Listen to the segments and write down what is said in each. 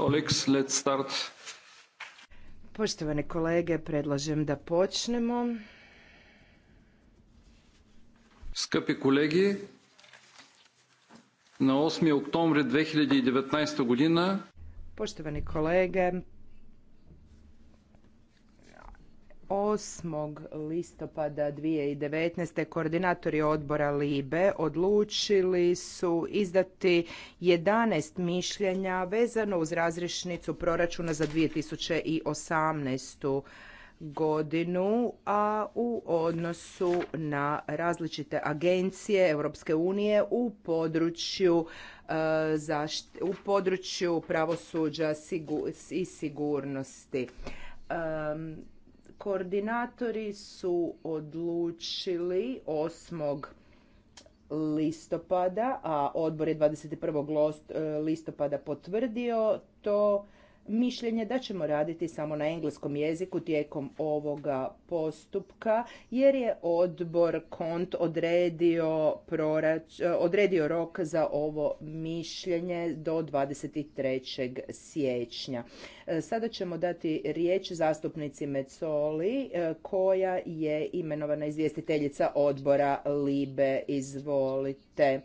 Colleagues, let's start. Poštovane kolege, predlažem da počnemo. Skupi kolegi, na 8 oktober 2019 godina Poštovani kolege, 8. listopada 2019. koordinatori odbora LIBE odlučili su izdati 11 mišljenja vezano uz razrišnicu proračuna za 2018 godinu, a u odnosu na različite agencije Europske unije u području e, u području pravosuđa i sigurnosti. Koordinatori su odlučili 8 listopada, a odbor je 21. E, listopada potvrdio to mišljenje da ćemo raditi samo na engleskom jeziku tijekom ovoga postupka jer je odbor kont odredio, odredio rok za ovo mišljenje do 23. siječnja. E, sada ćemo dati riječ zastupnici Mecoli e, koja je imenovana izvjestiteljica odbora Libe. Izvolite. E,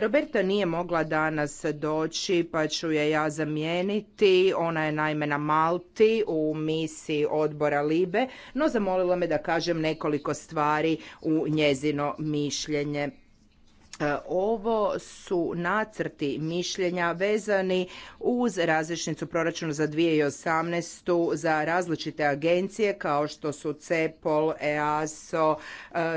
Roberta nije mogla danas doći pa ću je ja zamijeniti. Ona je naime na Malti u misiji odbora Libe, no zamolila me da kažem nekoliko stvari u njezino mišljenje E, ovo su nacrti mišljenja vezani uz različnicu proračuna za 2018. za različite agencije kao što su CEPOL, EASO, e,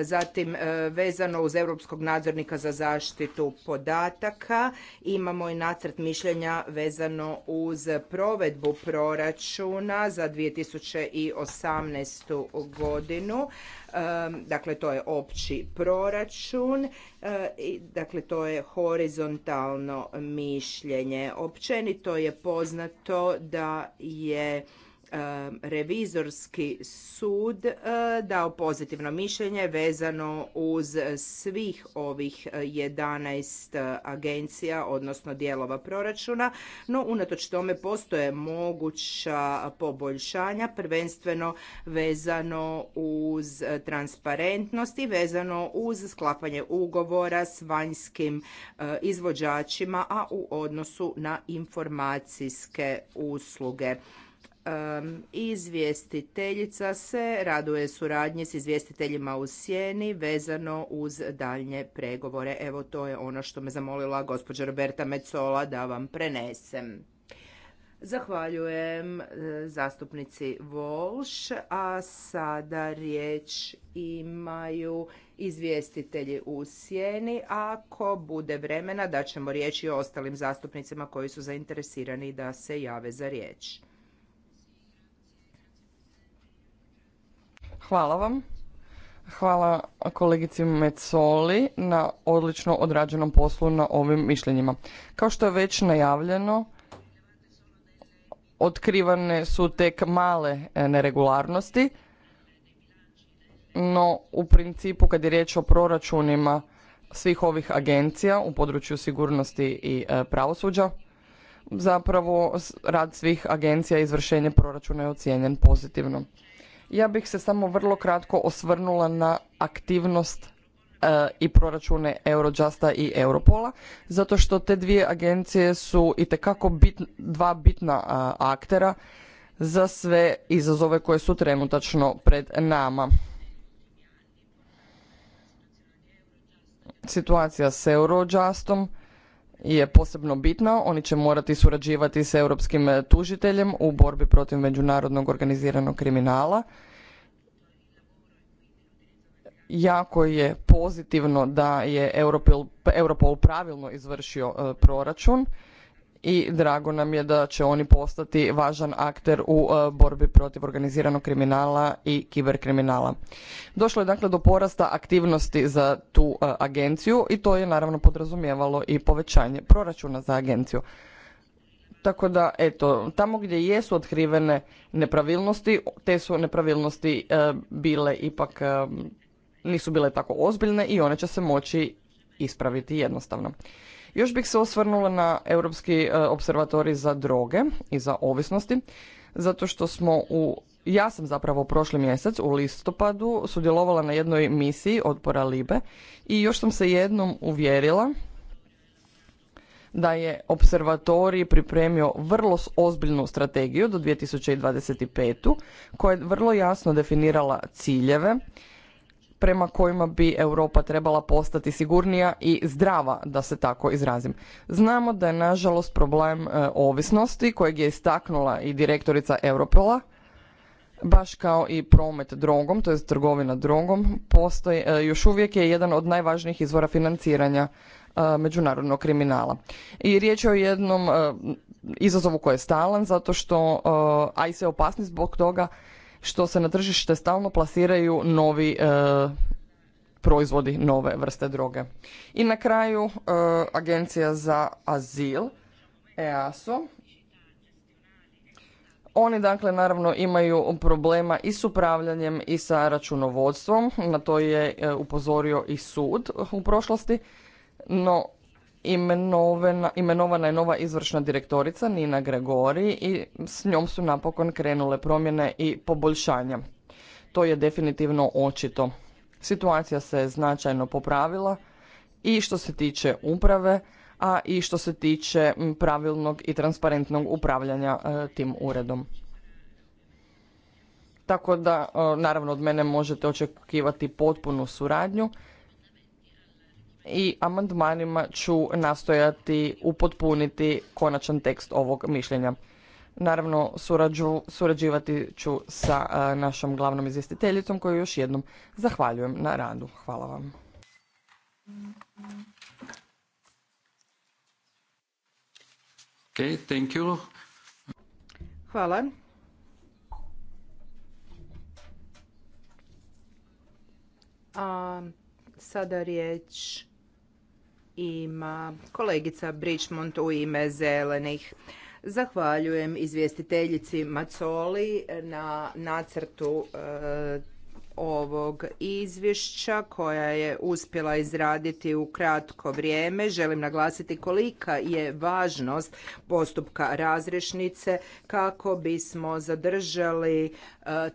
zatim e, vezano uz Europskog nadzornika za zaštitu podataka. Imamo i nacrt mišljenja vezano uz provedbu proračuna za 2018. godinu. Dakle, to je opći proračun e, i dakle to je horizontalno mišljenje. Općenito je poznato da je revizorski sud eh, dao pozitivno mišljenje vezano uz svih ovih 11 eh, eh, agencija, odnosno dijelova proračuna, no unatoč tome postoje moguća poboljšanja, prvenstveno vezano uz transparentnost i vezano uz sklapanje ugovora s vanjskim izvođačima, a u odnosu na informacijske usluge izvjestiteljica se raduje suradnji s izvjestiteljima u sjeni vezano uz daljnje pregovore. Evo to je ono što me zamolila gospođa Roberta Mecola da vam prenesem. Zahvaljujem e, zastupnici Volš, a sada riječ imaju izvjestitelji u sjeni. Ako bude vremena, ćemo riječ i ostalim zastupnicima koji su zainteresirani da se jave za riječ. Hvala vam. Hvala kolegici Mecoli na odlično odrađenom poslu na ovim mišljenjima. Kao što je već najavljeno, otkrivane su tek male e, neregularnosti, no u principu kad je riječ o proračunima svih ovih agencija u području sigurnosti i e, pravosuđa, zapravo rad svih agencija i izvršenje proračuna je ocijenjen pozitivno. Ja bih se samo vrlo kratko osvrnula na aktivnost e, i proračune Eurojusta i Europola, zato što te dvije agencije su itekako bit, dva bitna e, aktera za sve izazove koje su trenutačno pred nama. Situacija s Eurojustom je posebno bitna. Oni će morati surađivati s europskim tužiteljem u borbi protiv međunarodnog organiziranog kriminala jako je pozitivno da je Europol, pravilno izvršio e, proračun i drago nam je da će oni postati važan akter u e, borbi protiv organiziranog kriminala i kiberkriminala. Došlo je dakle do porasta aktivnosti za tu e, agenciju i to je naravno podrazumijevalo i povećanje proračuna za agenciju. Tako da, eto, tamo gdje jesu otkrivene nepravilnosti, te su nepravilnosti bile ipak nisu bile tako ozbiljne i one će se moći ispraviti jednostavno. Još bih se osvrnula na Europski e, observatori za droge i za ovisnosti, zato što smo u ja sam zapravo prošli mjesec u listopadu sudjelovala na jednoj misiji otpora Libe i još sam se jednom uvjerila da je observatorij pripremio vrlo ozbiljnu strategiju do 2025. koja je vrlo jasno definirala ciljeve prema kojima bi Europa trebala postati sigurnija i zdrava, da se tako izrazim. Znamo da je nažalost problem e, ovisnosti kojeg je istaknula i direktorica Europola, baš kao i promet drogom, to je trgovina drogom, postoji, e, još uvijek je jedan od najvažnijih izvora financiranja e, međunarodnog kriminala. I riječ je o jednom izazovu koji je stalan zato što, a i se opasni zbog toga što se na tržište stalno plasiraju novi e, proizvodi, nove vrste droge. I na kraju e, Agencija za azil, EASO. Oni dakle naravno imaju problema i s upravljanjem i sa računovodstvom, na to je e, upozorio i sud u prošlosti, no imenovana je nova izvršna direktorica Nina Gregori i s njom su napokon krenule promjene i poboljšanja. To je definitivno očito. Situacija se značajno popravila i što se tiče uprave, a i što se tiče pravilnog i transparentnog upravljanja e, tim uredom. Tako da, e, naravno, od mene možete očekivati potpunu suradnju i amandmanima ću nastojati upotpuniti konačan tekst ovog mišljenja. Naravno, surađu, surađivati ću sa e, našom glavnom izvjestiteljicom koju još jednom zahvaljujem na radu. Hvala vam. Okay, thank you. Hvala. sada riječ ima kolegica Bričmont u ime zelenih. Zahvaljujem izvjestiteljici Macoli na nacrtu e, ovog izvješća koja je uspjela izraditi u kratko vrijeme. Želim naglasiti kolika je važnost postupka razrešnice kako bismo zadržali e,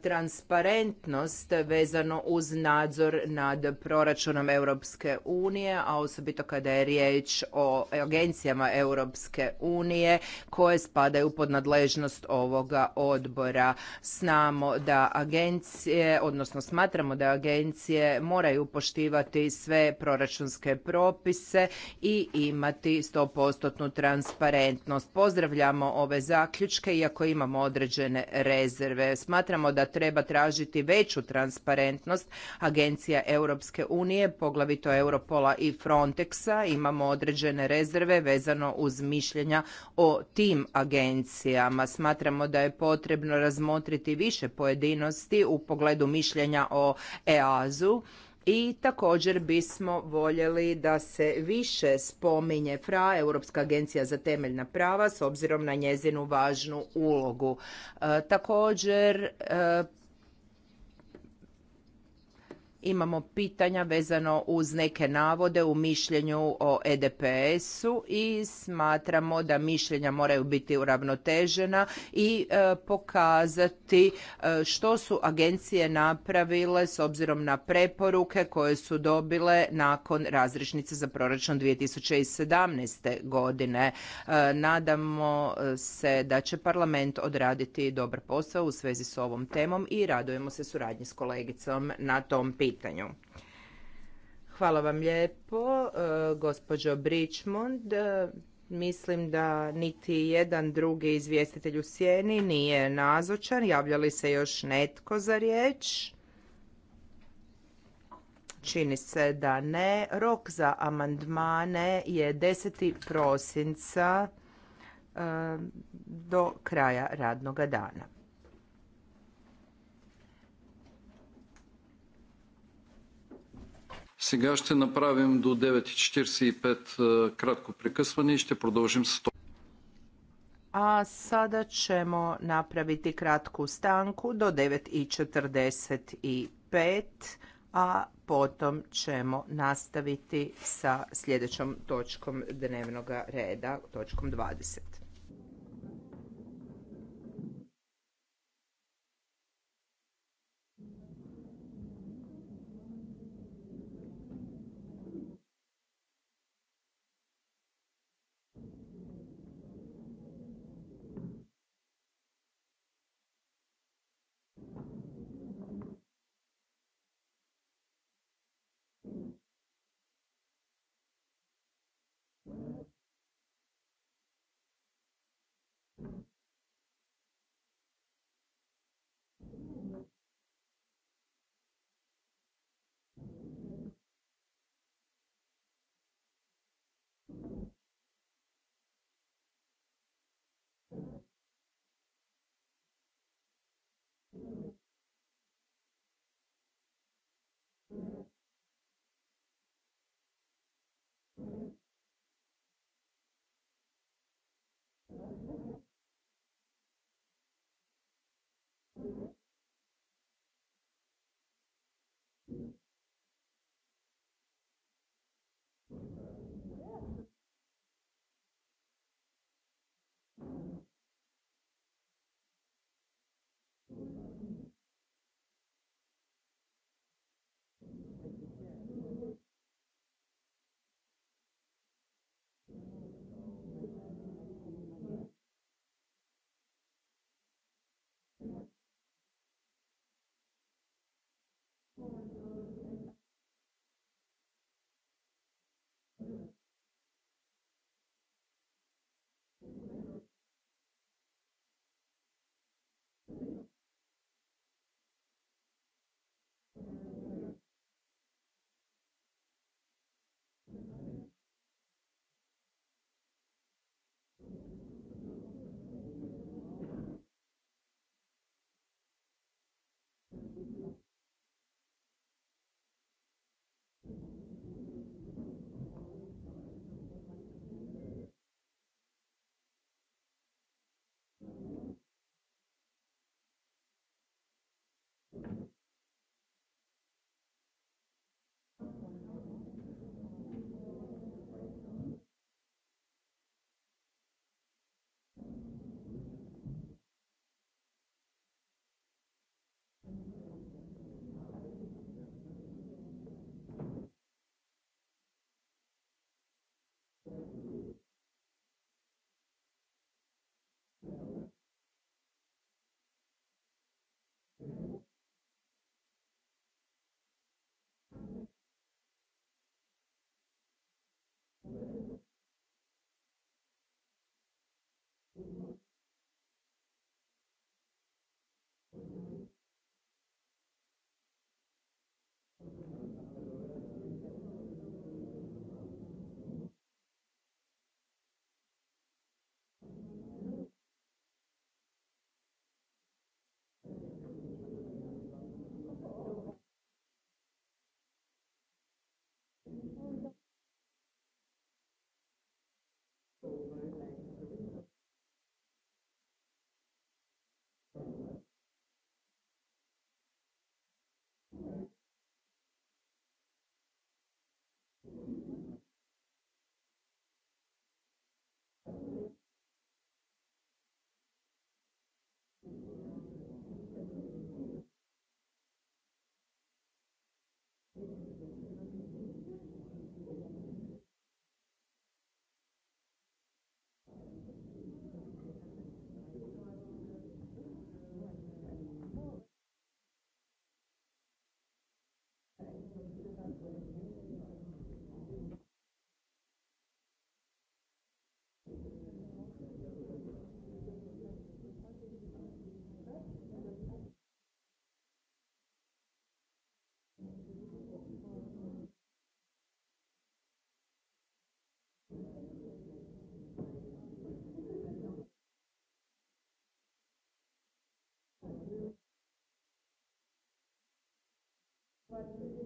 transparentnost vezano uz nadzor nad proračunom Europske unije, a osobito kada je riječ o agencijama Europske unije koje spadaju pod nadležnost ovoga odbora. Znamo da agencije, odnosno Smatramo da agencije moraju poštivati sve proračunske propise i imati 100% transparentnost. Pozdravljamo ove zaključke, iako imamo određene rezerve. Smatramo da treba tražiti veću transparentnost agencija Europske unije, poglavito Europola i Frontexa. Imamo određene rezerve vezano uz mišljenja o tim agencijama. Smatramo da je potrebno razmotriti više pojedinosti u pogledu mišljenja o o e EAZu i također bismo voljeli da se više spominje FRA, Europska agencija za temeljna prava, s obzirom na njezinu važnu ulogu. E, također e, imamo pitanja vezano uz neke navode u mišljenju o EDPS-u i smatramo da mišljenja moraju biti uravnotežena i e, pokazati e, što su agencije napravile s obzirom na preporuke koje su dobile nakon razrišnice za proračun 2017. godine. E, nadamo se da će parlament odraditi dobar posao u svezi s ovom temom i radujemo se suradnji s kolegicom na tom pitanju pitanju. Hvala vam lijepo, e, gospođo Bričmond. E, mislim da niti jedan drugi izvjestitelj u sjeni nije nazočan. Javlja li se još netko za riječ? Čini se da ne. Rok za amandmane je 10. prosinca e, do kraja radnoga dana. Сега ще направим до 9.45 кратко прекъсване i ще продължим s A sada ćemo napraviti kratku stanku do 9.45, a potom ćemo nastaviti sa sljedećom točkom dnevnog reda, točkom 20. Hvala.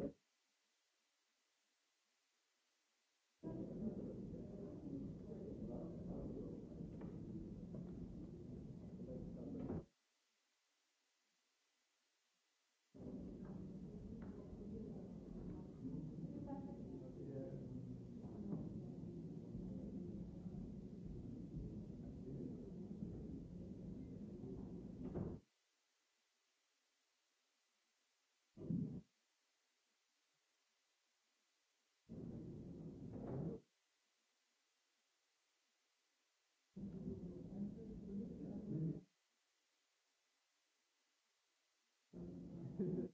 Hvala što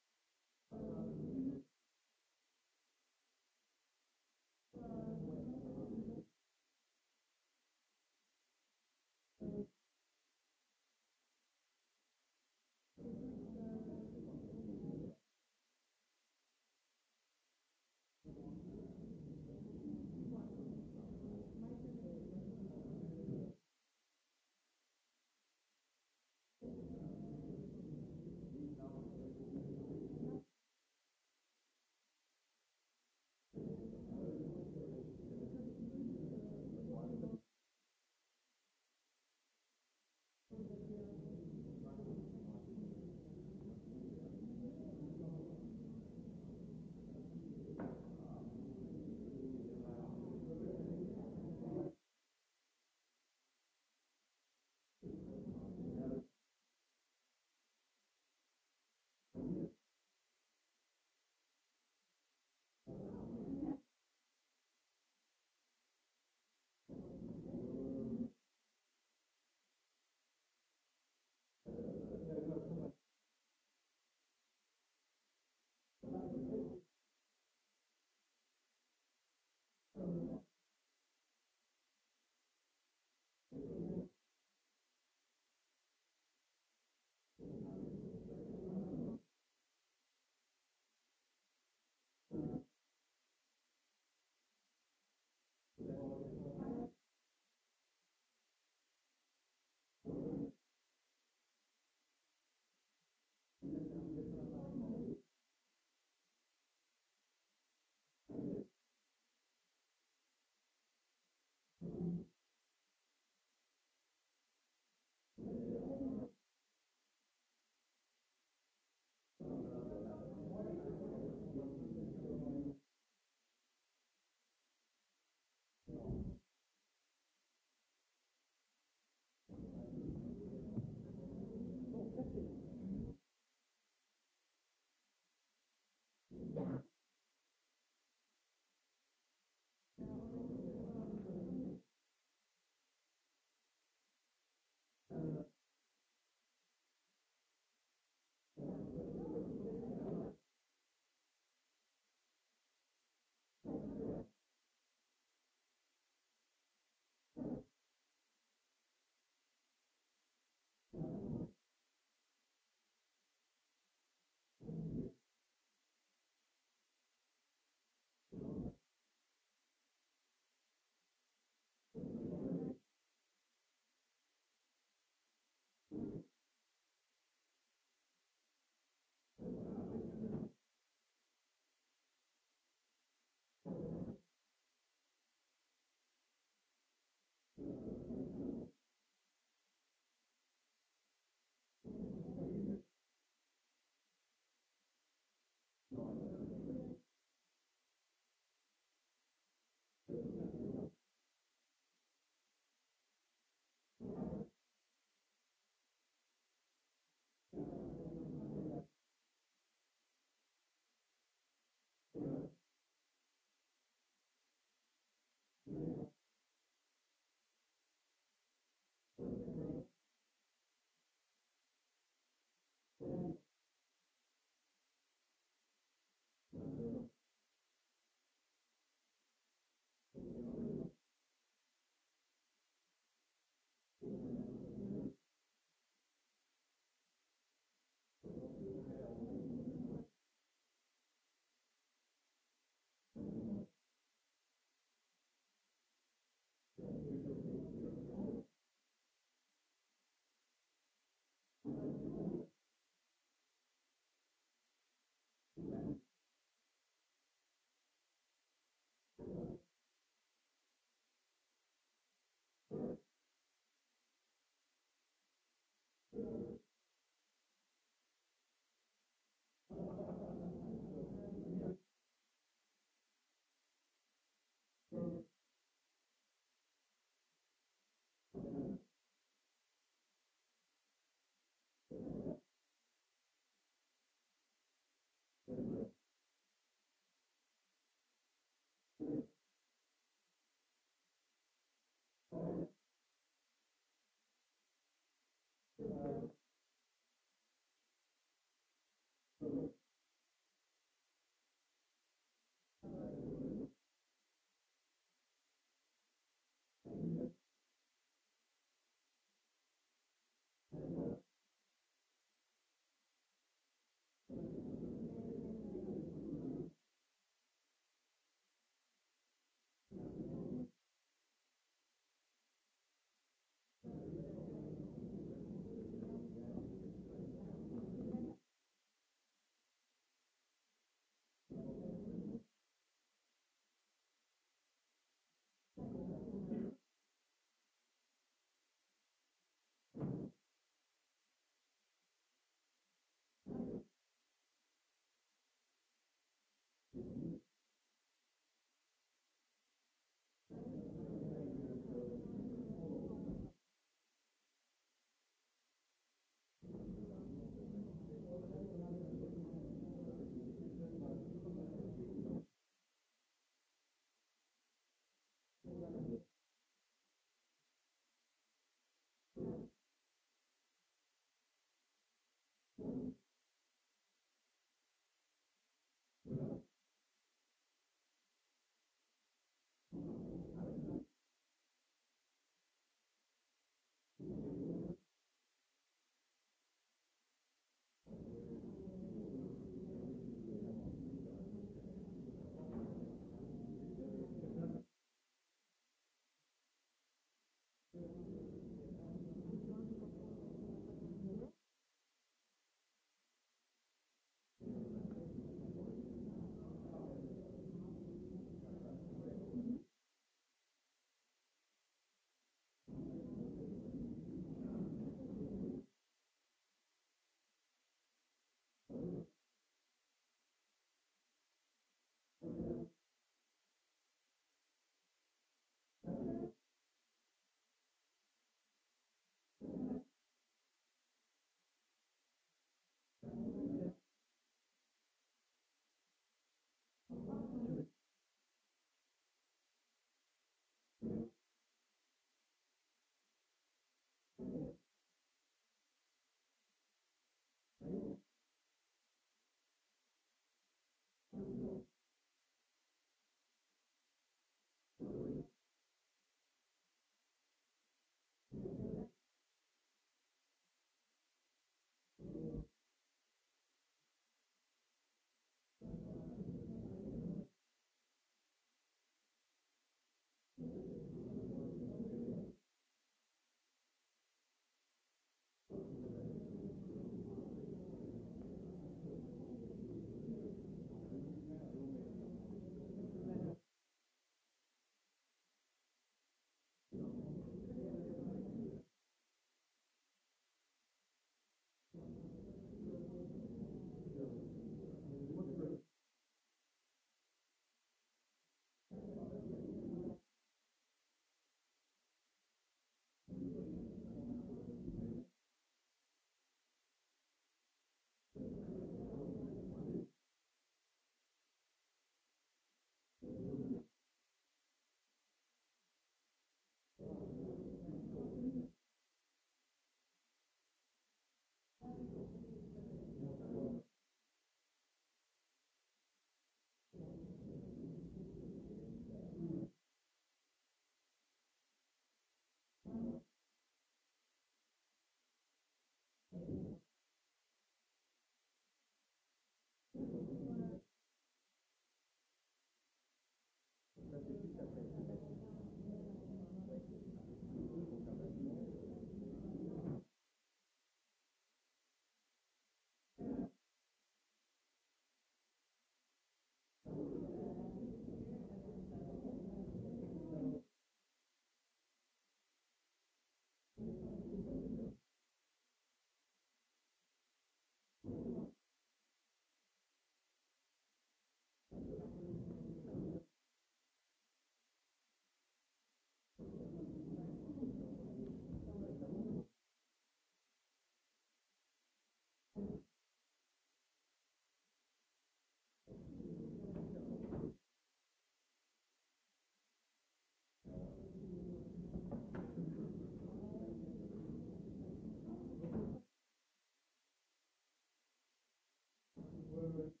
Hvala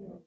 ima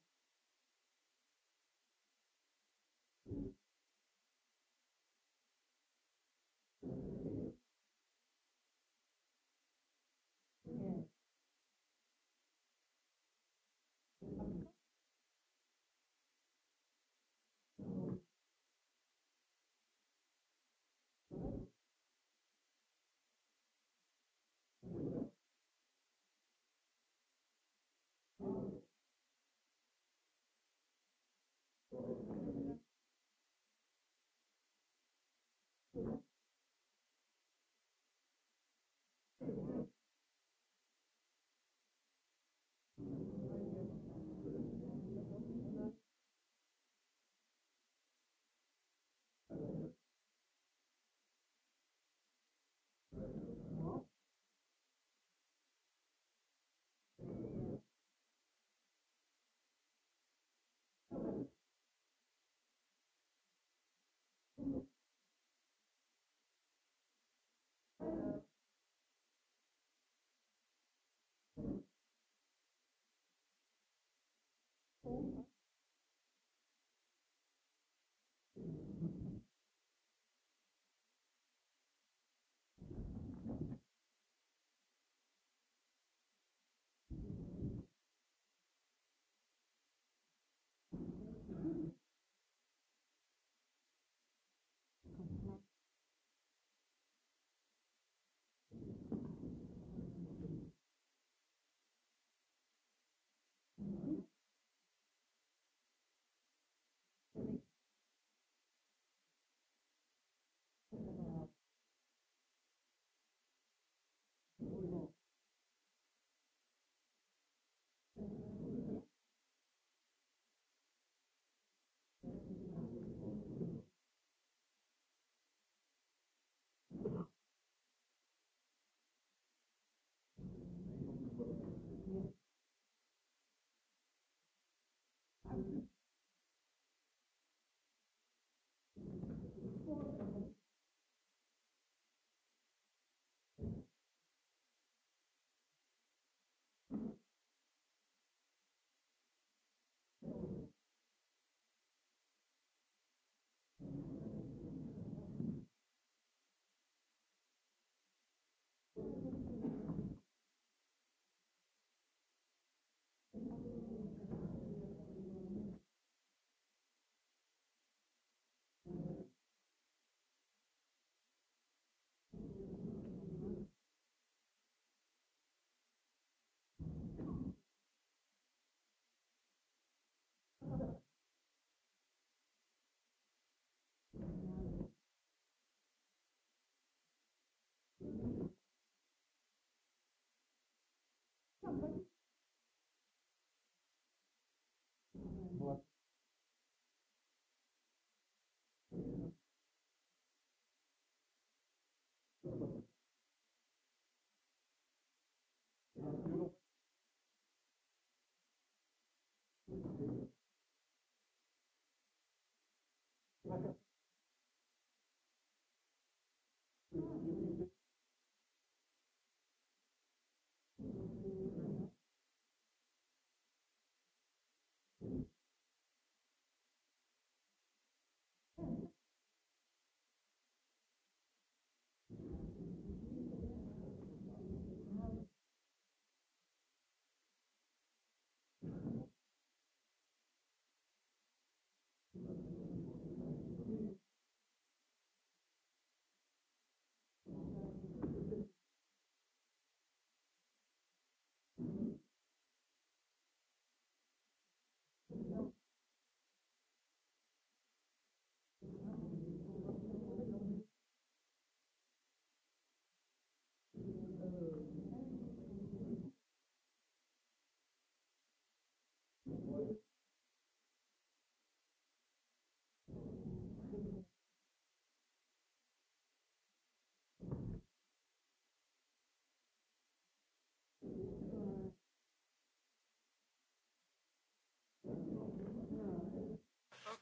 Hvala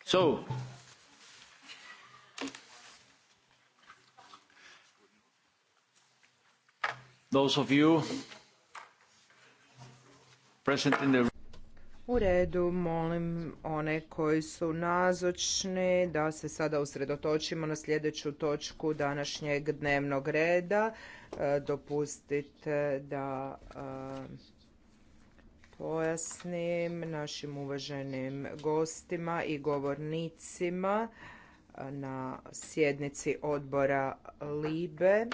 So, those of you U redu, molim one koji su nazočni da se sada usredotočimo na sljedeću točku današnjeg dnevnog reda. E, dopustite da e, pojasnim našim uvaženim gostima i govornicima na sjednici odbora LIBE.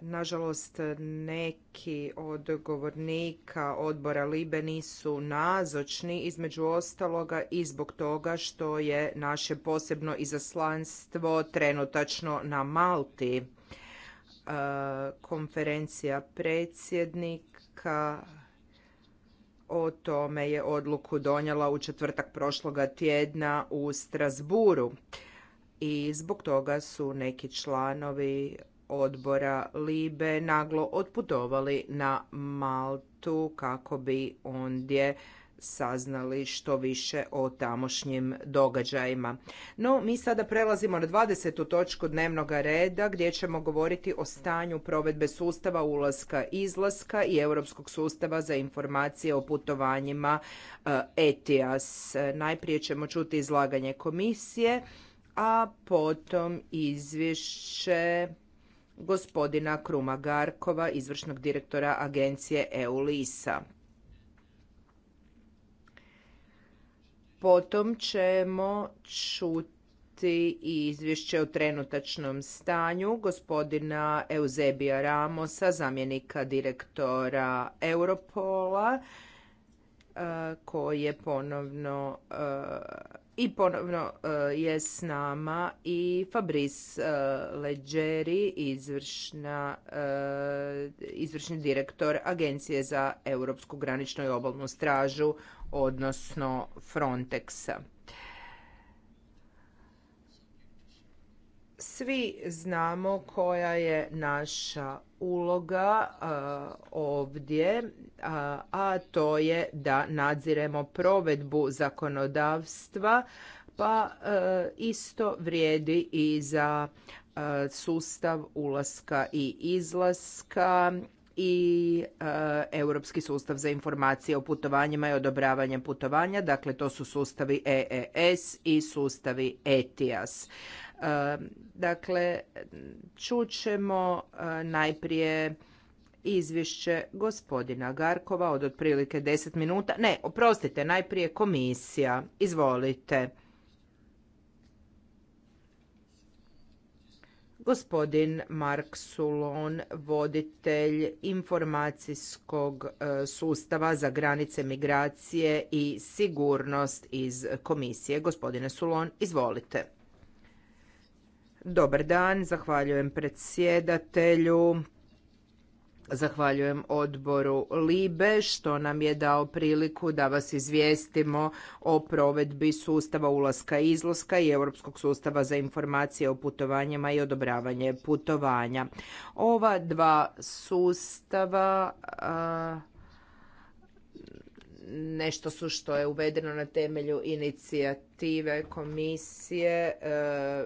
Nažalost, neki od govornika odbora Libe nisu nazočni, između ostaloga i zbog toga što je naše posebno izaslanstvo trenutačno na Malti konferencija predsjednika o tome je odluku donijela u četvrtak prošloga tjedna u Strasburu i zbog toga su neki članovi odbora Libe naglo otputovali na Maltu kako bi ondje saznali što više o tamošnjim događajima. No, mi sada prelazimo na 20. točku dnevnog reda gdje ćemo govoriti o stanju provedbe sustava ulaska izlaska i Europskog sustava za informacije o putovanjima eh, ETIAS. Najprije ćemo čuti izlaganje komisije, a potom izvješće gospodina Kruma Garkova, izvršnog direktora agencije EULISA. Potom ćemo čuti izvješće o trenutačnom stanju gospodina Eusebija Ramosa, zamjenika direktora Europola, eh, koji je ponovno eh, i ponovno e, je s nama i Fabris e, Leđeri, e, izvršni direktor Agencije za Europsku graničnu i obalnu stražu, odnosno Frontexa. svi znamo koja je naša uloga ovdje, a, to je da nadziremo provedbu zakonodavstva, pa e, isto vrijedi i za e, sustav ulaska i izlaska i e, Europski sustav za informacije o putovanjima i odobravanjem putovanja, dakle to su sustavi EES i sustavi ETIAS. Dakle, čućemo e, najprije izvješće gospodina Garkova od otprilike 10 minuta. Ne, oprostite, najprije komisija. Izvolite. Gospodin Mark Sulon, voditelj informacijskog e, sustava za granice migracije i sigurnost iz komisije. Gospodine Sulon, izvolite. Dobar dan, zahvaljujem predsjedatelju. Zahvaljujem odboru Libe što nam je dao priliku da vas izvijestimo o provedbi sustava ulaska i izlaska i Europskog sustava za informacije o putovanjima i odobravanje putovanja. Ova dva sustava nešto su što je uvedeno na temelju inicijative komisije e,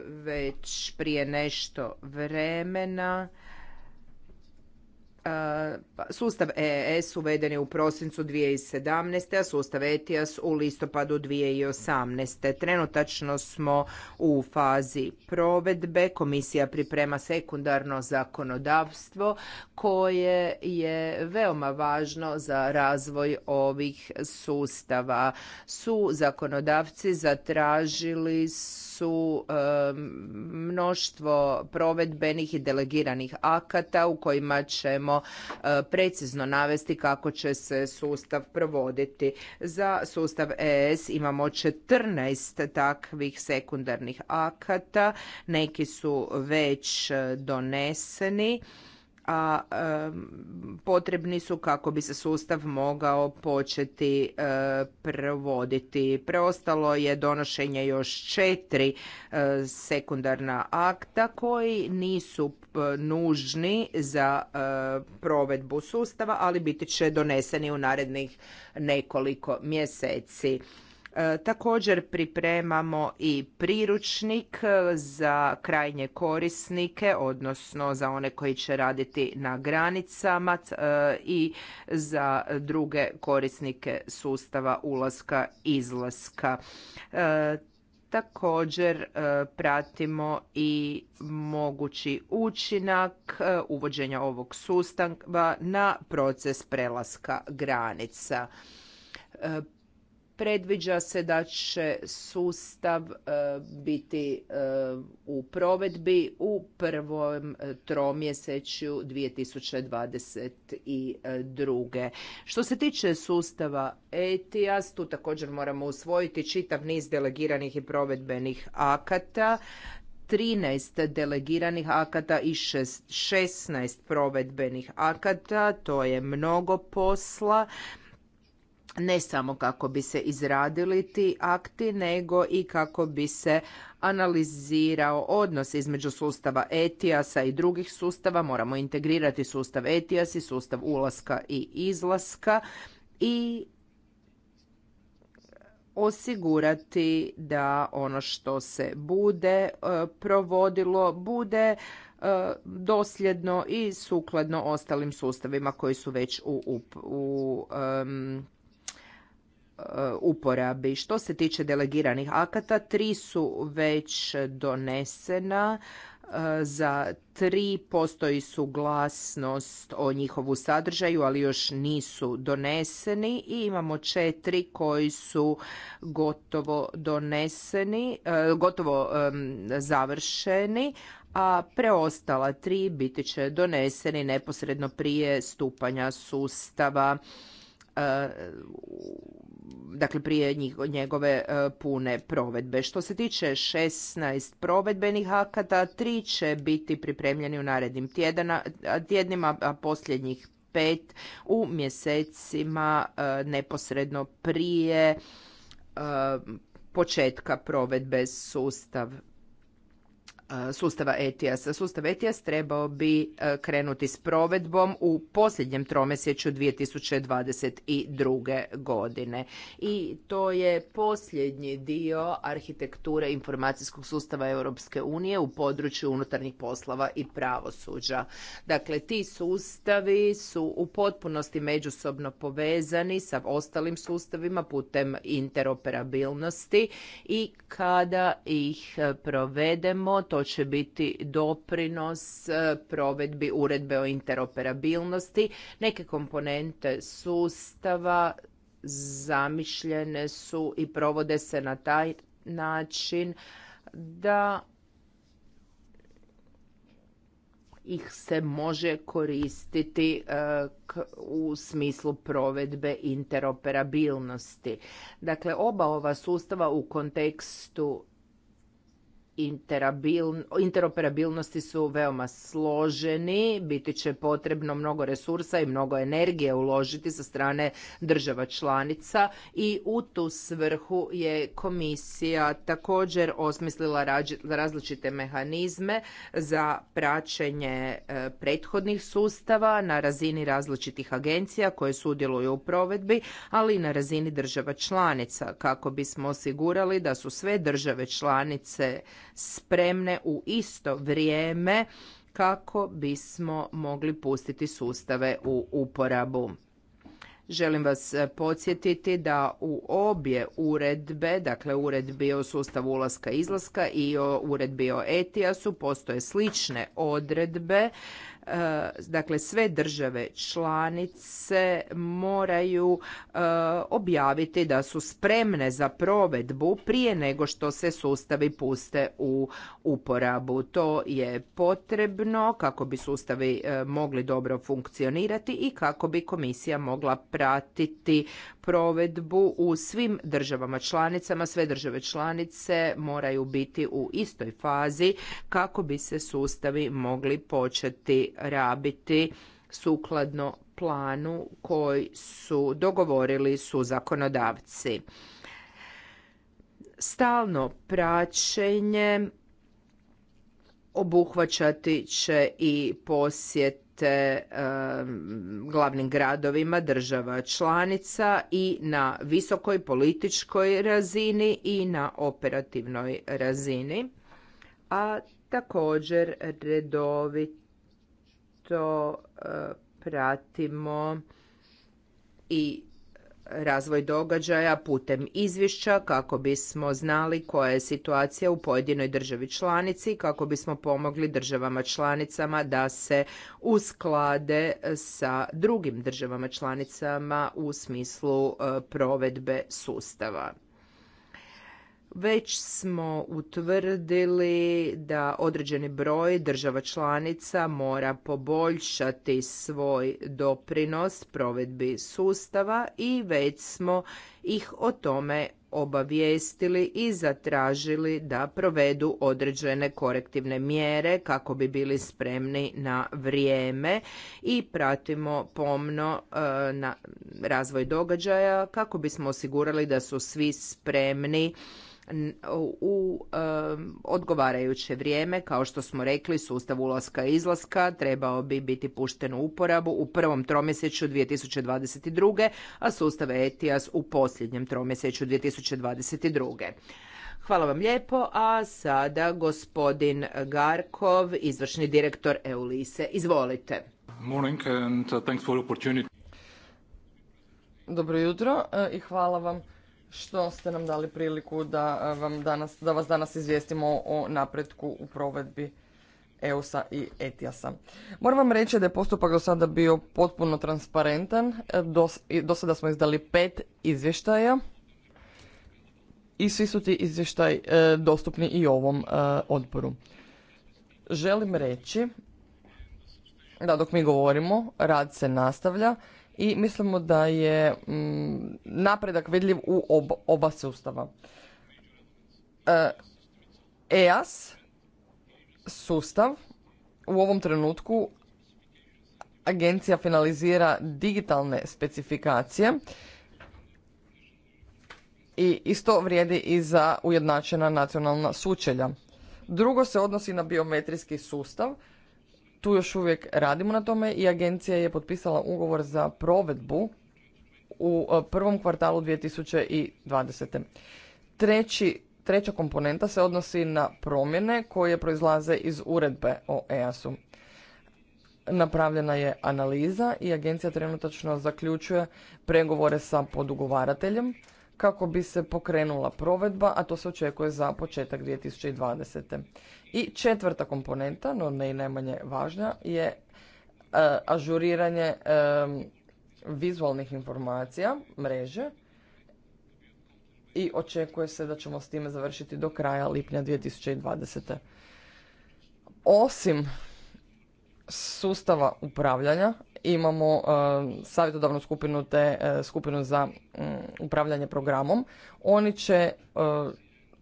već prije nešto vremena E, pa, sustav EES uveden je u prosincu 2017. a sustav ETIAS u listopadu 2018. Trenutačno smo u fazi provedbe. Komisija priprema sekundarno zakonodavstvo koje je veoma važno za razvoj ovih sustava. Su zakonodavci zatražili su su mnoštvo provedbenih i delegiranih akata u kojima ćemo e, precizno navesti kako će se sustav provoditi. Za sustav ES imamo 14 takvih sekundarnih akata, neki su već e, doneseni a potrebni su kako bi se sustav mogao početi e, provoditi. Preostalo je donošenje još četiri e, sekundarna akta koji nisu e, nužni za provedbu sustava, ali biti će doneseni u narednih nekoliko mjeseci. E, također pripremamo i priručnik e, za krajnje korisnike, odnosno za one koji će raditi na granicama e, i za druge korisnike sustava ulaska izlaska. Također pratimo i mogući učinak uvođenja ovog sustava na proces prelaska granica Predviđa se da će sustav e, biti e, u provedbi u prvom e, tromjesečju 2022. Što se tiče sustava ETIAS, tu također moramo usvojiti čitav niz delegiranih i provedbenih akata. 13 delegiranih akata i 16 provedbenih akata, to je mnogo posla ne samo kako bi se izradili ti akti, nego i kako bi se analizirao odnos između sustava etias i drugih sustava. Moramo integrirati sustav ETIAS i sustav ulaska i izlaska i osigurati da ono što se bude e, provodilo bude e, dosljedno i sukladno ostalim sustavima koji su već u, u, E, uporabi. Što se tiče delegiranih akata, tri su već donesena e, za tri postoji suglasnost o njihovu sadržaju, ali još nisu doneseni i imamo četiri koji su gotovo doneseni, e, gotovo završeni, a preostala tri biti će doneseni neposredno prije stupanja sustava dakle prije njegove e, pune provedbe. Što se tiče 16 provedbenih akata, tri će biti pripremljeni u narednim tjednima, a posljednjih pet u mjesecima e, neposredno prije e, početka provedbe sustav E, sustava ETIAS. Sustav ETIAS trebao bi e, krenuti s provedbom u posljednjem tromjesečju 2022. godine. I to je posljednji dio arhitekture informacijskog sustava Europske unije u području unutarnjih poslova i pravosuđa. Dakle, ti sustavi su u potpunosti međusobno povezani sa ostalim sustavima putem interoperabilnosti i kada ih provedemo, to to će biti doprinos e, provedbi uredbe o interoperabilnosti. Neke komponente sustava zamišljene su i provode se na taj način da ih se može koristiti e, u smislu provedbe interoperabilnosti. Dakle, oba ova sustava u kontekstu interoperabilnosti su veoma složeni, biti će potrebno mnogo resursa i mnogo energije uložiti sa strane država članica i u tu svrhu je komisija također osmislila različite mehanizme za praćenje e, prethodnih sustava na razini različitih agencija koje sudjeluju u provedbi, ali i na razini država članica kako bismo osigurali da su sve države članice spremne u isto vrijeme kako bismo mogli pustiti sustave u uporabu. Želim vas e, podsjetiti da u obje uredbe, dakle uredbi o sustavu ulaska i izlaska i o uredbi o etias postoje slične odredbe E, dakle sve države članice moraju e, objaviti da su spremne za provedbu prije nego što se sustavi puste u uporabu. To je potrebno kako bi sustavi e, mogli dobro funkcionirati i kako bi komisija mogla pratiti provedbu u svim državama članicama. Sve države članice moraju biti u istoj fazi kako bi se sustavi mogli početi rabiti sukladno planu koji su dogovorili su zakonodavci. Stalno praćenje obuhvaćati će i posjete glavnim gradovima država članica i na visokoj političkoj razini i na operativnoj razini, a također redovit to e, pratimo i razvoj događaja putem izvješća kako bismo znali koja je situacija u pojedinoj državi članici kako bismo pomogli državama članicama da se usklade sa drugim državama članicama u smislu e, provedbe sustava. Već smo utvrdili da određeni broj država članica mora poboljšati svoj doprinos provedbi sustava i već smo ih o tome obavijestili i zatražili da provedu određene korektivne mjere kako bi bili spremni na vrijeme i pratimo pomno e, razvoj događaja kako bismo osigurali da su svi spremni u odgovarajuće vrijeme, kao što smo rekli, sustav ulaska i izlaska trebao bi biti pušten u uporabu u prvom tromjesečju 2022. a sustav ETIAS u posljednjem tromjesečju 2022. Hvala vam lijepo, a sada gospodin Garkov, izvršni direktor Eulise. Izvolite. Uh, Dobro jutro e, i hvala vam što ste nam dali priliku da, e, vam danas, da vas danas izvijestimo o napretku u provedbi EUSA i ETIASA. Moram vam reći da je postupak do sada bio potpuno transparentan. E, do, do sada smo izdali pet izvještaja i svi su ti izvještaj e, dostupni i ovom odboru. Želim reći da dok mi govorimo, rad se nastavlja i mislimo da je mm, napredak vidljiv u oba sustava. EAS e sustav u ovom trenutku agencija finalizira digitalne specifikacije i isto vrijedi i za ujednačena nacionalna sučelja. Drugo se odnosi na biometrijski sustav tu još uvijek radimo na tome i agencija je potpisala ugovor za provedbu u e, prvom kvartalu 2020. Treći, treća komponenta se odnosi na promjene koje proizlaze iz uredbe o EAS-u. Napravljena je analiza i agencija trenutačno zaključuje pregovore sa podugovarateljem kako bi se pokrenula provedba, a to se očekuje za početak 2020. I četvrta komponenta, no ne i najmanje važna, je e, ažuriranje e, vizualnih informacija mreže i očekuje se da ćemo s time završiti do kraja lipnja 2020. Osim sustava upravljanja, imamo e, savjetodavnu skupinu te e, skupinu za upravljanje programom. Oni će e,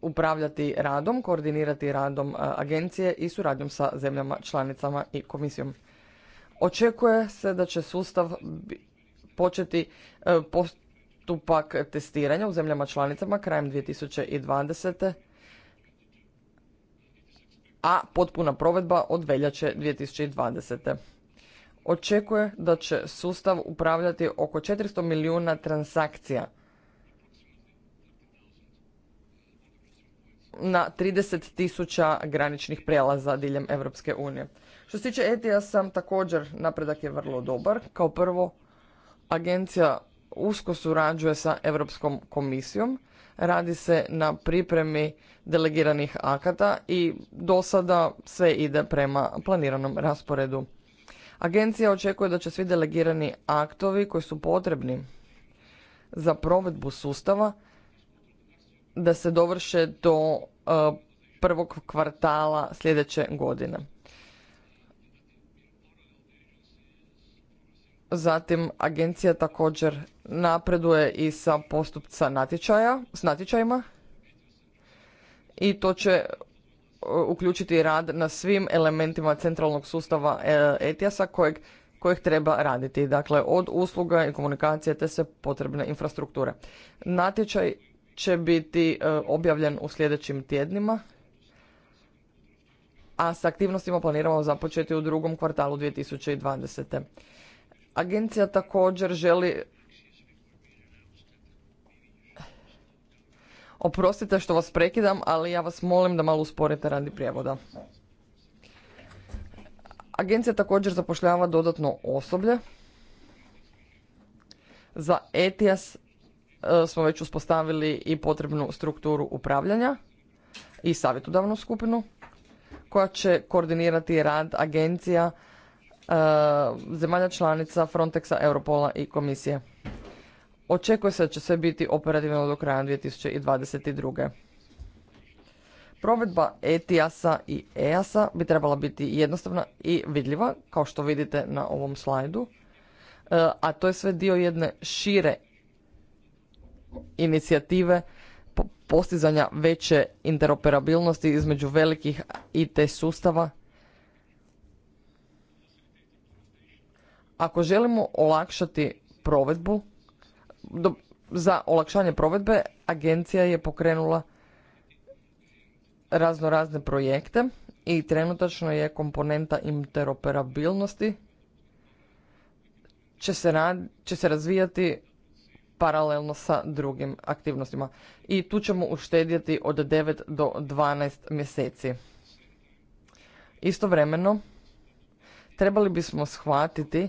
upravljati radom, koordinirati radom agencije i suradnjom sa zemljama, članicama i komisijom. Očekuje se da će sustav početi postupak testiranja u zemljama članicama krajem 2020. a potpuna provedba od veljače 2020 očekuje da će sustav upravljati oko 400 milijuna transakcija na 30 tisuća graničnih prelaza diljem Europske unije. Što se tiče ETIAS-a, također napredak je vrlo dobar. Kao prvo, agencija usko surađuje sa Europskom komisijom. Radi se na pripremi delegiranih akata i do sada sve ide prema planiranom rasporedu. Agencija očekuje da će svi delegirani aktovi koji su potrebni za provedbu sustava da se dovrše do e, prvog kvartala sljedeće godine. Zatim agencija također napreduje i sa postupca natječaja, s natječajima i to će uključiti rad na svim elementima centralnog sustava e, ETIAS-a kojeg, treba raditi. Dakle, od usluga i komunikacije te se potrebne infrastrukture. Natječaj će biti e, objavljen u sljedećim tjednima, a s aktivnostima planiramo započeti u drugom kvartalu 2020. Agencija također želi Oprostite što vas prekidam, ali ja vas molim da malo usporite radi prijevoda. Agencija također zapošljava dodatno osoblje. Za ETIAS e, smo već uspostavili i potrebnu strukturu upravljanja i savjetodavnu skupinu koja će koordinirati rad agencija e, zemalja članica Frontexa, Europola i komisije. Očekuje se da će sve biti operativno do kraja 2022. Provedba ETIAS-a i EAS-a e bi trebala biti jednostavna i vidljiva, kao što vidite na ovom slajdu, e, a to je sve dio jedne šire inicijative postizanja veće interoperabilnosti između velikih IT sustava. Ako želimo olakšati provedbu, do, za olakšanje provedbe agencija je pokrenula razno razne projekte i trenutačno je komponenta interoperabilnosti će se, rad, će se razvijati paralelno sa drugim aktivnostima. I tu ćemo uštedjeti od 9 do 12 mjeseci. Istovremeno, trebali bismo shvatiti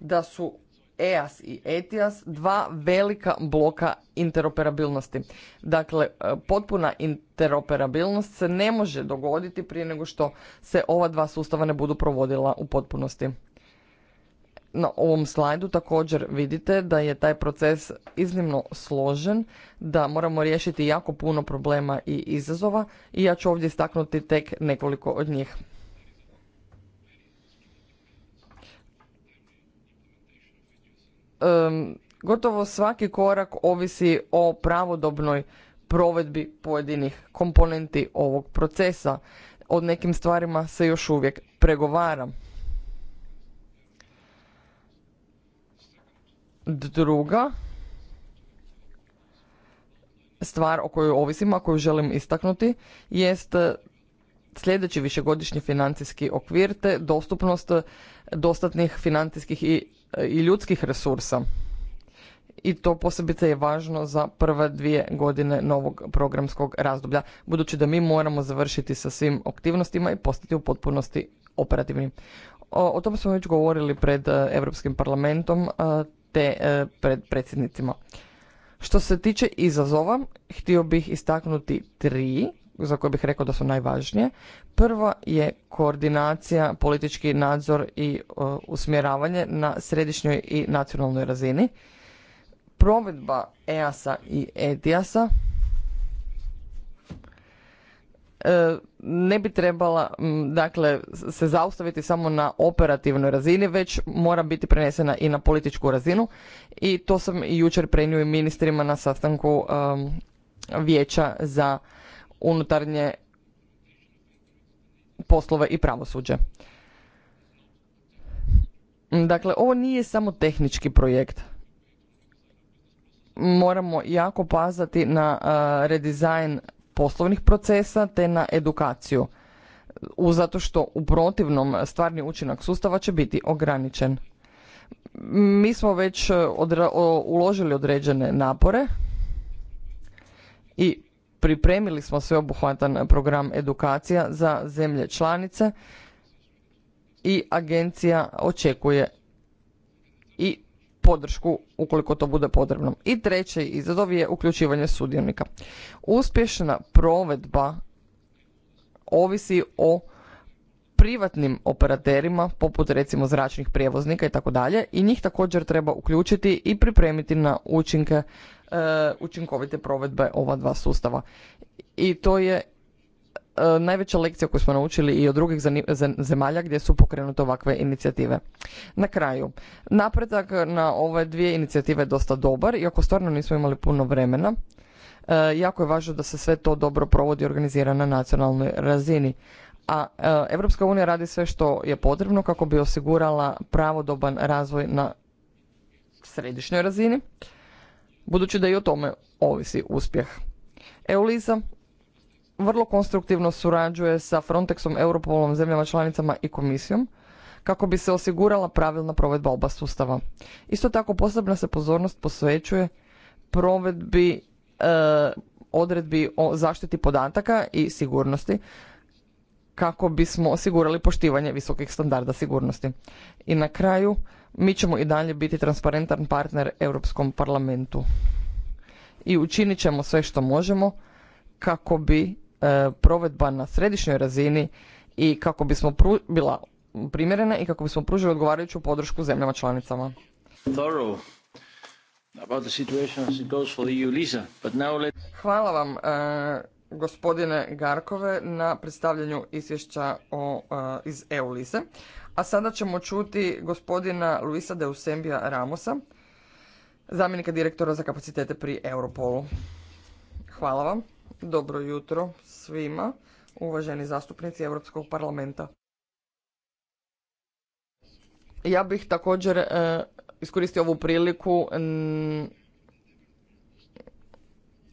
da su EAS i ETIAS dva velika bloka interoperabilnosti. Dakle, e, potpuna interoperabilnost se ne može dogoditi prije nego što se ova dva sustava ne budu provodila u potpunosti. Na ovom slajdu također vidite da je taj proces iznimno složen, da moramo riješiti jako puno problema i izazova i ja ću ovdje istaknuti tek nekoliko od njih. um, gotovo svaki korak ovisi o pravodobnoj provedbi pojedinih komponenti ovog procesa. O nekim stvarima se još uvijek pregovara. Druga stvar o kojoj ovisim, a koju želim istaknuti, jest e, sljedeći višegodišnji financijski okvir te dostupnost dostatnih financijskih i i ljudskih resursa. I to posebice je važno za prve dvije godine novog programskog razdoblja, budući da mi moramo završiti sa svim aktivnostima i postati u potpunosti operativni. O, o smo već govorili pred e, Europskim parlamentom e, te e, pred predsjednicima. Što se tiče izazova, htio bih istaknuti tri za koje bih rekao da su najvažnije. Prvo je koordinacija, politički nadzor i e, usmjeravanje na središnjoj i nacionalnoj razini. Provedba EASA i EDIASA e, ne bi trebala dakle se zaustaviti samo na operativnoj razini već mora biti prenesena i na političku razinu i to sam i jučer prenio i ministrima na sastanku e, vijeća za unutarnje poslove i pravosuđe. Dakle, ovo nije samo tehnički projekt. Moramo jako pazati na redizajn poslovnih procesa te na edukaciju. U zato što u protivnom stvarni učinak sustava će biti ograničen. Mi smo već uložili određene napore i pripremili smo sveobuhvatan e, program edukacija za zemlje članice i agencija očekuje i podršku ukoliko to bude potrebno. I treći izazov je uključivanje sudionika. Uspješna provedba ovisi o privatnim operaterima poput recimo zračnih prijevoznika i tako dalje i njih također treba uključiti i pripremiti na učinke e, učinkovite provedbe ova dva sustava. I to je e, najveća lekcija koju smo naučili i od drugih zemalja gdje su pokrenute ovakve inicijative. Na kraju, napredak na ove dvije inicijative je dosta dobar, iako stvarno nismo imali puno vremena. E, jako je važno da se sve to dobro provodi i organizira na nacionalnoj razini a Europska unija radi sve što je potrebno kako bi osigurala pravodoban razvoj na središnjoj razini, budući da i o tome ovisi uspjeh. EULISA vrlo konstruktivno surađuje sa Frontexom, Europolom, zemljama članicama i komisijom kako bi se osigurala pravilna provedba oba sustava. Isto tako posebna se pozornost posvećuje provedbi e, odredbi o zaštiti podataka i sigurnosti kako bismo osigurali poštivanje visokih standarda sigurnosti. I na kraju, mi ćemo i dalje biti transparentan partner Europskom parlamentu. I učinit ćemo sve što možemo kako bi e, provedba na središnjoj razini i kako bismo bila primjerena i kako bismo pružili odgovarajuću podršku zemljama članicama. Hvala vam. E, gospodine Garkove na predstavljanju izvješća o, eu iz EULISE. A sada ćemo čuti gospodina Luisa Eusembia Ramosa, zamjenika direktora za kapacitete pri Europolu. Hvala vam. Dobro jutro svima, uvaženi zastupnici Europskog parlamenta. Ja bih također e, iskoristio ovu priliku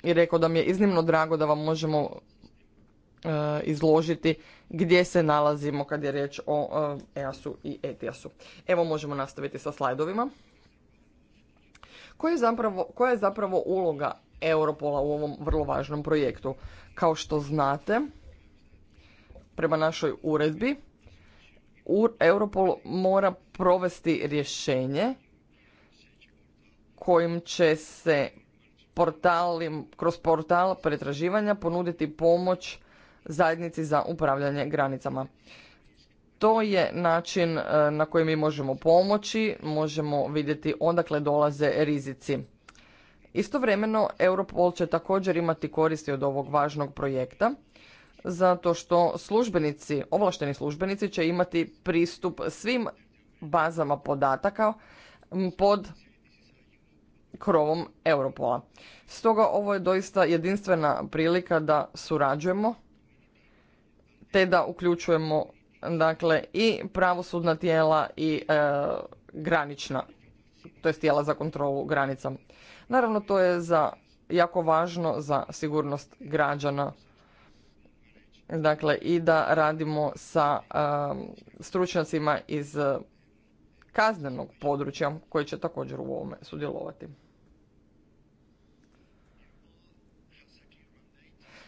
i rekao da mi je iznimno drago da vam možemo e, izložiti gdje se nalazimo kad je riječ o e, EAS-u i ETIAS-u. Evo možemo nastaviti sa slajdovima. Koja je, zapravo, koja je zapravo uloga Europola u ovom vrlo važnom projektu? Kao što znate, prema našoj uredbi, Europol mora provesti rješenje kojim će se portali, kroz portal pretraživanja ponuditi pomoć zajednici za upravljanje granicama. To je način e, na koji mi možemo pomoći, možemo vidjeti odakle dolaze rizici. Istovremeno, Europol će također imati koristi od ovog važnog projekta, zato što službenici, ovlašteni službenici će imati pristup svim bazama podataka pod krovom Europola. Stoga ovo je doista jedinstvena prilika da surađujemo te da uključujemo dakle i pravosudna tijela i e, granična, to je tijela za kontrolu granica. Naravno to je za jako važno za sigurnost građana. Dakle i da radimo sa e, stručnjacima iz kaznenog područja koji će također u ovome sudjelovati.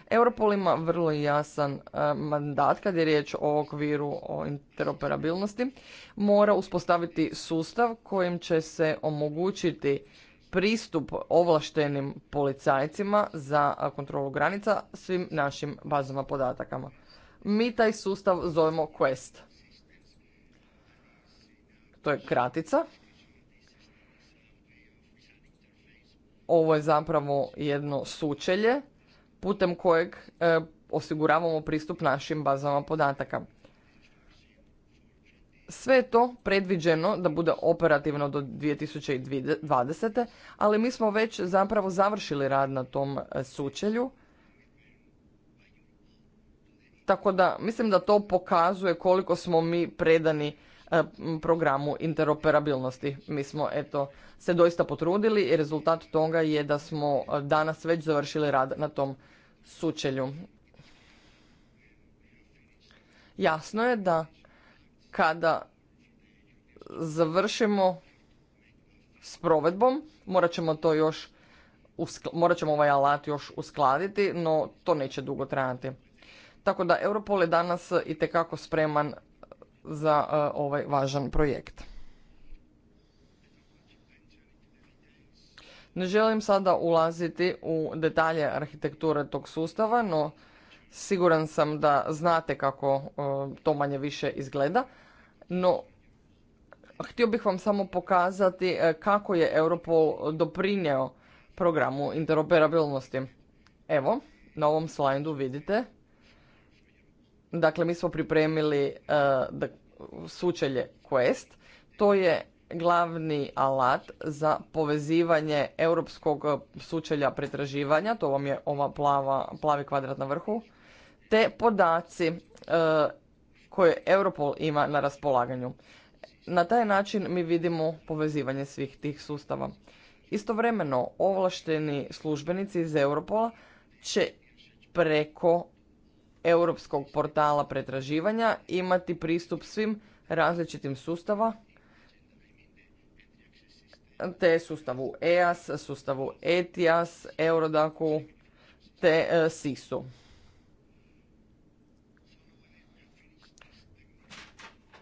Europol ima vrlo jasan e, mandat kad je riječ o okviru o interoperabilnosti. Mora uspostaviti sustav kojim će se omogućiti pristup ovlaštenim policajcima za e, kontrolu granica svim našim bazama podatakama. Mi taj sustav zovemo Quest to je kratica. Ovo je zapravo jedno sučelje putem kojeg e, osiguravamo pristup našim bazama podataka. Sve je to predviđeno da bude operativno do 2020. ali mi smo već zapravo završili rad na tom e, sučelju. Tako da mislim da to pokazuje koliko smo mi predani E, programu interoperabilnosti. Mi smo eto se doista potrudili i rezultat toga je da smo e, danas već završili rad na tom sučelju. Jasno je da kada završimo s provedbom, morat ćemo to još morat ćemo ovaj alat još uskladiti, no to neće dugo trajati. Tako da Europol je danas itekako spreman za e, ovaj važan projekt. Ne želim sada ulaziti u detalje arhitekture tog sustava, no siguran sam da znate kako e, to manje više izgleda, no htio bih vam samo pokazati e, kako je Europol doprinjeo programu interoperabilnosti. Evo, na ovom slajdu vidite Dakle, mi smo pripremili e, sučelje Quest. To je glavni alat za povezivanje europskog sučelja pretraživanja, to vam je ova plava, plavi kvadrat na vrhu, te podaci e, koje Europol ima na raspolaganju. Na taj način mi vidimo povezivanje svih tih sustava. Istovremeno, ovlašteni službenici iz Europola će preko europskog portala pretraživanja imati pristup svim različitim sustava, te sustavu EAS, sustavu ETIAS, Eurodacu, te e, SIS-u.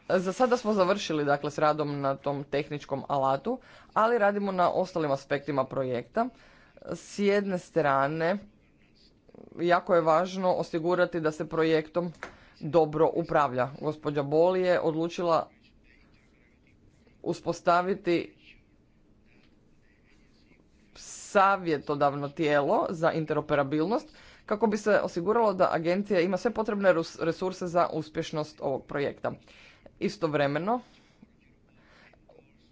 Za sada smo završili dakle, s radom na tom tehničkom alatu, ali radimo na ostalim aspektima projekta. S jedne strane, jako je važno osigurati da se projektom dobro upravlja. Gospođa Boli je odlučila uspostaviti savjetodavno tijelo za interoperabilnost kako bi se osiguralo da agencija ima sve potrebne resurse za uspješnost ovog projekta. Istovremeno,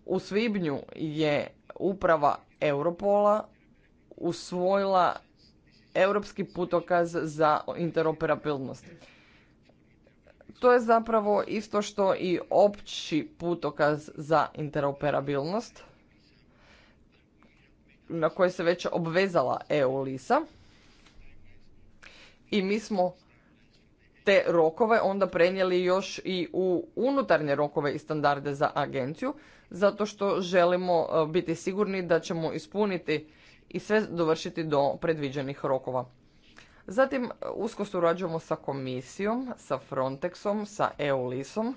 u svibnju je uprava Europola usvojila europski putokaz za interoperabilnost. To je zapravo isto što i opći putokaz za interoperabilnost na koje se već obvezala EU-LISA i mi smo te rokove onda prenijeli još i u unutarnje rokove i standarde za agenciju zato što želimo e, biti sigurni da ćemo ispuniti i sve dovršiti do predviđenih rokova. Zatim usko surađujemo sa komisijom, sa Frontexom, sa EULISom.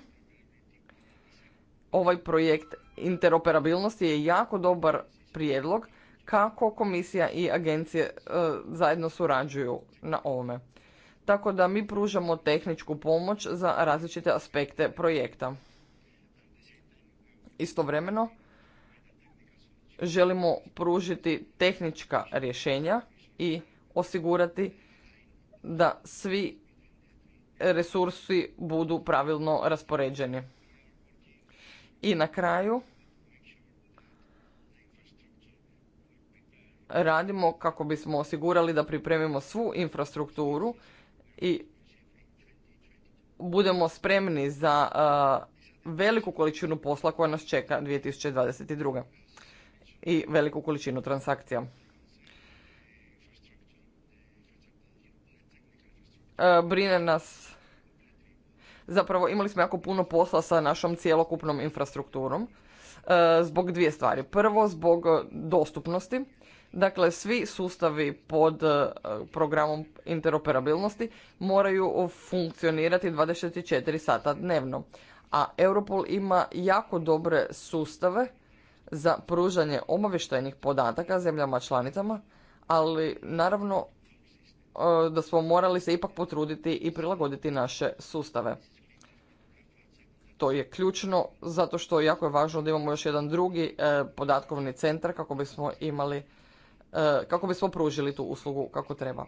Ovaj projekt interoperabilnosti je jako dobar prijedlog kako komisija i agencije e, zajedno surađuju na ovome. Tako da mi pružamo tehničku pomoć za različite aspekte projekta. Istovremeno želimo pružiti tehnička rješenja i osigurati da svi resursi budu pravilno raspoređeni. I na kraju radimo kako bismo osigurali da pripremimo svu infrastrukturu i budemo spremni za veliku količinu posla koja nas čeka 2022 i veliku količinu transakcija. E, brine nas, zapravo imali smo jako puno posla sa našom cjelokupnom infrastrukturom e, zbog dvije stvari. Prvo, zbog dostupnosti. Dakle, svi sustavi pod e, programom interoperabilnosti moraju funkcionirati 24 sata dnevno. A Europol ima jako dobre sustave za pružanje obavještajnih podataka zemljama članicama, ali naravno e, da smo morali se ipak potruditi i prilagoditi naše sustave. To je ključno zato što jako je važno da imamo još jedan drugi e, podatkovni centar kako bismo imali e, kako bismo pružili tu uslugu kako treba.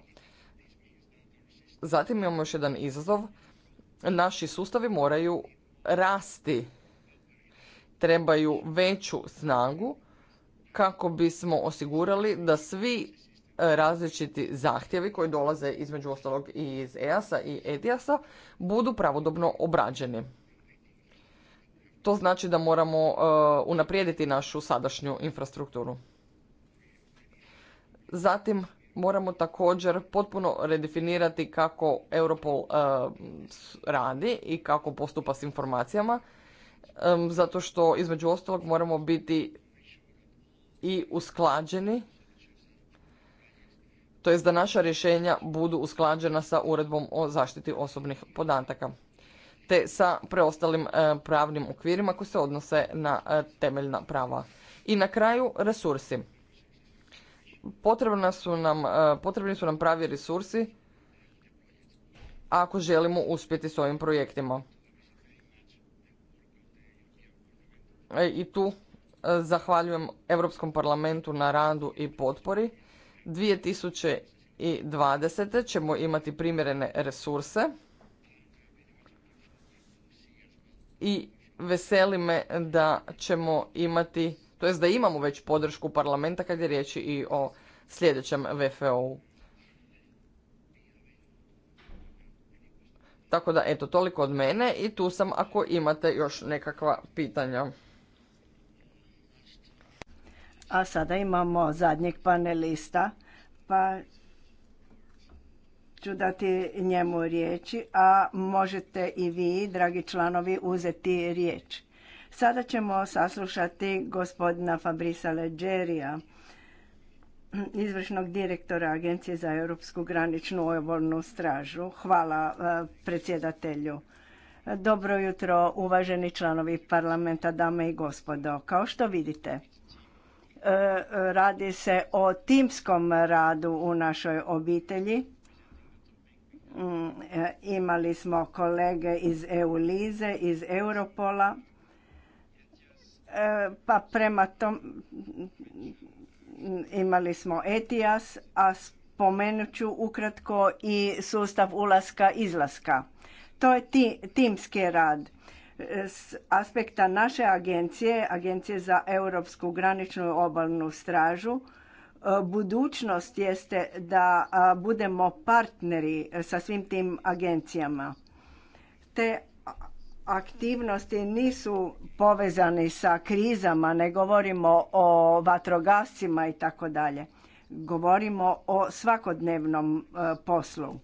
Zatim imamo još jedan izazov. Naši sustavi moraju rasti trebaju veću snagu kako bismo osigurali da svi e, različiti zahtjevi koji dolaze između ostalog i iz EAS-a i EDIAS-a budu pravodobno obrađeni. To znači da moramo e, unaprijediti našu sadašnju infrastrukturu. Zatim moramo također potpuno redefinirati kako Europol e, radi i kako postupa s informacijama zato što između ostalog moramo biti i usklađeni, to jest da naša rješenja budu usklađena sa uredbom o zaštiti osobnih podataka te sa preostalim e, pravnim okvirima koji se odnose na e, temeljna prava. I na kraju resursi. Potrebna su nam, e, potrebni su nam pravi resursi ako želimo uspjeti s ovim projektima. E, i tu e, zahvaljujem Europskom parlamentu na radu i potpori. 2020. ćemo imati primjerene resurse i veseli me da ćemo imati, to jest da imamo već podršku parlamenta kad je riječ i o sljedećem VFO-u. Tako da, eto, toliko od mene i tu sam ako imate još nekakva pitanja. A sada imamo zadnjeg panelista, pa ću dati njemu riječi, a možete i vi, dragi članovi, uzeti riječ. Sada ćemo saslušati gospodina Fabrisa Leđerija, izvršnog direktora Agencije za Europsku graničnu obalnu stražu. Hvala e, predsjedatelju. Dobro jutro, uvaženi članovi parlamenta, dame i gospodo. Kao što vidite, Radi se o timskom radu u našoj obitelji. Mm, e, imali smo kolege iz EU-lize, iz Europola. E, pa prema tom mm, imali smo ETIAS, a spomenut ću ukratko i sustav ulaska-izlaska. To je timski rad s aspekta naše agencije, Agencije za Europsku graničnu obalnu stražu, e, budućnost jeste da budemo partneri e, sa svim tim agencijama. Te aktivnosti nisu povezani sa krizama, ne govorimo o vatrogascima i tako dalje. Govorimo o svakodnevnom e, poslu.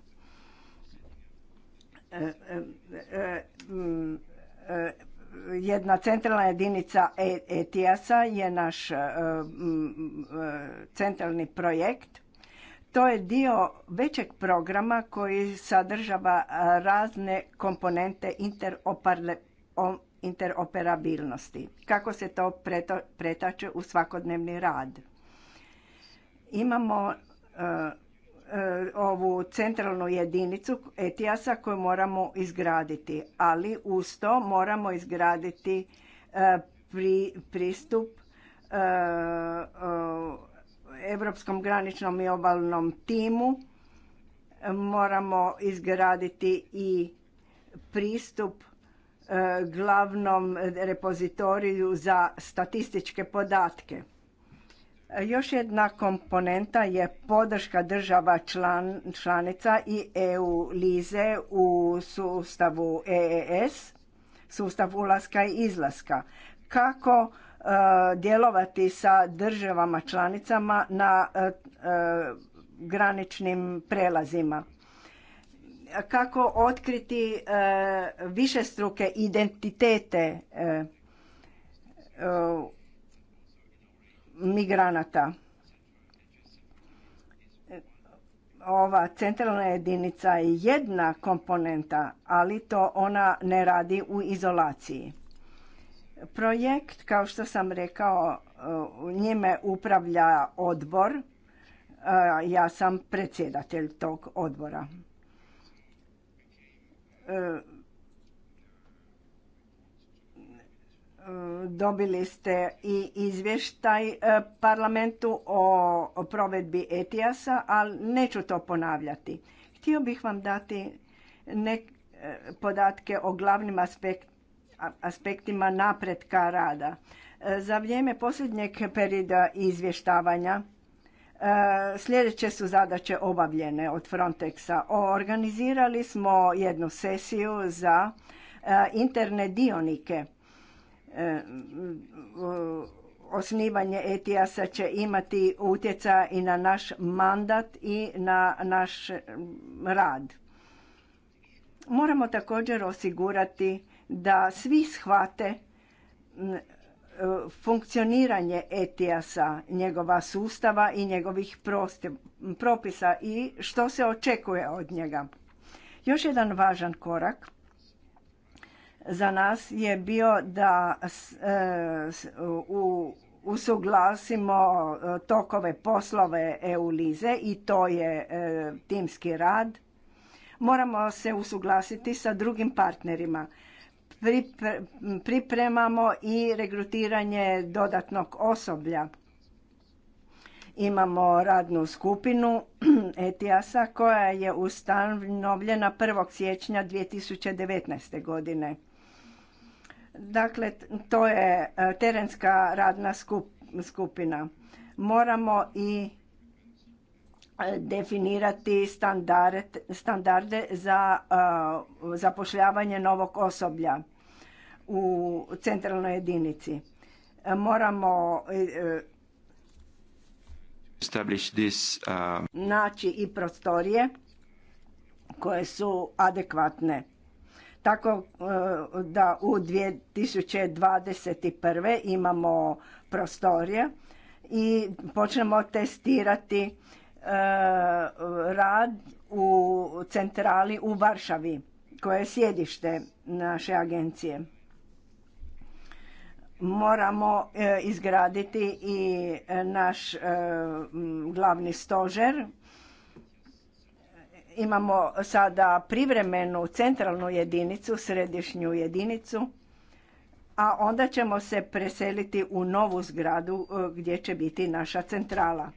E, jedna centralna jedinica e, ETIAS-a je naš e, centralni projekt. To je dio većeg programa koji sadržava razne komponente interoperabilnosti. Kako se to pretače u svakodnevni rad. Imamo E, ovu centralnu jedinicu ETIAS-a koju moramo izgraditi, ali uz to moramo izgraditi e, pristup e, Europskom graničnom i obalnom timu, moramo izgraditi i pristup glavnom repozitoriju za statističke podatke. Još jedna komponenta je podrška država član, članica i EU lize u sustavu EES, sustav ulaska i izlaska. Kako e, djelovati sa državama članicama na e, e, graničnim prelazima? Kako otkriti višestruke identitete u migranata. Ova centralna jedinica je jedna komponenta, ali to ona ne radi u izolaciji. Projekt, kao što sam rekao, e, njime upravlja odbor. E, ja sam predsjedatelj tog odbora e, Dobili ste i izvještaj e, parlamentu o provedbi ETIAS-a, ali neću to ponavljati. Htio bih vam dati neke podatke o glavnim aspektima napretka rada. E, za vrijeme posljednjeg perioda izvještavanja e, sljedeće su zadaće obavljene od Frontexa. Organizirali smo jednu sesiju za interne dionike – Eh, osnivanje etias će imati utjeca i na naš mandat i na naš rad. Moramo također osigurati da svi shvate mm, eh, funkcioniranje etijasa, njegova sustava i njegovih propisa i što se očekuje od njega. Još jedan važan korak za nas je bio da e, usuglasimo e, tokove poslove EU-lize i to je e, timski rad. Moramo se usuglasiti sa drugim partnerima. Pripremamo i regrutiranje dodatnog osoblja. Imamo radnu skupinu ETIAS-a koja je ustanovljena 1. siječnja 2019. godine Dakle, to je e, terenska radna skupina. Moramo i e, definirati standarde za e, zapošljavanje novog osoblja u centralnoj jedinici. Moramo uh, naći i prostorije koje su adekvatne tako e, da u 2021. imamo prostorije i počnemo testirati e, rad u centrali u Varšavi koje je sjedište naše agencije. Moramo e, izgraditi i naš glavni stožer Imamo sada privremenu centralnu jedinicu, središnju jedinicu, a onda ćemo se preseliti u novu zgradu e, gdje će biti naša centrala.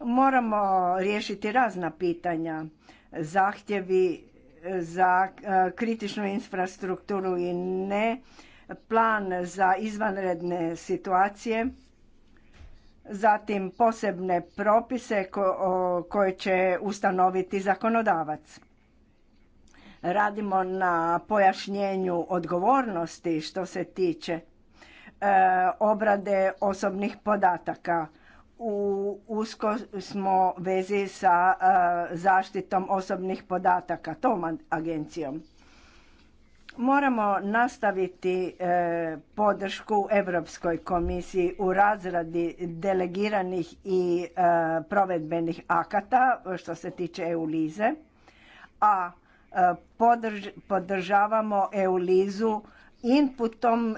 Moramo riješiti razna pitanja, zahtjevi za e, kritičnu infrastrukturu i ne, plan za izvanredne situacije zatim posebne propise koje će ustanoviti zakonodavac. Radimo na pojašnjenju odgovornosti što se tiče e, obrade osobnih podataka. U usko smo vezi sa e, zaštitom osobnih podataka, tom agencijom. Moramo nastaviti e, podršku Europskoj komisiji u razradi delegiranih i e, provedbenih akata što se tiče EU-Lize, a e, podržavamo EU-Lizu inputom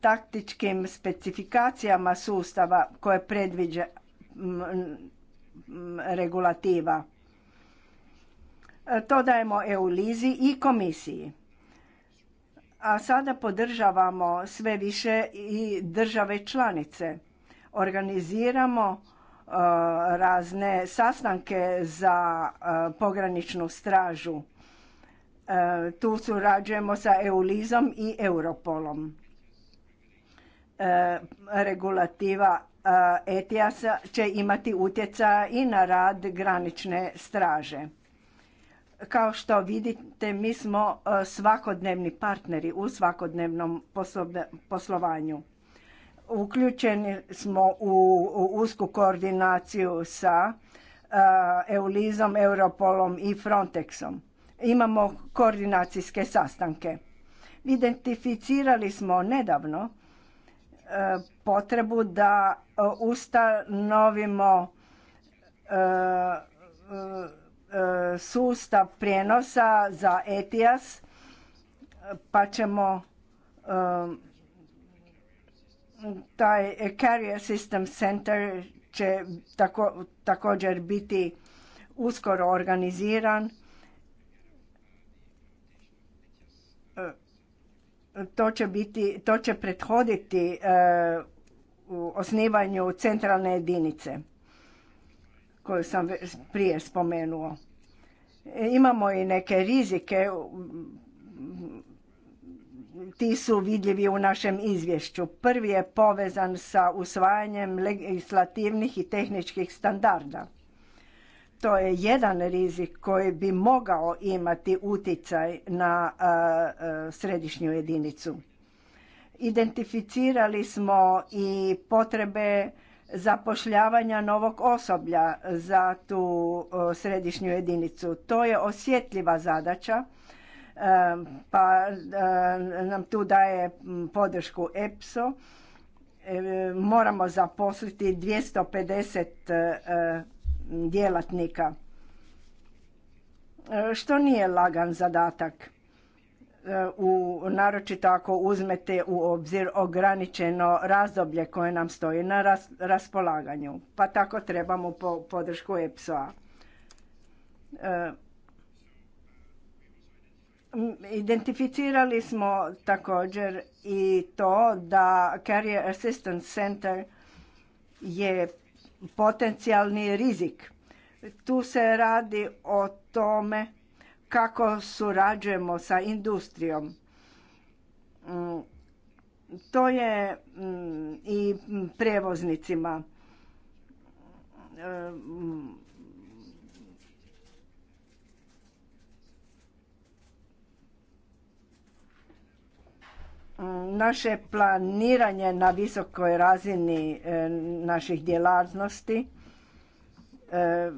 taktičkim specifikacijama sustava koje predviđa regulativa. To dajemo EU-Lizi i komisiji a sada podržavamo sve više i države članice. Organiziramo e, razne sastanke za e, pograničnu stražu. E, tu surađujemo sa EULIZom i Europolom. Regulativa ETIAS će imati utjeca i na rad granične straže. Kao što vidite, mi smo e, svakodnevni partneri u svakodnevnom poslovanju. Uključeni smo u usku koordinaciju sa e, EULIZom, Europolom i Frontexom. Imamo koordinacijske sastanke. Identificirali smo nedavno e, potrebu da ustanovimo sustav prijenosa za ETIAS, pa ćemo um, taj Carrier System Center će također biti uskoro organiziran. To će, biti, to će prethoditi uh, u osnivanju centralne jedinice koju sam prije spomenuo. E, imamo i neke rizike, ti su vidljivi u našem izvješću. Prvi je povezan sa usvajanjem legislativnih i tehničkih standarda. To je jedan rizik koji bi mogao imati uticaj na središnju jedinicu. Identificirali smo i potrebe zapošljavanja novog osoblja za tu središnju jedinicu. To je osjetljiva zadaća pa nam tu daje podršku EPSO. E, moramo zaposliti 250 e, djelatnika, e, što nije lagan zadatak u, naročito ako uzmete u obzir ograničeno razdoblje koje nam stoji na raspolaganju. Pa tako trebamo po, podršku EPSO-a. E, identificirali smo također i to da Carrier Assistance Center je potencijalni rizik. Tu se radi o tome kako surađujemo sa industrijom. Mm, to je mm, i prevoznicima. E, mm, naše planiranje na visokoj razini e, naših djelatnosti e,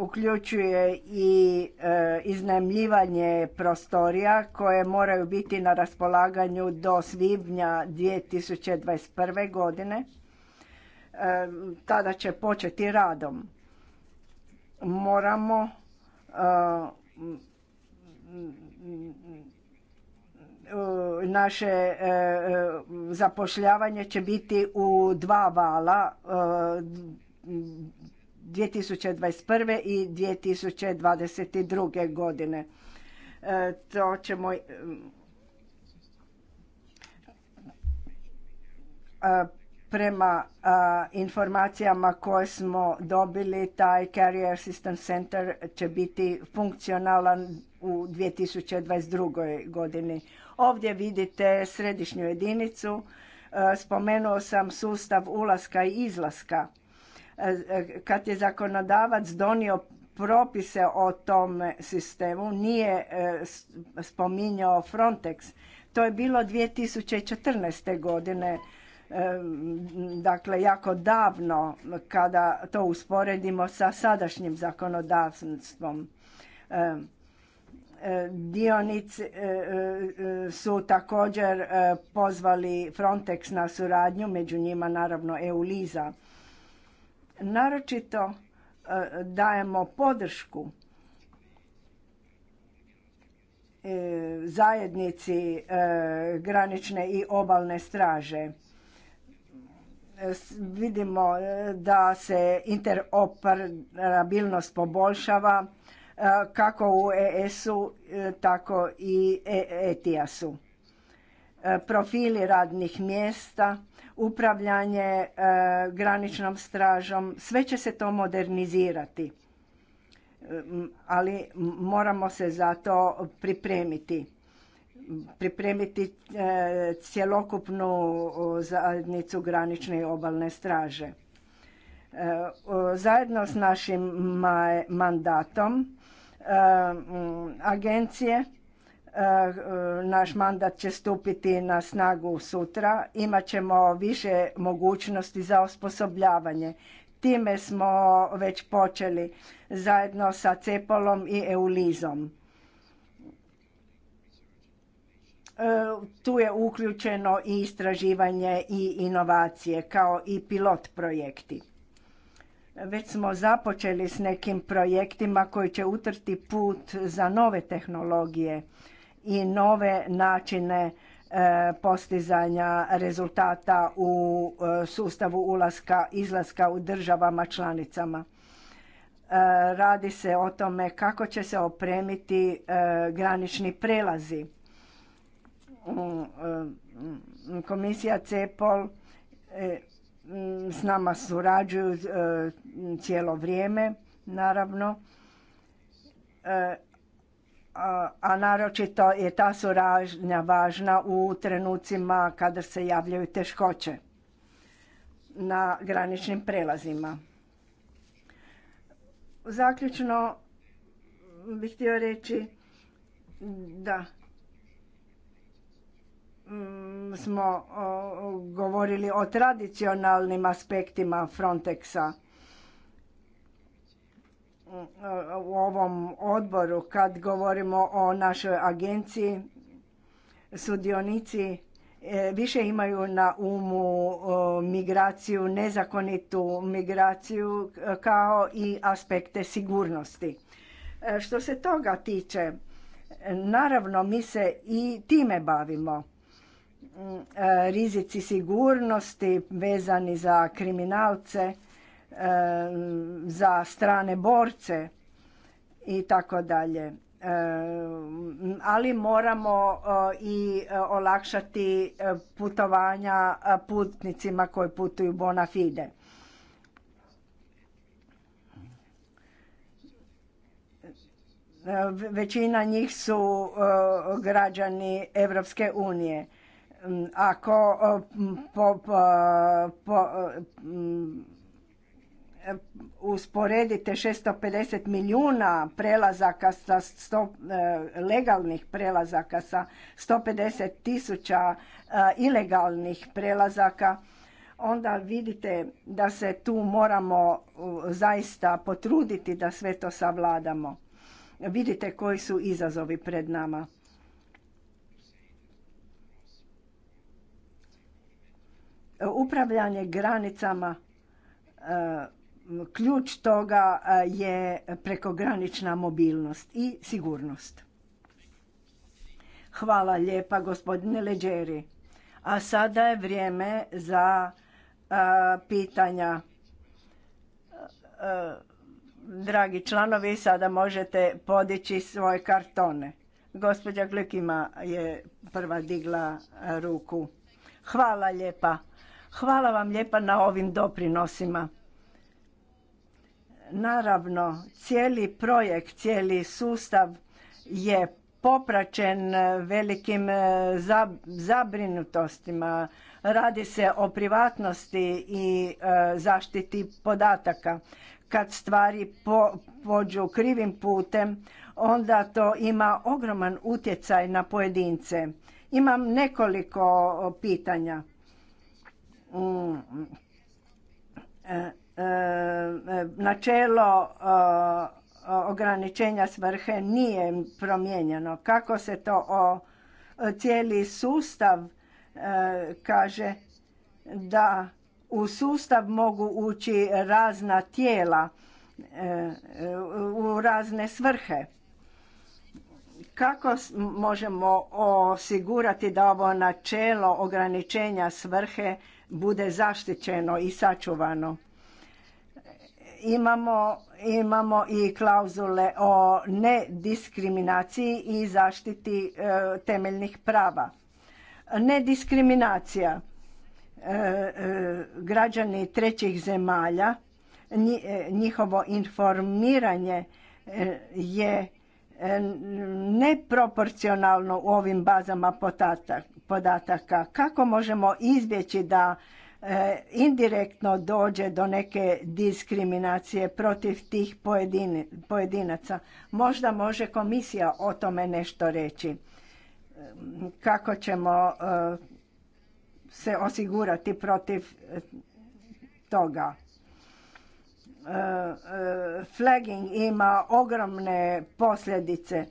uključuje i e, iznajmljivanje prostorija koje moraju biti na raspolaganju do svibnja 2021. godine. E, tada će početi radom. Moramo e, naše zapošljavanje će biti u dva vala 2021. i 2022. godine. E, to ćemo e, prema informacijama koje smo dobili, taj Carrier System Center će biti funkcionalan u 2022. godini. Ovdje vidite središnju jedinicu. E, spomenuo sam sustav ulaska i izlaska kad je zakonodavac donio propise o tom sistemu nije e, spominjao Frontex. To je bilo 2014. godine, e, dakle jako davno kada to usporedimo sa sadašnjim zakonodavstvom. E, dionici su također pozvali Frontex na suradnju, među njima naravno EU-Liza Naročito e, dajemo podršku e, zajednici e, granične i obalne straže. Vidimo da se interoperabilnost poboljšava kako u ES-u, tako i ETIAS-u. Profili radnih mjesta upravljanje e, graničnom stražom, sve će se to modernizirati. E, ali moramo se za to pripremiti. Pripremiti e, cjelokupnu zajednicu granične i obalne straže. Zajedno s našim mandatom agencije Eh, eh, naš mandat će stupiti na snagu sutra. Imat ćemo više mogućnosti za osposobljavanje. Time smo već počeli zajedno sa Cepolom i Eulizom. Eh, tu je uključeno i istraživanje i inovacije kao i pilot projekti. Već smo započeli s nekim projektima koji će utrti put za nove tehnologije i nove načine e, postizanja rezultata u e, sustavu ulaska, izlaska u državama članicama. E, radi se o tome kako će se opremiti granični prelazi. Mm, komisija CEPOL mm, s nama surađuju cijelo vrijeme, naravno a naročito je ta suražnja važna u trenucima kada se javljaju teškoće na graničnim prelazima. Zaključno bih htio reći da mm, smo govorili o tradicionalnim aspektima Frontexa u ovom odboru kad govorimo o našoj agenciji, sudionici e, više imaju na umu migraciju, nezakonitu migraciju e, kao i aspekte sigurnosti. E, što se toga tiče, naravno mi se i time bavimo. Mm, rizici sigurnosti vezani za kriminalce, E, za strane borce i tako dalje. E, ali moramo e, i olakšati putovanja putnicima koji putuju bona fide. Većina njih su građani Evropske unije. Ako po, usporedite 650 milijuna prelazaka sa sto, e, legalnih prelazaka sa 150 tisuća e, ilegalnih prelazaka onda vidite da se tu moramo zaista potruditi da sve to savladamo. Vidite koji su izazovi pred nama. Upravljanje granicama e, ključ toga e, je prekogranična mobilnost i sigurnost. Hvala lijepa gospodine Leđeri. A sada je vrijeme za e, pitanja. E, dragi članovi, sada možete podići svoje kartone. Gospođa Glekima je prva digla ruku. Hvala lijepa. Hvala vam lijepa na ovim doprinosima. Naravno, cijeli projekt, cijeli sustav je popraćen eh, velikim eh, zabrinutostima. Radi se o privatnosti i eh, zaštiti podataka. Kad stvari pođu krivim putem, onda to ima ogroman utjecaj na pojedince. Imam nekoliko pitanja. Mm, Eh, načelo eh, ograničenja svrhe nije promijenjeno. Kako se to o cijeli sustav eh, kaže da u sustav mogu ući razna tijela u razne svrhe. Kako možemo osigurati da ovo načelo ograničenja svrhe bude zaštićeno i sačuvano? imamo, i klauzule o nediskriminaciji i zaštiti e, temeljnih prava. Nediskriminacija e, e, građani trećih zemalja, njihovo informiranje je neproporcionalno u ovim bazama podataka. Kako možemo izbjeći da E, indirektno dođe do neke diskriminacije protiv tih pojedinaca. Možda može komisija o tome nešto reći. E, kako ćemo e, se osigurati protiv toga. Flagging ima ogromne posljedice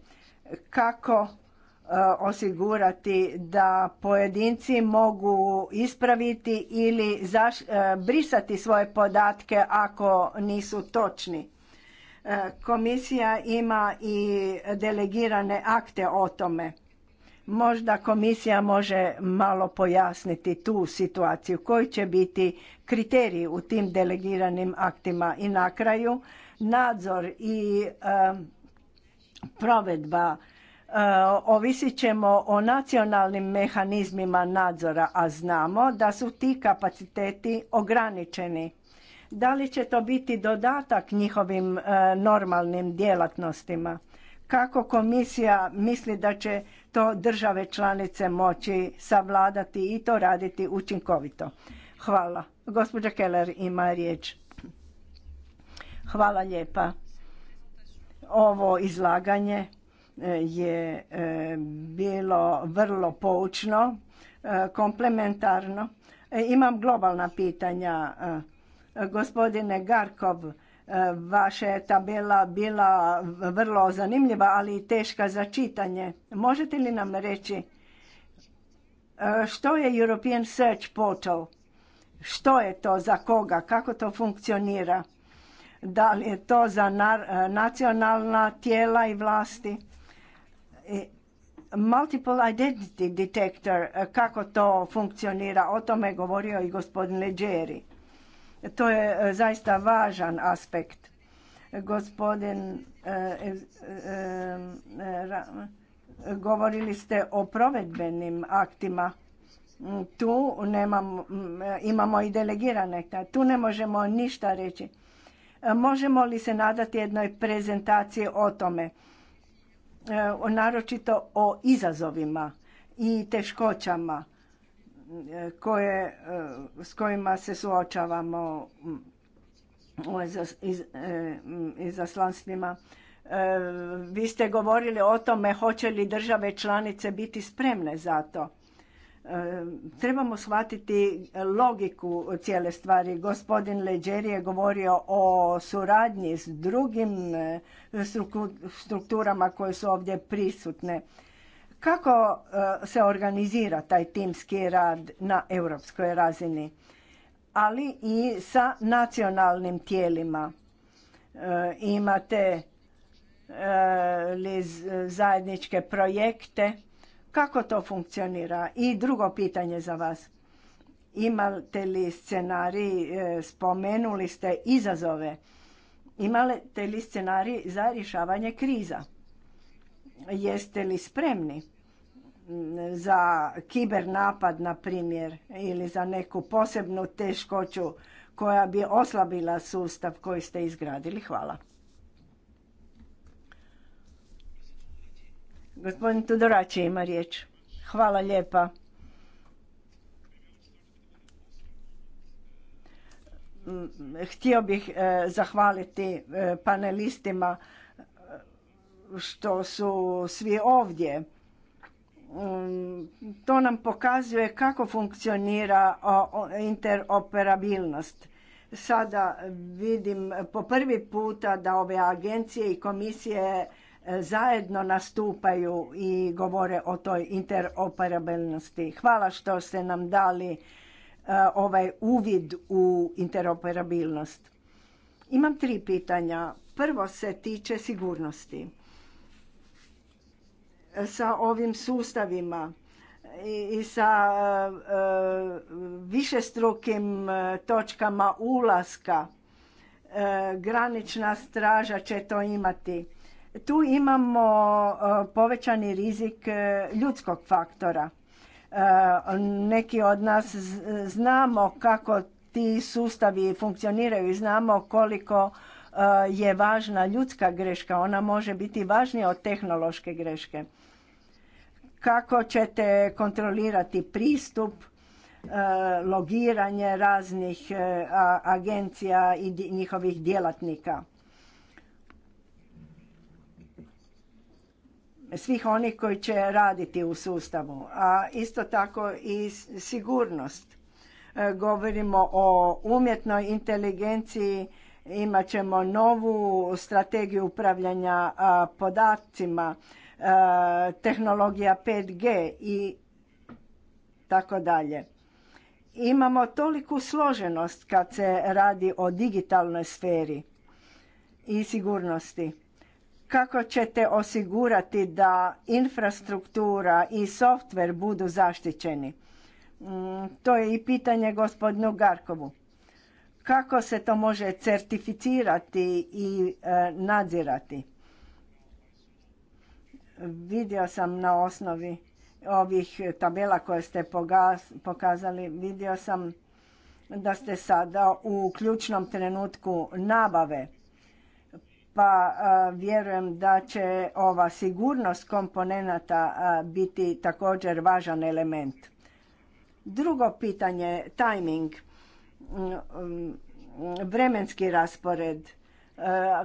kako Eh, osigurati da pojedinci mogu ispraviti ili eh, brisati svoje podatke ako nisu točni. Eh, komisija ima i delegirane akte o tome. Možda komisija može malo pojasniti tu situaciju, koji će biti kriteriji u tim delegiranim aktima i na kraju nadzor i provedba Eh, ovisit ćemo o nacionalnim mehanizmima nadzora, a znamo da su ti kapaciteti ograničeni. Da li će to biti dodatak njihovim eh, normalnim djelatnostima? Kako komisija misli da će to države članice moći savladati i to raditi učinkovito? Hvala. Gospođa Keller ima riječ. Hvala lijepa. Ovo izlaganje je e, bilo vrlo poučno, e, komplementarno. E, imam globalna pitanja. Gospodine Garkov, vaša je tabela bila vrlo zanimljiva, ali i teška za čitanje. Možete li nam reći što je European Search Portal? Što je to, za koga, kako to funkcionira? Da li je to za nacionalna tijela i vlasti? Multiple Identity Detector, e, kako to funkcionira, o tome je govorio i gospodin Leđeri. To je e, zaista važan aspekt. Gospodin, e, govorili ste o provedbenim aktima. Tu imamo i delegirane. Tu ne možemo ništa reći. Možemo li se nadati jednoj prezentaciji o tome? Eh, naročito o izazovima i teškoćama eh, koje, eh, s kojima se suočavamo mm, mm, izaslanstvima. Vi ste govorili o tome hoće li države članice biti spremne za to. Trebamo shvatiti logiku cijele stvari. Gospodin Leđer je govorio o suradnji s drugim eh, strukturama koje su ovdje prisutne. Kako eh, se organizira taj timski rad na europskoj razini, ali i sa nacionalnim tijelima? Eh, imate li zajedničke projekte? Kako to funkcionira? I drugo pitanje za vas. Imate li scenarij, e, spomenuli ste izazove, imate li scenarij za rješavanje kriza? Jeste li spremni za kiber napad, na primjer, ili za neku posebnu teškoću koja bi oslabila sustav koji ste izgradili? Hvala. Gospodin Tudorači ima riječ. Hvala lijepa. Htio bih e, zahvaliti e, panelistima e, što su svi ovdje. Mm, to nam pokazuje kako funkcionira interoperabilnost. Sada vidim po prvi puta da ove agencije i komisije zajedno nastupaju i govore o toj interoperabilnosti. Hvala što ste nam dali e, ovaj uvid u interoperabilnost. Imam tri pitanja. Prvo se tiče sigurnosti. Sa ovim sustavima i sa e, e, višestrukim točkama ulaska granična straža će to imati tu imamo e, povećani rizik e, ljudskog faktora. E, neki od nas znamo kako ti sustavi funkcioniraju i znamo koliko je važna ljudska greška. Ona može biti važnija od tehnološke greške. Kako ćete kontrolirati pristup, logiranje raznih agencija i njihovih djelatnika. svih onih koji će raditi u sustavu, a isto tako i sigurnost. E, govorimo o umjetnoj inteligenciji, imat ćemo novu strategiju upravljanja podacima, e, tehnologija 5G i tako dalje. Imamo toliku složenost kad se radi o digitalnoj sferi i sigurnosti kako ćete osigurati da infrastruktura i softver budu zaštićeni? Mm, to je i pitanje gospodinu Garkovu. Kako se to može certificirati i e, nadzirati? Vidio sam na osnovi ovih tabela koje ste pokazali, vidio sam da ste sada u ključnom trenutku nabave pa vjerujem da će ova sigurnost komponenata biti također važan element. Drugo pitanje, timing, mm, vremenski raspored.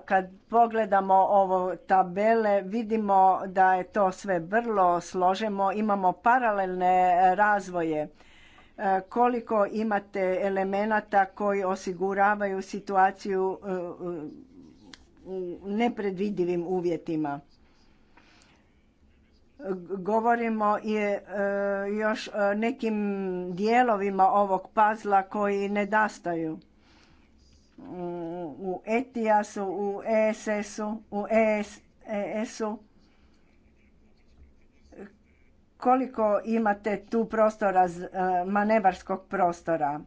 Kad pogledamo ovo tabele, vidimo da je to sve vrlo složeno, imamo paralelne razvoje koliko imate elemenata koji osiguravaju situaciju nepredvidivim uvjetima. Govorimo je e, još e, nekim dijelovima ovog pazla koji nedastaju. U Etijasu, u ESS-u, u ess u e u u Koliko imate tu prostora, manevarskog prostora?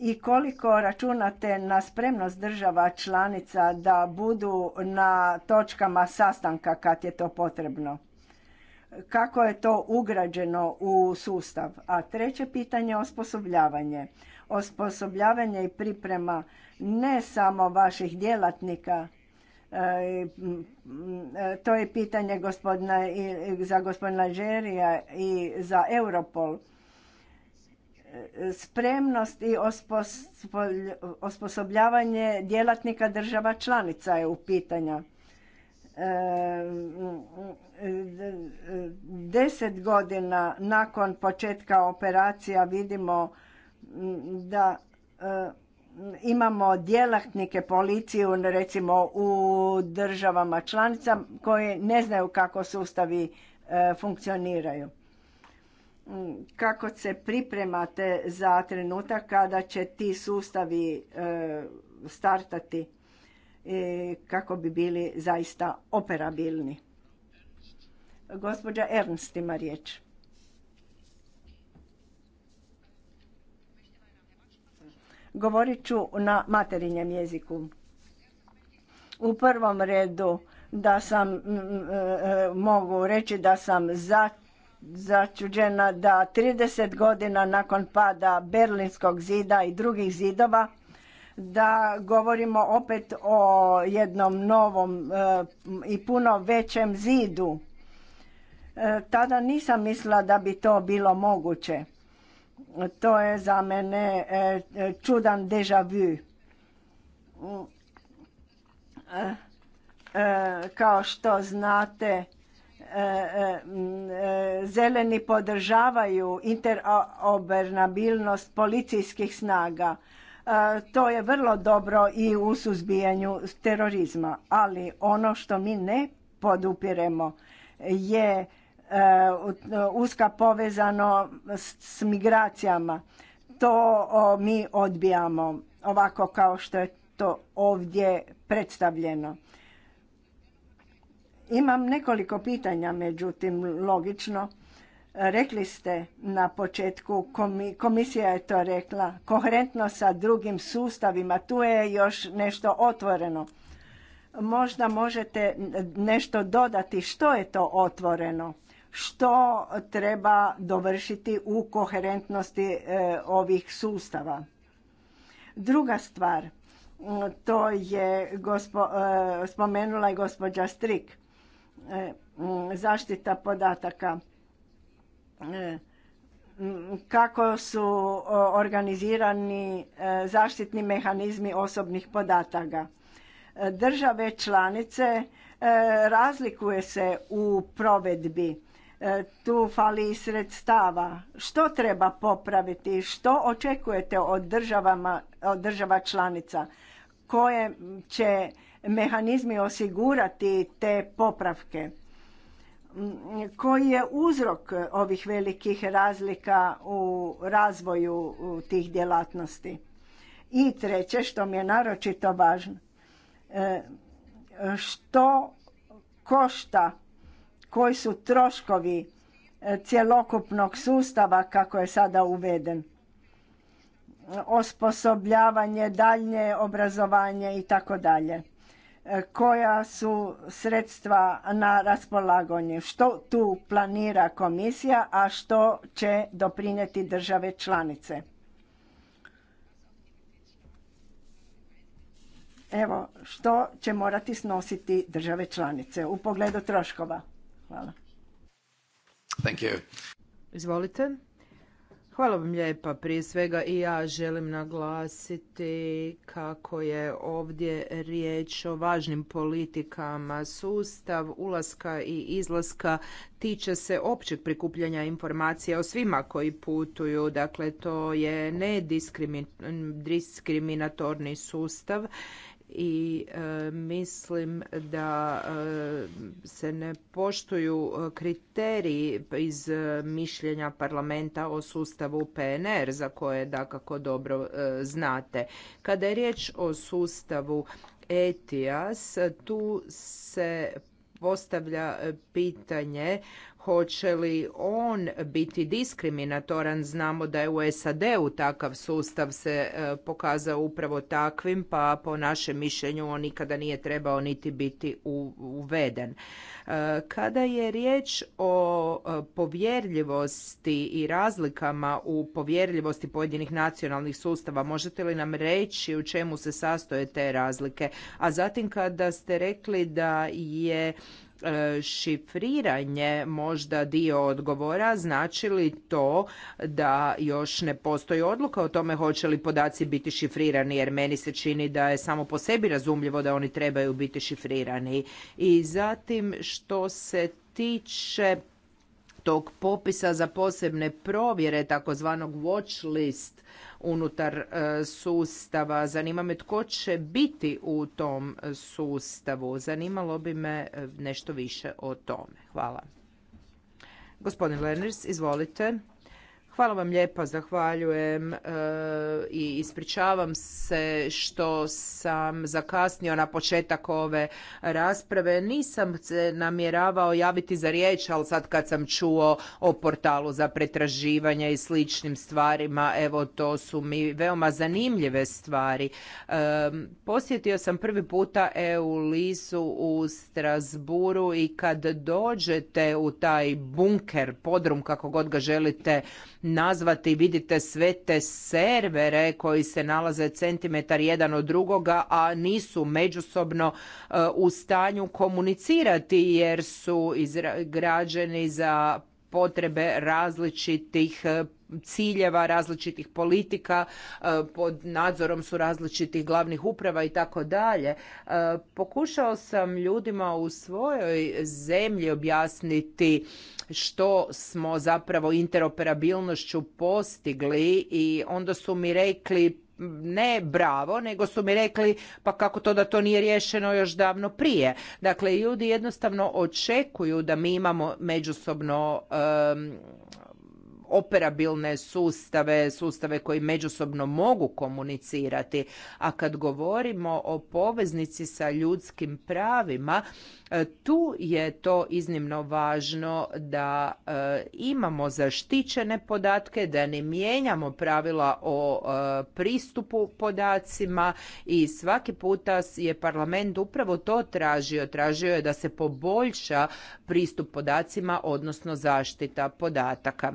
i koliko računate na spremnost država članica da budu na točkama sastanka kad je to potrebno? Kako je to ugrađeno u sustav? A treće pitanje je osposobljavanje. Osposobljavanje i priprema ne samo vaših djelatnika, e, to je pitanje gospodina, za gospodina Žerija i za Europol spremnost i osposobljavanje djelatnika država članica je u pitanja. E, deset godina nakon početka operacija vidimo da e, imamo djelatnike policije recimo u državama članica koje ne znaju kako sustavi e, funkcioniraju kako se pripremate za trenutak kada će ti sustavi e, startati e, kako bi bili zaista operabilni. Gospođa Ernst ima riječ. Govorit ću na materinjem jeziku. U prvom redu da sam, e, mogu reći da sam za začuđena da 30 godina nakon pada Berlinskog zida i drugih zidova da govorimo opet o jednom novom e, i puno većem zidu. E, tada nisam mislila da bi to bilo moguće. To je za mene e, čudan deja vu. Kao što znate, zeleni podržavaju interobernabilnost policijskih snaga. E, to je vrlo dobro i u suzbijanju terorizma, ali ono što mi ne podupiremo je e, uska povezano s migracijama. To mi odbijamo ovako kao što je to ovdje predstavljeno. Imam nekoliko pitanja, međutim, logično. Rekli ste na početku, komisija je to rekla, koherentno sa drugim sustavima, tu je još nešto otvoreno. Možda možete nešto dodati što je to otvoreno, što treba dovršiti u koherentnosti e, ovih sustava. Druga stvar, to je e, spomenula i gospođa Strik E, zaštita podataka e, kako su organizirani e, zaštitni mehanizmi osobnih podataka. Države članice razlikuje se u provedbi. Tu fali i sredstava. Što treba popraviti? Što očekujete od, od država članica? koje će mehanizmi osigurati te popravke koji je uzrok ovih velikih razlika u razvoju tih djelatnosti. I treće, što mi je naročito važno, e, što košta, koji su troškovi e, cjelokupnog sustava kako je sada uveden osposobljavanje, daljnje obrazovanje i tako dalje. E, koja su sredstva na raspolaganju? Što tu planira komisija, a što će doprinijeti države članice? Evo, što će morati snositi države članice u pogledu troškova? Hvala. Izvolite. Hvala vam lijepa. Prije svega i ja želim naglasiti kako je ovdje riječ o važnim politikama. Sustav ulaska i izlaska tiče se općeg prikupljanja informacija o svima koji putuju. Dakle, to je nediskriminatorni sustav i e, mislim da e, se ne poštuju e, kriteriji iz mišljenja parlamenta o sustavu PNR za koje dakako dobro znate. Kada je riječ o sustavu ETIAS tu se postavlja pitanje Hoće li on biti diskriminatoran? Znamo da je u SAD-u takav sustav se e, pokazao upravo takvim, pa po našem mišljenju on nikada nije trebao niti biti uveden. E, kada je riječ o e, povjerljivosti i razlikama u povjerljivosti pojedinih nacionalnih sustava, možete li nam reći u čemu se sastoje te razlike? A zatim kada ste rekli da je E, šifriranje možda dio odgovora, znači li to da još ne postoji odluka o tome hoće li podaci biti šifrirani, jer meni se čini da je samo po sebi razumljivo da oni trebaju biti šifrirani. I zatim što se tiče tog popisa za posebne provjere, takozvanog watch list unutar e, sustava. Zanima me tko će biti u tom sustavu. Zanimalo bi me e, nešto više o tome. Hvala. Gospodin Lerners, izvolite. Hvala vam lijepa, zahvaljujem e, i ispričavam se što sam zakasnio na početak ove rasprave. Nisam se namjeravao javiti za riječ, ali sad kad sam čuo o portalu za pretraživanje i sličnim stvarima, evo to su mi veoma zanimljive stvari. E, posjetio sam prvi puta EU Lisu u Strasburu i kad dođete u taj bunker, podrum kako god ga želite nazvati, vidite sve te servere koji se nalaze centimetar jedan od drugoga, a nisu međusobno eh, u stanju komunicirati jer su izgrađeni za potrebe različitih eh, ciljeva, različitih politika, e, pod nadzorom su različitih glavnih uprava i tako dalje. E, pokušao sam ljudima u svojoj zemlji objasniti što smo zapravo interoperabilnošću postigli i onda su mi rekli ne bravo, nego su mi rekli pa kako to da to nije riješeno još davno prije. Dakle, ljudi jednostavno očekuju da mi imamo međusobno operabilne sustave, sustave koji međusobno mogu komunicirati. A kad govorimo o poveznici sa ljudskim pravima, e, tu je to iznimno važno da e, imamo zaštićene podatke, da ne mijenjamo pravila o e, pristupu podacima i svaki puta je parlament upravo to tražio. Tražio je da se poboljša pristup podacima, odnosno zaštita podataka.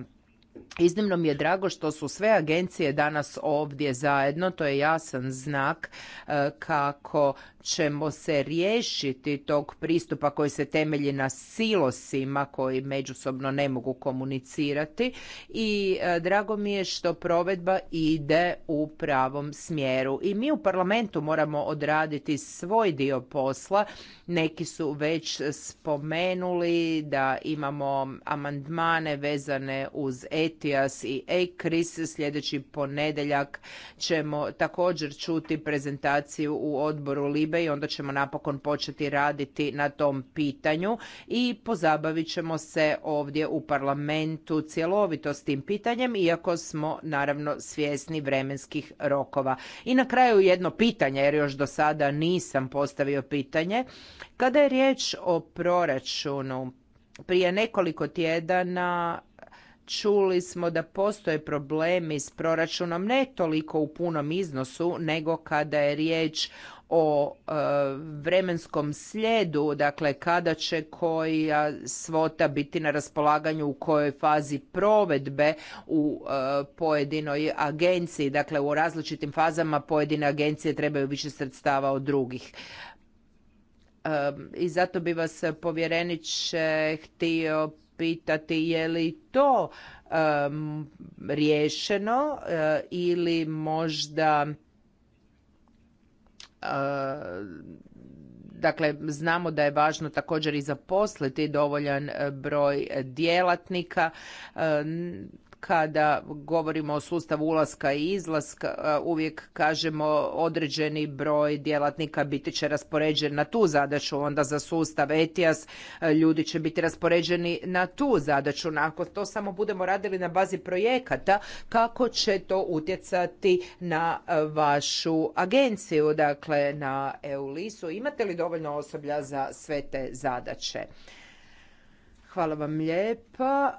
Iznimno mi je drago što su sve agencije danas ovdje zajedno, to je jasan znak e, kako ćemo se riješiti tog pristupa koji se temelji na silosima koji međusobno ne mogu komunicirati i e, drago mi je što provedba ide u pravom smjeru. I mi u parlamentu moramo odraditi svoj dio posla. Neki su već spomenuli da imamo amandmane vezane uz ETIAS i ECRIS. Sljedeći ponedeljak ćemo također čuti prezentaciju u odboru LIBE i onda ćemo napokon početi raditi na tom pitanju i pozabavit ćemo se ovdje u parlamentu cjelovito s tim pitanjem, iako smo naravno svjesni vremenskih rokova. I na kraju jedno pitanje, jer još do sada nisam postavio pitanje. Kada je riječ o proračunu, prije nekoliko tjedana čuli smo da postoje problemi s proračunom ne toliko u punom iznosu nego kada je riječ o e, vremenskom slijedu, dakle kada će koja svota biti na raspolaganju u kojoj fazi provedbe u e, pojedinoj agenciji, dakle u različitim fazama pojedine agencije trebaju više sredstava od drugih e, i zato bi vas povjerenič htio pitati je li to riješeno ili možda E, dakle, znamo da je važno također i zaposliti dovoljan e, broj djelatnika. E, kada govorimo o sustavu ulaska i izlaska, uvijek kažemo određeni broj djelatnika biti će raspoređen na tu zadaću, onda za sustav ETIAS ljudi će biti raspoređeni na tu zadaću. Ako to samo budemo radili na bazi projekata, kako će to utjecati na vašu agenciju, dakle na LIS-u. E Imate li dovoljno osoblja za sve te zadaće? Hvala vam lijepa.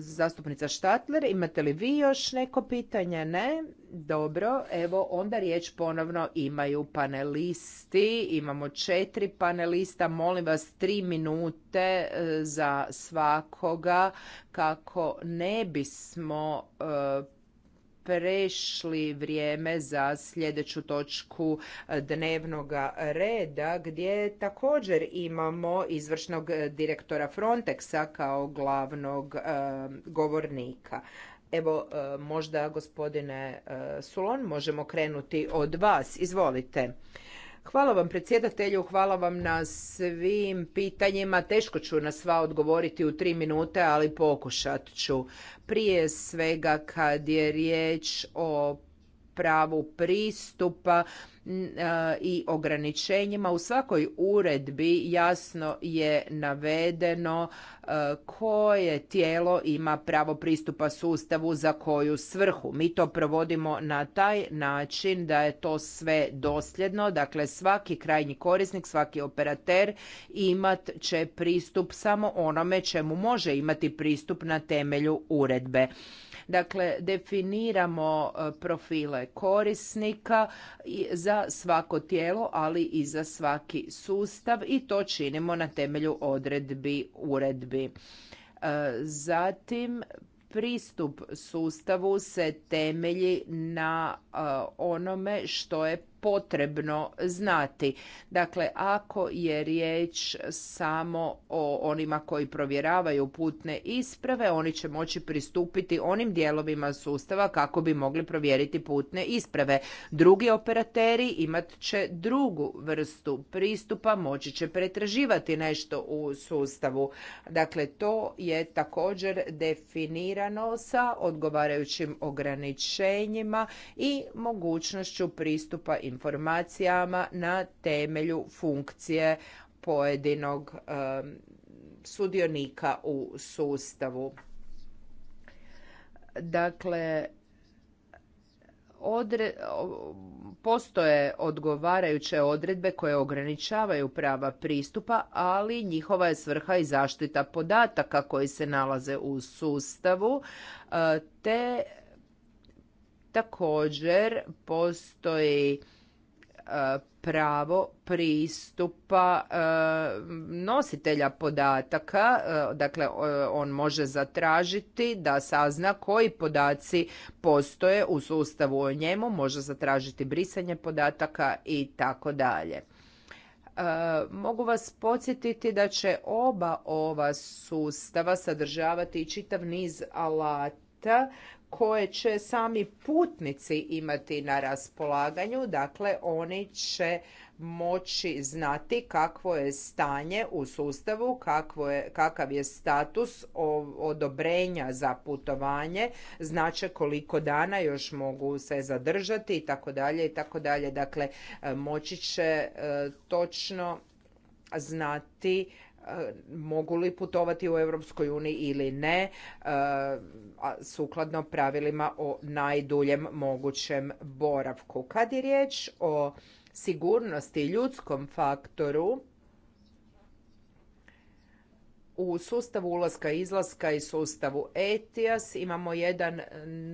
zastupnica Štatler, imate li vi još neko pitanje? Ne? Dobro, evo onda riječ ponovno imaju panelisti. Imamo četiri panelista. Molim vas tri minute e, za svakoga kako ne bismo e, prešli vrijeme za sljedeću točku e, dnevnog reda gdje također imamo izvršnog e, direktora Frontexa kao glavnog e, govornika. Evo, možda gospodine Sulon, možemo krenuti od vas. Izvolite. Hvala vam predsjedatelju, hvala vam na svim pitanjima. Teško ću na sva odgovoriti u tri minute, ali pokušat ću. Prije svega kad je riječ o pravu pristupa i ograničenjima. U svakoj uredbi jasno je navedeno koje tijelo ima pravo pristupa sustavu za koju svrhu. Mi to provodimo na taj način da je to sve dosljedno, dakle svaki krajnji korisnik, svaki operater imat će pristup samo onome čemu može imati pristup na temelju uredbe. Dakle, definiramo e, profile korisnika za svako tijelo, ali i za svaki sustav i to činimo na temelju odredbi uredbi. E, zatim pristup sustavu se temelji na e, onome što je potrebno znati. Dakle, ako je riječ samo o onima koji provjeravaju putne isprave, oni će moći pristupiti onim dijelovima sustava kako bi mogli provjeriti putne isprave. Drugi operateri imat će drugu vrstu pristupa, moći će pretraživati nešto u sustavu. Dakle, to je također definirano sa odgovarajućim ograničenjima i mogućnošću pristupa i informacijama na temelju funkcije pojedinog sudionika u sustavu. Dakle, postoje odgovarajuće odredbe koje ograničavaju prava pristupa, ali njihova je svrha i zaštita podataka koji se nalaze u sustavu, eh, te također postoji E, pravo pristupa e, nositelja podataka, e, dakle on može zatražiti da sazna koji podaci postoje u sustavu o njemu, može zatražiti brisanje podataka i tako dalje. Mogu vas podsjetiti da će oba ova sustava sadržavati čitav niz alata koje će sami putnici imati na raspolaganju, dakle oni će moći znati kakvo je stanje u sustavu, kakvo je, kakav je status odobrenja za putovanje, znači koliko dana još mogu se zadržati i tako dalje i tako dalje. Dakle, moći će e, točno znati mogu li putovati u Europskoj uniji ili ne, e, sukladno pravilima o najduljem mogućem boravku. Kad je riječ o sigurnosti i ljudskom faktoru, u sustavu ulaska i izlaska i sustavu ETIAS imamo jedan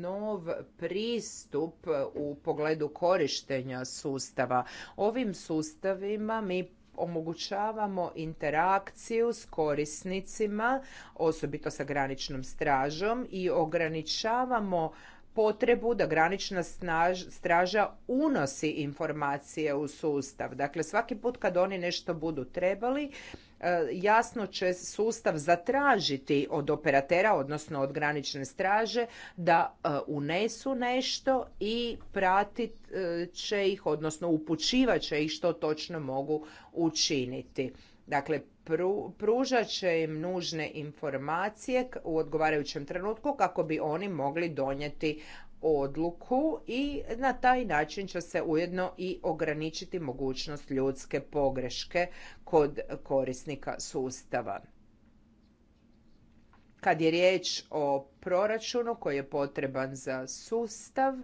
nov pristup u pogledu korištenja sustava. Ovim sustavima mi omogućavamo interakciju s korisnicima, osobito sa graničnom stražom i ograničavamo potrebu da granična straža unosi informacije u sustav. Dakle, svaki put kad oni nešto budu trebali, e, jasno će sustav zatražiti od operatera, odnosno od granične straže, da e, unesu nešto i pratit e, će ih, odnosno upućivat će ih što točno mogu učiniti. Dakle, pružat će im nužne informacije u odgovarajućem trenutku kako bi oni mogli donijeti odluku i na taj način će se ujedno i ograničiti mogućnost ljudske pogreške kod korisnika sustava. Kad je riječ o proračunu koji je potreban za sustav,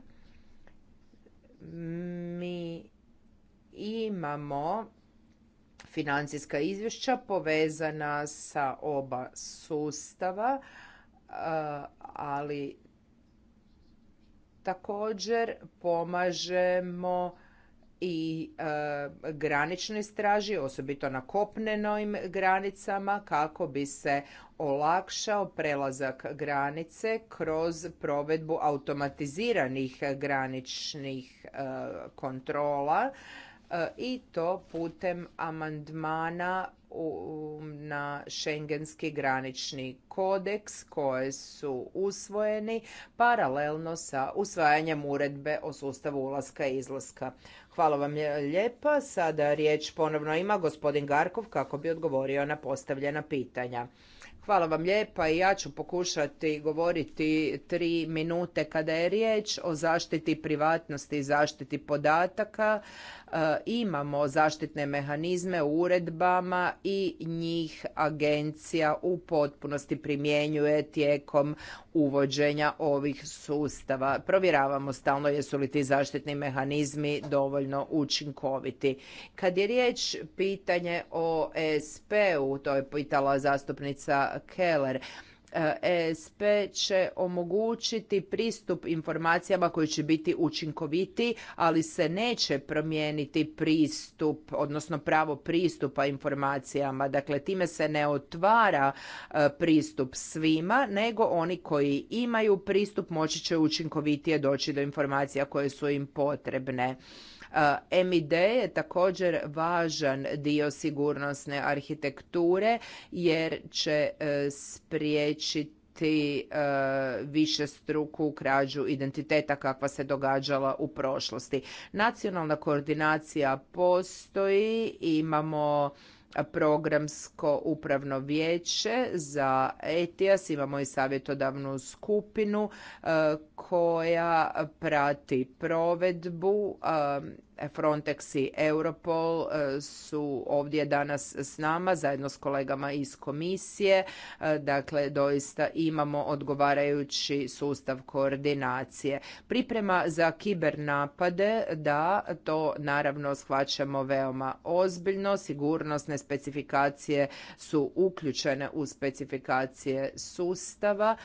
mi imamo financijska izvješća povezana sa oba sustava, e, ali također pomažemo i e, graničnoj straži, osobito na kopnenim granicama, kako bi se olakšao prelazak granice kroz provedbu automatiziranih graničnih e, kontrola E, i to putem amandmana na Schengenski granični kodeks koje su usvojeni paralelno sa usvajanjem uredbe o sustavu ulaska i izlaska. Hvala vam lijepa. Sada riječ ponovno ima gospodin Garkov kako bi odgovorio na postavljena pitanja. Hvala vam lijepa i ja ću pokušati govoriti tri minute kada je riječ o zaštiti privatnosti i zaštiti podataka. E, imamo zaštitne mehanizme u uredbama i njih agencija u potpunosti primjenjuje tijekom uvođenja ovih sustava. Provjeravamo stalno jesu li ti zaštitni mehanizmi dovoljno učinkoviti. Kad je riječ pitanje o sp u to je pitala zastupnica Keller. ESP će omogućiti pristup informacijama koji će biti učinkoviti, ali se neće promijeniti pristup, odnosno pravo pristupa informacijama. Dakle, time se ne otvara e, pristup svima, nego oni koji imaju pristup moći će učinkovitije doći do informacija koje su im potrebne. E, MID je također važan dio sigurnosne arhitekture jer će e, spriječiti e, više struku krađu identiteta kakva se događala u prošlosti. Nacionalna koordinacija postoji, imamo programsko upravno vijeće za ETIAS, imamo i savjetodavnu skupinu eh, koja prati provedbu eh, Frontex i Europol e, su ovdje danas s nama zajedno s kolegama iz komisije. E, dakle, doista imamo odgovarajući sustav koordinacije. Priprema za kibernapade, da, to naravno shvaćamo veoma ozbiljno. Sigurnosne specifikacije su uključene u specifikacije sustava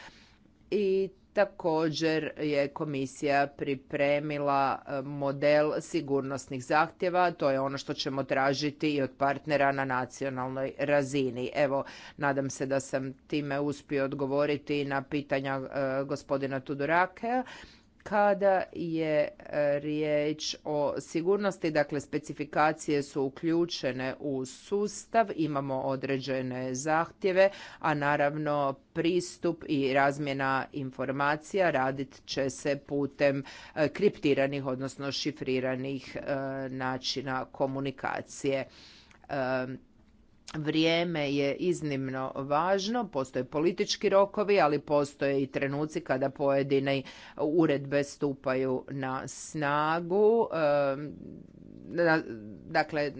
i Također je komisija pripremila e, model sigurnosnih zahtjeva, to je ono što ćemo tražiti i od partnera na nacionalnoj razini. Evo, nadam se da sam time uspio odgovoriti na pitanja e, gospodina Tudorakea. Kada je e, riječ o sigurnosti, dakle specifikacije su uključene u sustav, imamo određene zahtjeve, a naravno pristup i razmjena informacija radit će se putem e, kriptiranih, odnosno šifriranih e, načina komunikacije. Vrijeme je iznimno važno, postoje politički rokovi, ali postoje i trenuci kada pojedine uredbe stupaju na snagu. Dakle,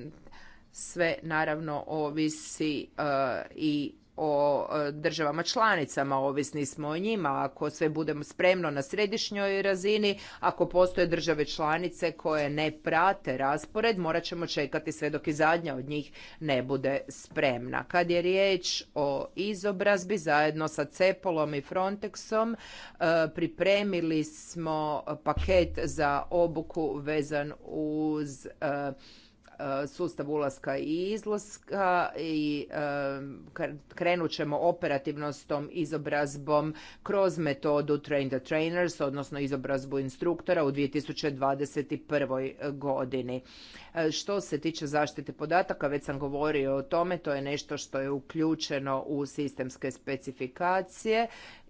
sve naravno ovisi e, i o e, državama članicama, ovisni smo o njima. Ako sve budemo spremno na središnjoj razini, ako postoje države članice koje ne prate raspored, morat ćemo čekati sve dok i zadnja od njih ne bude spremna. Kad je riječ o izobrazbi, zajedno sa Cepolom i Frontexom e, pripremili smo paket za obuku vezan uz e, E, sustav ulaska i izlaska i e, krenut ćemo operativno s tom izobrazbom kroz metodu Train the Trainers, odnosno izobrazbu instruktora u 2021. godini. E, što se tiče zaštite podataka, već sam govorio o tome, to je nešto što je uključeno u sistemske specifikacije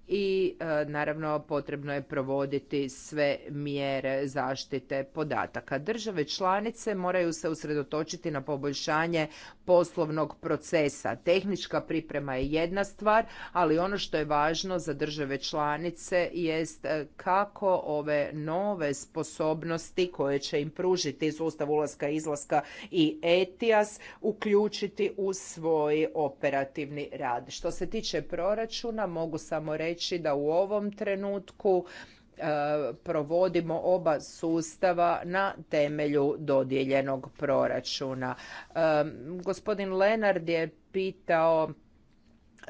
i e, naravno potrebno je provoditi sve mjere zaštite podataka. Države članice moraju se usredotočiti na poboljšanje poslovnog procesa. Tehnička priprema je jedna stvar, ali ono što je važno za države članice jest e, kako ove nove sposobnosti koje će im pružiti sustav ulaska, izlaska i ETIAS uključiti u svoj operativni rad. Što se tiče proračuna, mogu samo reći reći da u ovom trenutku e, provodimo oba sustava na temelju dodijeljenog proračuna. E, gospodin Lenard je pitao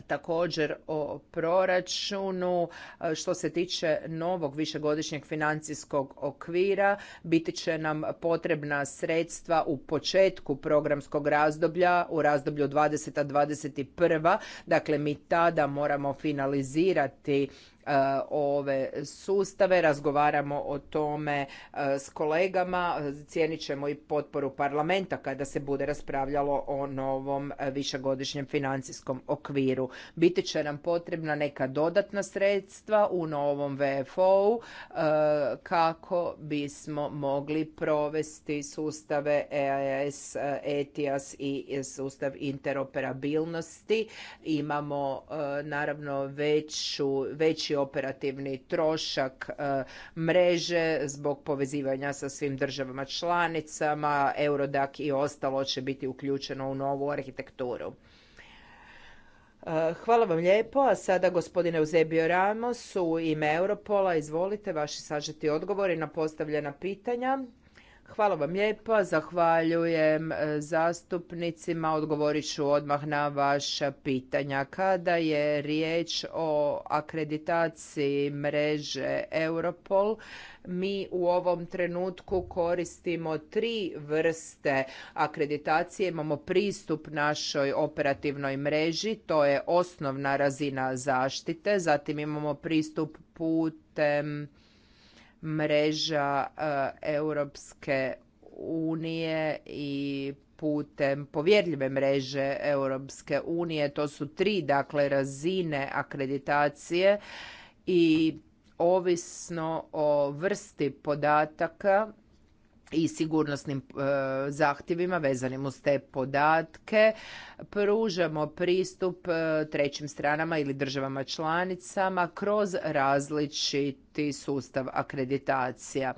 također o proračunu. E, što se tiče novog višegodišnjeg financijskog okvira, biti će nam potrebna sredstva u početku programskog razdoblja, u razdoblju 2021. Dakle, mi tada moramo finalizirati E, ove sustave, razgovaramo o tome e, s kolegama, cijenit ćemo i potporu parlamenta kada se bude raspravljalo o novom e, višegodišnjem financijskom okviru. Biti će nam potrebna neka dodatna sredstva u novom VFO-u kako bismo mogli provesti sustave EAS, ETIAS i sustav interoperabilnosti. Imamo naravno veći operativni trošak e, mreže zbog povezivanja sa svim državama članicama, Eurodac i ostalo će biti uključeno u novu arhitekturu. E, hvala vam lijepo. A sada gospodine Eusebio Ramos u ime Europola. Izvolite vaši sažeti odgovori na postavljena pitanja. Hvala vam lijepa, zahvaljujem e, zastupnicima, odgovorit ću odmah na vaša pitanja. Kada je riječ o akreditaciji mreže Europol, mi u ovom trenutku koristimo tri vrste akreditacije. Imamo pristup našoj operativnoj mreži, to je osnovna razina zaštite, zatim imamo pristup putem mreža e, Europske unije i putem povjerljive mreže Europske unije. To su tri dakle razine akreditacije i ovisno o vrsti podataka i sigurnosnim e, zahtjevima vezanim uz te podatke. Pružamo pristup e, trećim stranama ili državama članicama kroz različiti sustav akreditacija.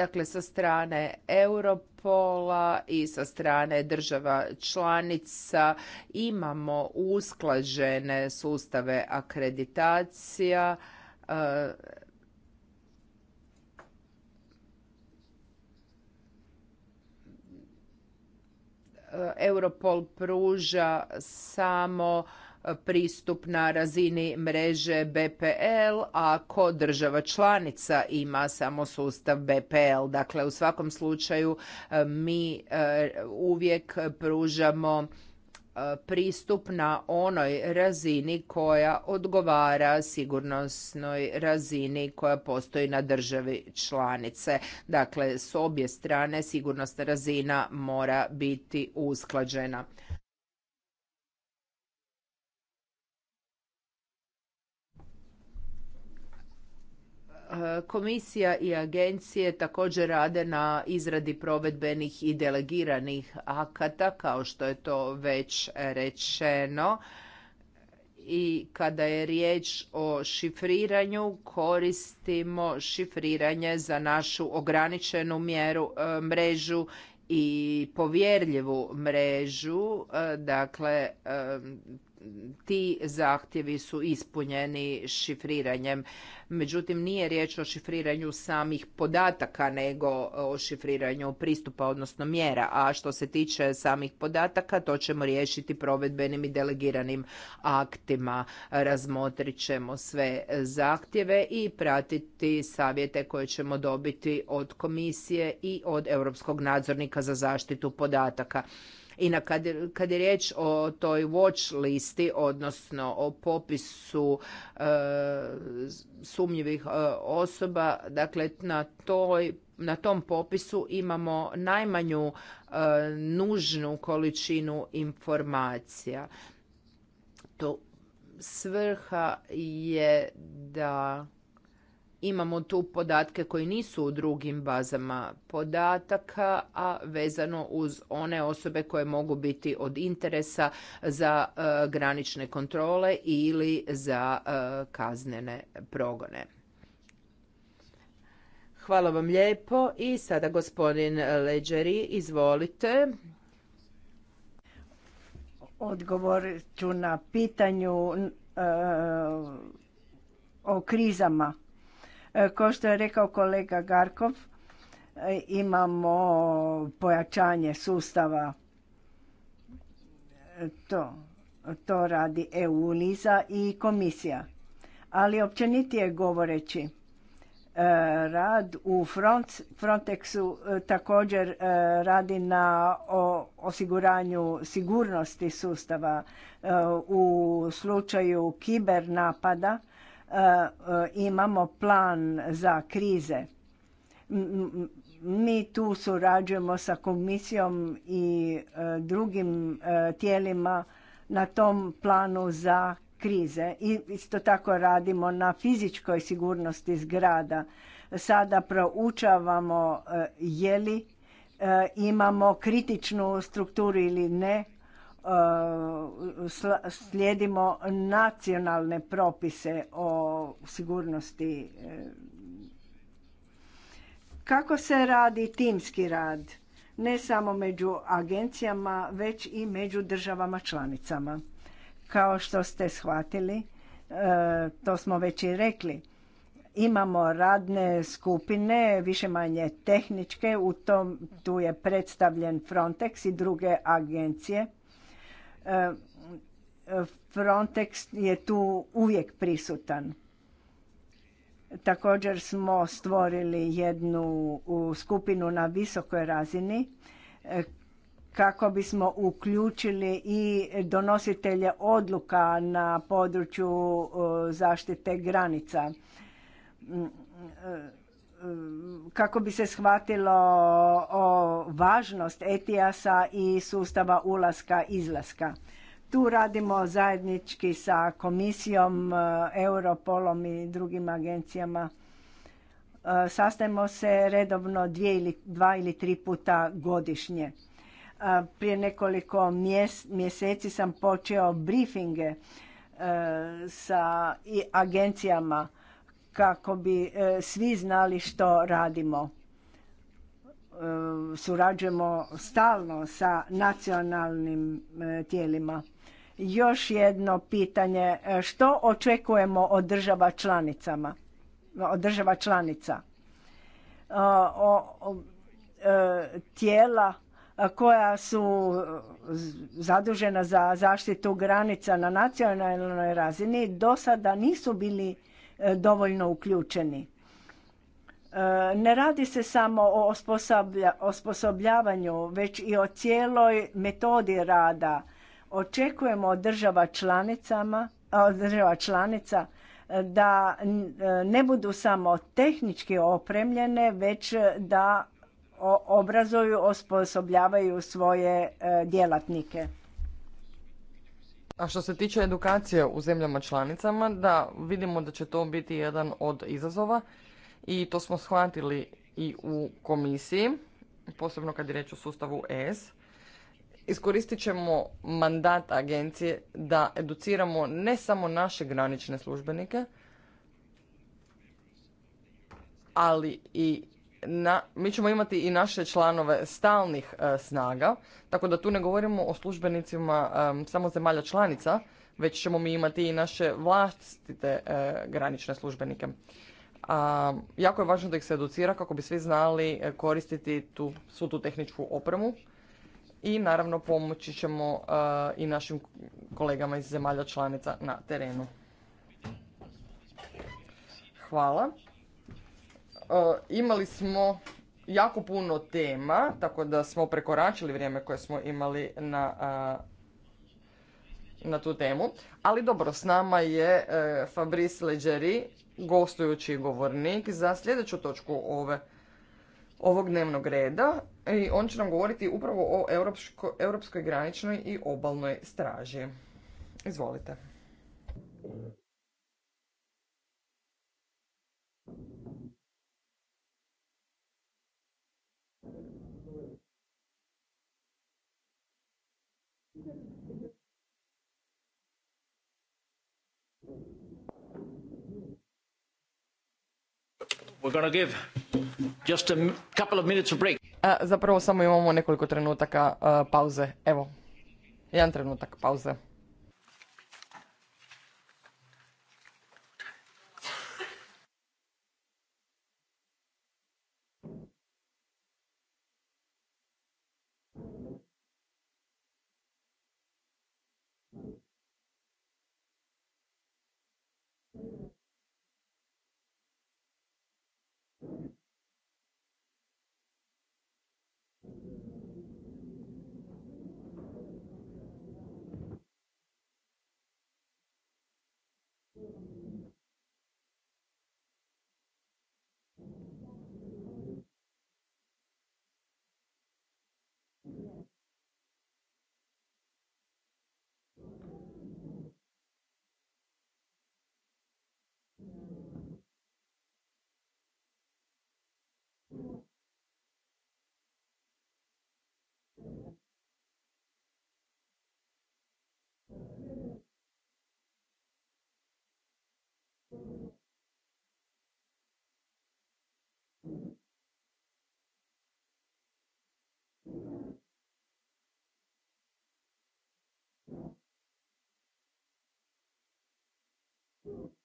dakle sa strane Europola i sa strane država članica imamo usklađene sustave akreditacija e, Europol pruža samo pristup na razini mreže BPL, ako država članica ima samo sustav BPL. Dakle, u svakom slučaju e, mi e, uvijek pružamo e, pristup na onoj razini koja odgovara sigurnosnoj razini koja postoji na državi članice. Dakle, s obje strane sigurnosna razina mora biti usklađena. E, komisija i agencije također rade na izradi provedbenih i delegiranih akata, kao što je to već rečeno. I kada je riječ o šifriranju, koristimo šifriranje za našu ograničenu mjeru, e, mrežu i povjerljivu mrežu, e, dakle ti zahtjevi su ispunjeni šifriranjem. Međutim, nije riječ o šifriranju samih podataka, nego o šifriranju pristupa, odnosno mjera. A što se tiče samih podataka, to ćemo riješiti provedbenim i delegiranim aktima. Razmotrit ćemo sve zahtjeve i pratiti savjete koje ćemo dobiti od komisije i od Europskog nadzornika za zaštitu podataka. I na kad, kad je riječ o toj watch listi, odnosno o popisu e, sumnjivih e, osoba, dakle na toj na tom popisu imamo najmanju e, nužnu količinu informacija. To svrha je da Imamo tu podatke koji nisu u drugim bazama podataka, a vezano uz one osobe koje mogu biti od interesa za e, granične kontrole ili za e, kaznene progone. Hvala vam lijepo i sada gospodin Leđeri, izvolite. Odgovor ću na pitanju e, o krizama E, kao što je rekao kolega Garkov, e, imamo pojačanje sustava e, to, to radi EU Liza i komisija. Ali općenitije govoreći, rad u Frontexu također radi na osiguranju sigurnosti sustava u slučaju kiber napada E, e, imamo plan za krize. Mi tu surađujemo sa komisijom i e, drugim tijelima na tom planu za krize. I isto tako radimo na fizičkoj sigurnosti zgrada. Sada proučavamo je li imamo kritičnu strukturu ili ne E, slijedimo nacionalne propise o sigurnosti. E. Kako se radi timski rad? Ne samo među agencijama, već i među državama članicama. Kao što ste shvatili, e, to smo već i rekli, imamo radne skupine, više manje tehničke, u tom tu je predstavljen Frontex i druge agencije Frontex je tu uvijek prisutan. Također smo stvorili jednu skupinu na visokoj razini e, kako bismo uključili i donositelje odluka na području zaštite granica mm, e, kako bi se shvatilo o važnost etias i sustava ulaska izlaska. Tu radimo zajednički sa komisijom, Europolom i drugim agencijama. Sastajemo se redovno dvije ili, dva ili tri puta godišnje. Prije nekoliko mjeseci sam počeo briefinge e, sa agencijama kako bi e, svi znali što radimo. E, surađujemo stalno sa nacionalnim e, tijelima. Još jedno pitanje, što očekujemo od država članicama? Od država članica? O, tijela koja su zadužena za zaštitu granica na nacionalnoj razini do sada nisu bili E, dovoljno uključeni. E, ne radi se samo o osposobljavanju, već i o cijeloj metodi rada. Očekujemo od država, od država članica e, da ne budu samo tehnički opremljene, već da obrazuju, osposobljavaju svoje djelatnike. A što se tiče edukacije u zemljama članicama, da vidimo da će to biti jedan od izazova i to smo shvatili i u komisiji, posebno kad je reč o sustavu ES. Iskoristit ćemo mandat agencije da educiramo ne samo naše granične službenike, ali i na, mi ćemo imati i naše članove stalnih e, snaga, tako da tu ne govorimo o službenicima e, samo zemalja članica, već ćemo mi imati i naše vlastite e, granične službenike. A, jako je važno da ih se educira kako bi svi znali koristiti tu, svu tu tehničku opremu i naravno pomoći ćemo i našim kolegama iz zemalja članica na terenu. Hvala. E, imali smo jako puno tema, tako da smo prekoračili vrijeme koje smo imali na, e, na tu temu. Ali dobro, s nama je e, Fabrice Leđeri, gostujući govornik za sljedeću točku ove ovog dnevnog reda i on će nam govoriti upravo o europsko, europskoj graničnoj i obalnoj straži. Izvolite. We're gonna give just a couple of minutes of break. A, e, zapravo samo imamo nekoliko trenutaka e, pauze. Evo, jedan trenutak pauze. i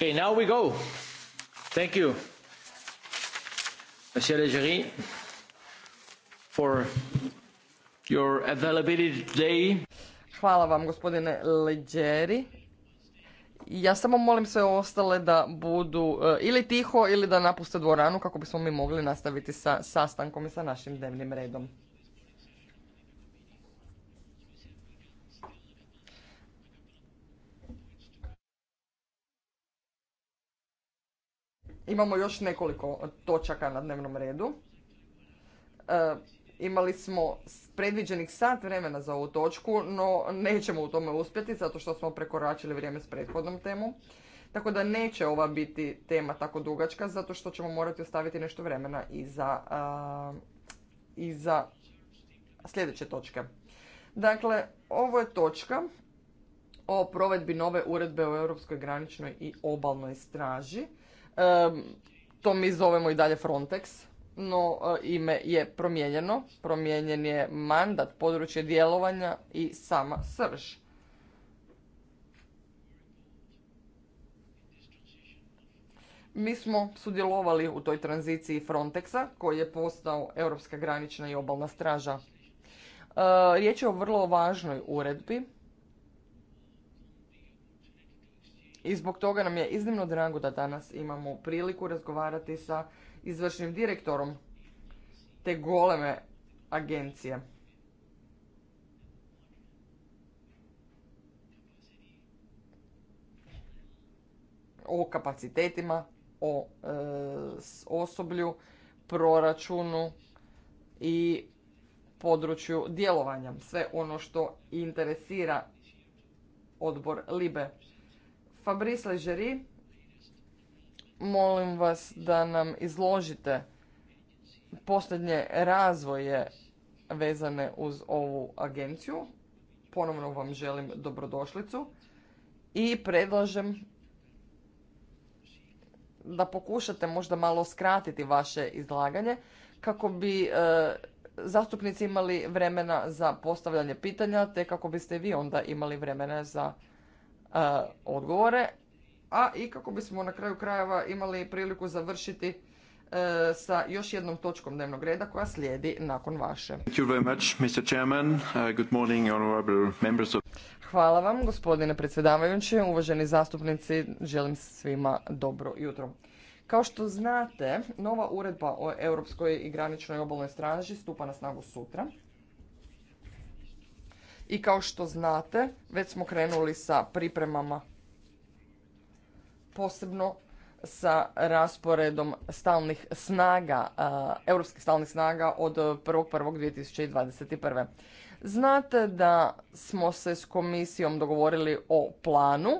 Okay, now we go. Thank you, Monsieur for your availability today. Hvala vam, gospodine Leđeri. Ja samo molim sve ostale da budu e, ili tiho ili da napuste dvoranu kako bismo mi mogli nastaviti sa sastankom i sa našim dnevnim redom. Imamo još nekoliko točaka na dnevnom redu. E, imali smo predviđenih sat vremena za ovu točku, no nećemo u tome uspjeti zato što smo prekoračili vrijeme s prethodnom temom. Tako da neće ova biti tema tako dugačka zato što ćemo morati ostaviti nešto vremena i za, i za sljedeće točke. Dakle, ovo je točka o provedbi nove uredbe o Europskoj graničnoj i obalnoj straži to mi zovemo i dalje Frontex, no e, ime je promijenjeno, promijenjen je mandat, područje djelovanja i sama srž. Mi smo sudjelovali u toj tranziciji Frontexa koji je postao Europska granična i obalna straža. E, riječ je o vrlo važnoj uredbi I zbog toga nam je iznimno drago da danas imamo priliku razgovarati sa izvršnim direktorom te goleme agencije. O kapacitetima, o e, osoblju, proračunu i području djelovanja. Sve ono što interesira odbor LIBE. Fabrice Ležeri, molim vas da nam izložite posljednje razvoje vezane uz ovu agenciju. Ponovno vam želim dobrodošlicu i predlažem da pokušate možda malo skratiti vaše izlaganje kako bi e, zastupnici imali vremena za postavljanje pitanja te kako biste vi onda imali vremena za E, odgovore, a i kako bismo na kraju krajeva imali priliku završiti e, sa još jednom točkom dnevnog reda koja slijedi nakon vaše. Hvala vam, gospodine predsjedavajući, uvaženi zastupnici, želim svima dobro jutro. Kao što znate, nova uredba o Europskoj i graničnoj obalnoj straži stupa na snagu sutra. I kao što znate, već smo krenuli sa pripremama posebno sa rasporedom stalnih snaga, europskih stalnih snaga od 1.1.2021. Znate da smo se s komisijom dogovorili o planu,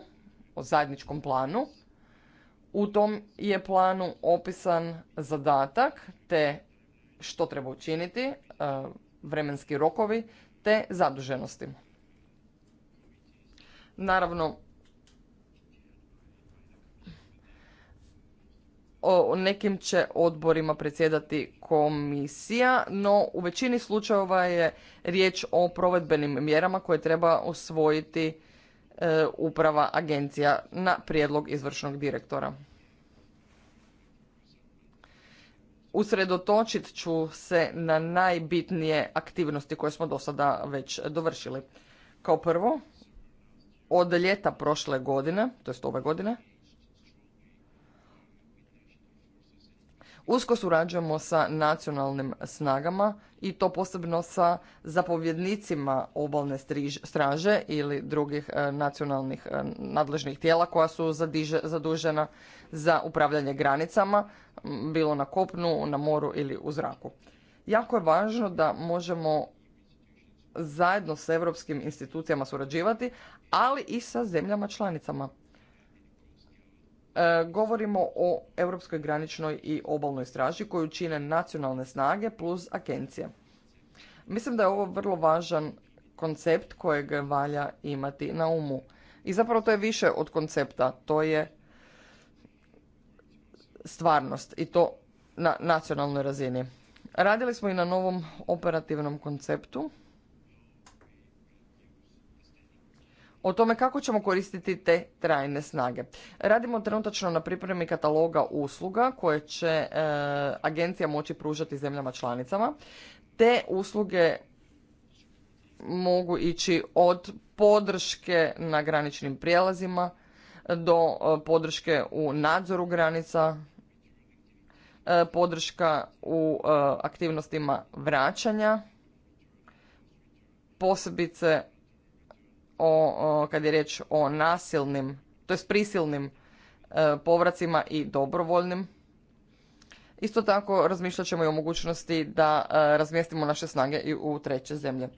o zajedničkom planu. U tom je planu opisan zadatak te što treba učiniti, vremenski rokovi, te zaduženosti. Naravno, o nekim će odborima predsjedati komisija, no u većini slučajeva je riječ o provedbenim mjerama koje treba osvojiti e, uprava agencija na prijedlog izvršnog direktora. usredotočit ću se na najbitnije aktivnosti koje smo do sada već dovršili. Kao prvo, od ljeta prošle godine, to jest ove godine, Usko surađujemo sa nacionalnim snagama i to posebno sa zapovjednicima obalne straže ili drugih e, nacionalnih e, nadležnih tijela koja su zadužena za upravljanje granicama, bilo na kopnu, na moru ili u zraku. Jako je važno da možemo zajedno s europskim institucijama surađivati, ali i sa zemljama članicama. E, govorimo o Europskoj graničnoj i obalnoj straži koju čine nacionalne snage plus agencije. Mislim da je ovo vrlo važan koncept kojeg valja imati na umu. I zapravo to je više od koncepta, to je stvarnost i to na nacionalnoj razini. Radili smo i na novom operativnom konceptu o tome kako ćemo koristiti te trajne snage. Radimo trenutačno na pripremi kataloga usluga koje će e, agencija moći pružati zemljama članicama. Te usluge mogu ići od podrške na graničnim prijelazima do e, podrške u nadzoru granica, e, podrška u aktivnostima vraćanja, posebice o, kad je riječ o nasilnim, to jest prisilnim e, povracima i dobrovoljnim. Isto tako razmišljat ćemo i o mogućnosti da e, razmjestimo naše snage i u treće zemlje.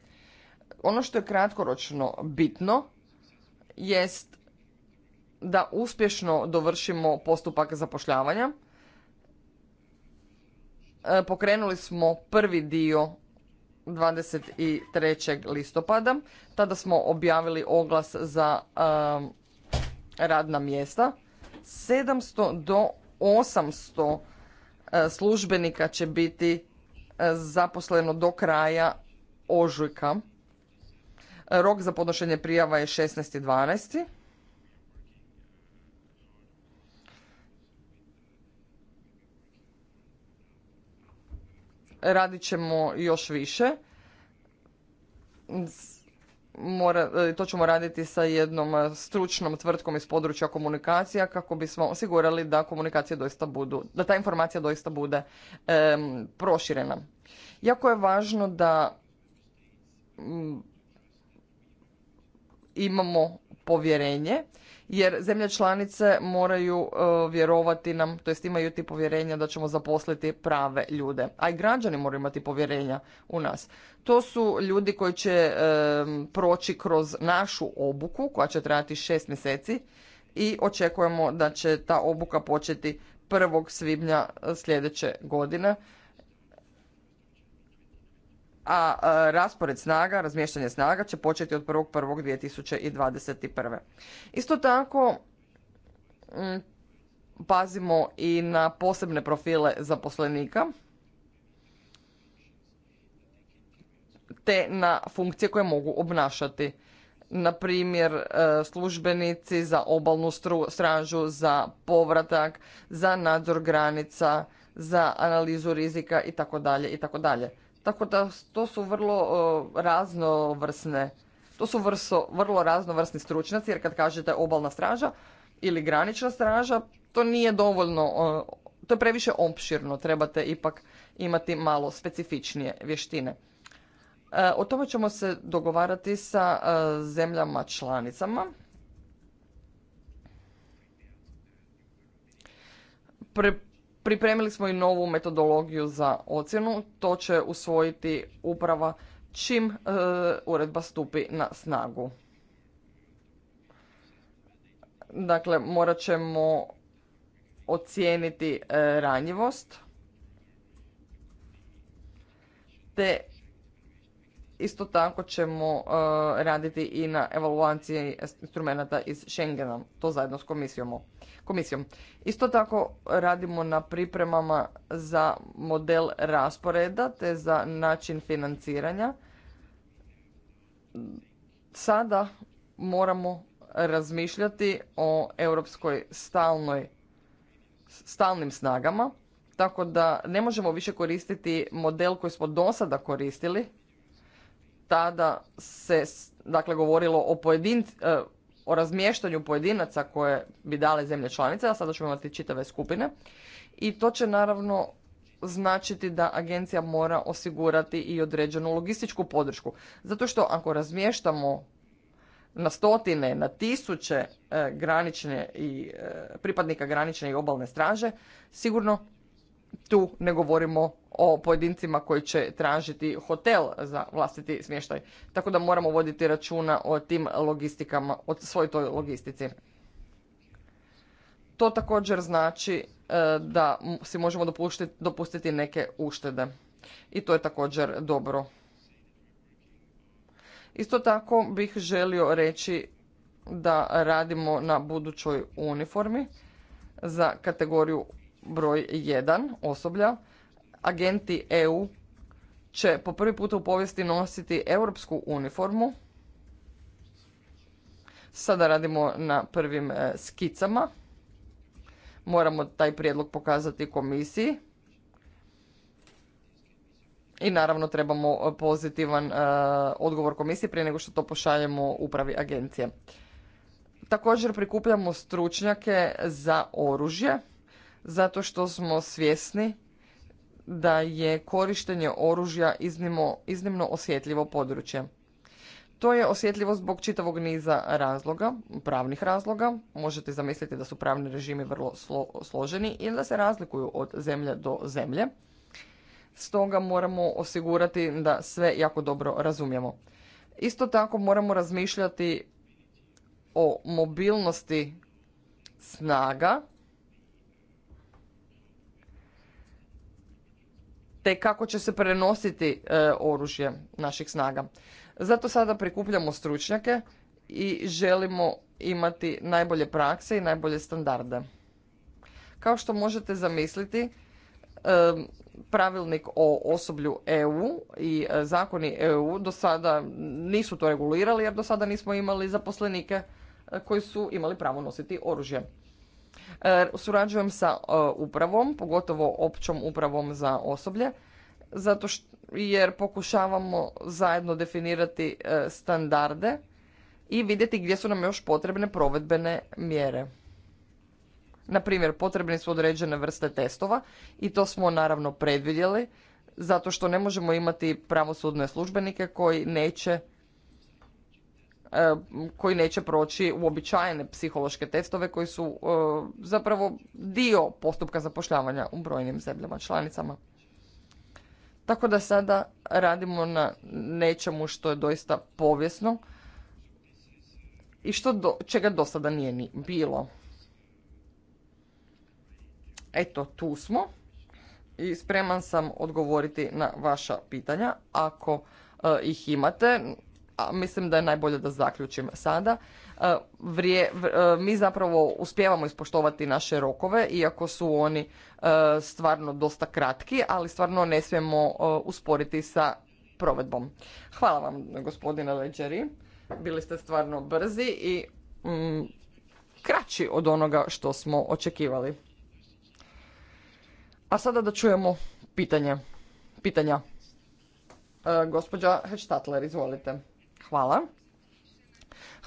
Ono što je kratkoročno bitno jest da uspješno dovršimo postupak zapošljavanja. E, pokrenuli smo prvi dio 23. listopada. Tada smo objavili oglas za um, radna mjesta. 700 do 800 uh, službenika će biti uh, zaposleno do kraja ožujka. Rok za podnošenje prijava je 16.12. radit ćemo još više. Mora, e, to ćemo raditi sa jednom e, stručnom tvrtkom iz područja komunikacija kako bismo osigurali da komunikacije doista budu, da ta informacija doista bude proširena. Jako je važno da imamo povjerenje jer zemlje članice moraju e, vjerovati nam, to jest imaju ti povjerenja da ćemo zaposliti prave ljude. A i građani moraju imati povjerenja u nas. To su ljudi koji će e, proći kroz našu obuku koja će trajati šest mjeseci i očekujemo da će ta obuka početi 1. svibnja e, sljedeće godine a raspored snaga, razmještanje snaga će početi od 1.1.2021. Isto tako, mm, pazimo i na posebne profile zaposlenika, te na funkcije koje mogu obnašati. Na primjer, e, službenici za obalnu stražu, za povratak, za nadzor granica, za analizu rizika i tako dalje i tako dalje. Tako da to su vrlo raznovrsne, to su vrlo raznovrsni stručnjaci jer kad kažete obalna straža ili granična straža, to nije dovoljno, to je previše opširno, trebate ipak imati malo specifičnije vještine. E, o tome ćemo se dogovarati sa e, zemljama članicama. Pre Pripremili smo i novu metodologiju za ocjenu, to će usvojiti uprava čim e, uredba stupi na snagu. Dakle, morat ćemo ocijeniti e, ranjivost te Isto tako ćemo e, raditi i na evaluaciji instrumenta iz Schengena, to zajedno s komisijom. Isto tako radimo na pripremama za model rasporeda te za način financiranja. Sada moramo razmišljati o europskoj stalnoj, stalnim snagama, tako da ne možemo više koristiti model koji smo do sada koristili, tada se dakle govorilo o pojedin, e, o razmještanju pojedinaca koje bi dale zemlje članice, a sada ćemo imati čitave skupine. I to će naravno značiti da agencija mora osigurati i određenu logističku podršku. Zato što ako razmještamo na stotine, na tisuće e, granične i e, pripadnika granične i obalne straže, sigurno tu ne govorimo o pojedincima koji će tražiti hotel za vlastiti smještaj. Tako da moramo voditi računa o tim logistikama, o svoj toj logistici. To također znači e, da si možemo dopustiti neke uštede. I to je također dobro. Isto tako bih želio reći da radimo na budućoj uniformi za kategoriju broj 1 osoblja, agenti EU će po prvi put u povijesti nositi europsku uniformu. Sada radimo na prvim e, skicama. Moramo taj prijedlog pokazati komisiji. I naravno trebamo pozitivan e, odgovor komisije prije nego što to pošaljemo upravi agencije. Također prikupljamo stručnjake za oružje zato što smo svjesni da je korištenje oružja iznimno, iznimno osjetljivo područje. To je osjetljivo zbog čitavog niza razloga, pravnih razloga. Možete zamisliti da su pravni režimi vrlo složeni i da se razlikuju od zemlje do zemlje. Stoga moramo osigurati da sve jako dobro razumijemo. Isto tako moramo razmišljati o mobilnosti snaga te kako će se prenositi e, oružje naših snaga. Zato sada prikupljamo stručnjake i želimo imati najbolje prakse i najbolje standarde. Kao što možete zamisliti, e, pravilnik o osoblju EU i e, zakoni EU do sada nisu to regulirali jer do sada nismo imali zaposlenike koji su imali pravo nositi oružje. E, surađujem sa e, upravom, pogotovo općom upravom za osoblje, zato jer pokušavamo zajedno definirati e, standarde i vidjeti gdje su nam još potrebne provedbene mjere. Na primjer, potrebne su određene vrste testova i to smo naravno predvidjeli zato što ne možemo imati pravosudne službenike koji neće E, koji neće proći uobičajene psihološke testove koji su e, zapravo dio postupka zapošljavanja u brojnim zemljama članicama. Tako da sada radimo na nečemu što je doista povijesno i što do, čega do sada nije ni bilo. Eto, tu smo i spreman sam odgovoriti na vaša pitanja ako e, ih imate mislim da je najbolje da zaključim sada. E, e, mi zapravo uspijevamo ispoštovati naše rokove, iako su oni e, stvarno dosta kratki, ali stvarno ne smijemo usporiti sa provedbom. Hvala vam, gospodine Leđeri. Bili ste stvarno brzi i mm, kraći od onoga što smo očekivali. A sada da čujemo pitanje. Pitanja. gospođa Heštatler, izvolite. Hvala.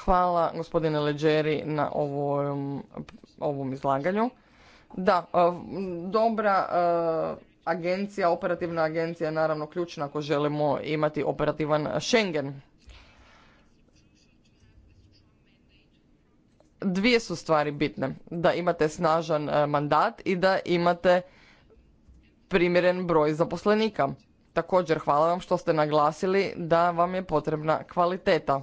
Hvala gospodine Leđeri na ovom, ovom izlaganju. Da, e, dobra e, agencija, operativna agencija je naravno ključna ako želimo imati operativan Schengen. Dvije su stvari bitne. Da imate snažan e, mandat i da imate primjeren broj zaposlenika. Također hvala vam što ste naglasili da vam je potrebna kvaliteta.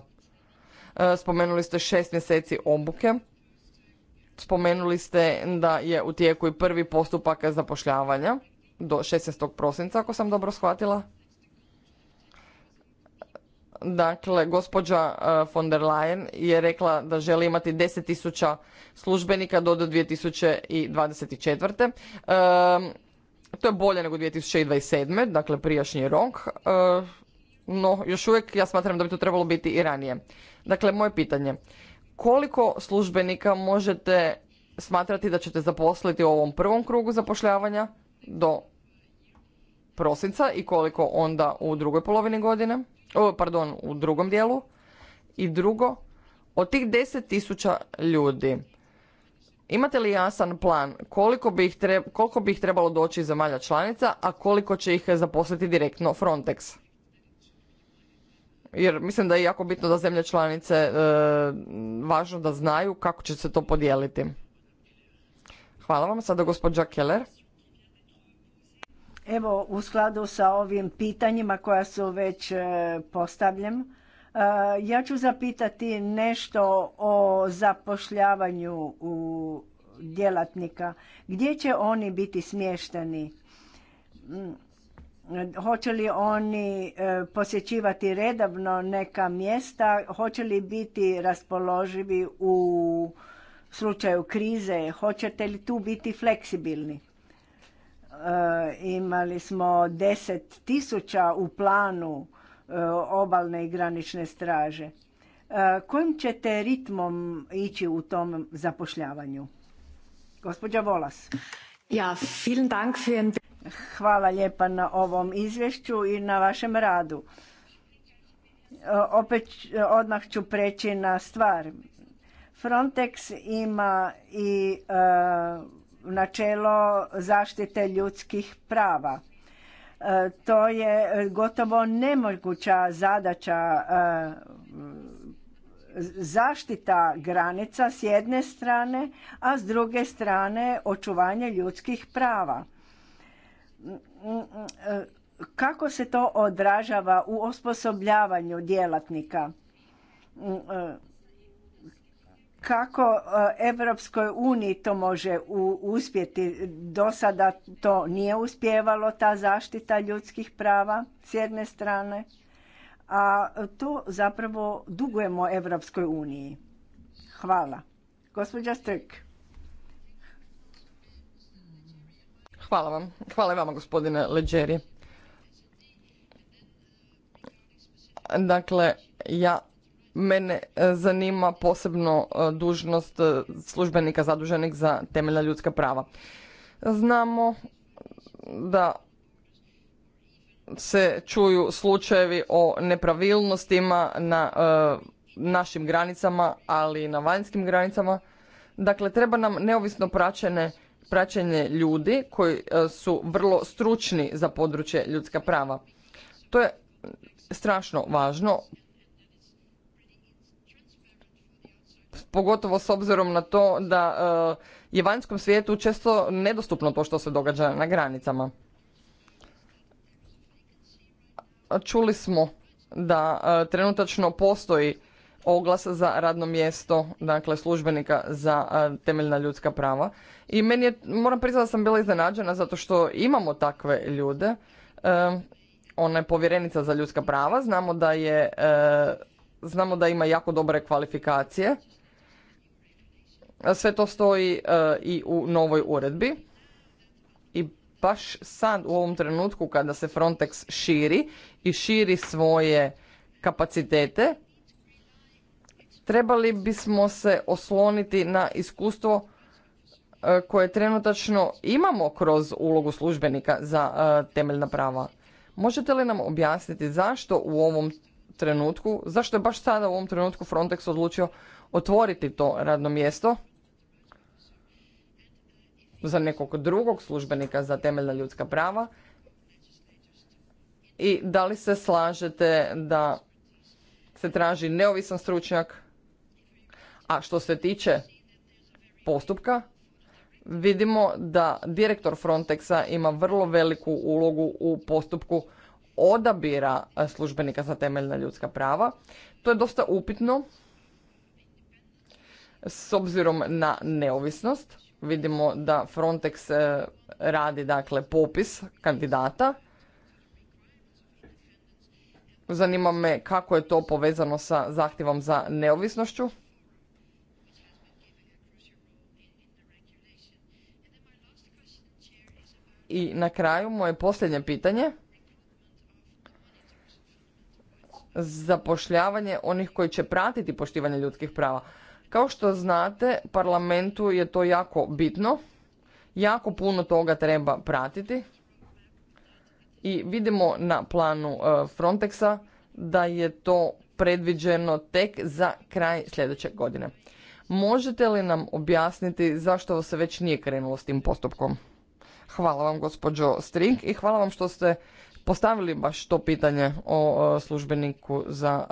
E, spomenuli ste šest mjeseci obuke. Spomenuli ste da je u tijeku i prvi postupak zapošljavanja do 16. prosinca, ako sam dobro shvatila. Dakle, gospođa e, von der Leyen je rekla da želi imati 10.000 službenika do 2024. To je bolje nego 2027. dakle prijašnji rok, e, no još uvijek ja smatram da bi to trebalo biti i ranije. Dakle, moje pitanje, koliko službenika možete smatrati da ćete zaposliti u ovom prvom krugu zapošljavanja do prosinca i koliko onda u drugoj polovini godine, o, pardon, u drugom dijelu. I drugo, od tih 10.000 ljudi, Imate li jasan plan koliko bi ih, koliko bi ih trebalo doći iz zemalja članica, a koliko će ih zaposliti direktno Frontex? Jer mislim da je jako bitno da zemlje članice e, važno da znaju kako će se to podijeliti. Hvala vam. Sada gospođa Keller. Evo, u skladu sa ovim pitanjima koja su već e, postavljen, E, ja ću zapitati nešto o zapošljavanju u djelatnika. Gdje će oni biti smješteni? Mm, hoće li oni e, posjećivati redavno neka mjesta? Hoće li biti raspoloživi u slučaju krize? Hoćete li tu biti fleksibilni? E, imali smo deset tisuća u planu E, obalne i granične straže. E, kojim ćete ritmom ići u tom zapošljavanju? Gospođa Volas. Ja, vielen Dank für... Hvala lijepa na ovom izvješću i na vašem radu. E, opet odmah ću preći na stvar. Frontex ima i načelo zaštite ljudskih prava. E, to je e, gotovo nemoguća zadaća e, zaštita granica s jedne strane, a s druge strane očuvanje ljudskih prava. Kako se to odražava u osposobljavanju djelatnika? kako eh, Evropskoj uniji to može uspjeti. Do sada to nije uspjevalo, ta zaštita ljudskih prava s jedne strane, a to zapravo dugujemo Evropskoj uniji. Hvala. Gospođa Strik. Hvala vam. Hvala vama, gospodine Leđeri. Dakle, ja Mene e, zanima posebno e, dužnost e, službenika zaduženih za temeljna ljudska prava. Znamo da se čuju slučajevi o nepravilnostima na našim granicama, ali i na vanjskim granicama. Dakle, treba nam neovisno praćene, praćenje ljudi koji su vrlo stručni za područje ljudska prava. To je strašno važno, pogotovo s obzirom na to da eh, je vanjskom svijetu često nedostupno to što se događa na granicama. Čuli smo da eh, trenutačno postoji oglas za radno mjesto, dakle službenika za eh, temeljna ljudska prava. I meni je, moram priznati da sam bila iznenađena zato što imamo takve ljude. Ona je povjerenica za ljudska prava, znamo da je, znamo da ima jako dobre kvalifikacije sve to stoji e, i u novoj uredbi. I baš sad u ovom trenutku kada se Frontex širi i širi svoje kapacitete, trebali bismo se osloniti na iskustvo e, koje trenutačno imamo kroz ulogu službenika za e, temeljna prava. Možete li nam objasniti zašto u ovom trenutku, zašto je baš sada u ovom trenutku Frontex odlučio otvoriti to radno mjesto za nekog drugog službenika za temeljna ljudska prava i da li se slažete da se traži neovisan stručnjak a što se tiče postupka vidimo da direktor Frontexa ima vrlo veliku ulogu u postupku odabira službenika za temeljna ljudska prava. To je dosta upitno s obzirom na neovisnost. Vidimo da Frontex e, radi dakle popis kandidata. Zanima me kako je to povezano sa zahtjevom za neovisnošću. I na kraju moje posljednje pitanje. Zapošljavanje onih koji će pratiti poštivanje ljudskih prava. Kao što znate, parlamentu je to jako bitno, jako puno toga treba pratiti i vidimo na planu e, Frontexa da je to predviđeno tek za kraj sljedeće godine. Možete li nam objasniti zašto se već nije krenulo s tim postupkom? Hvala vam gospođo String i hvala vam što ste postavili baš to pitanje o e, službeniku za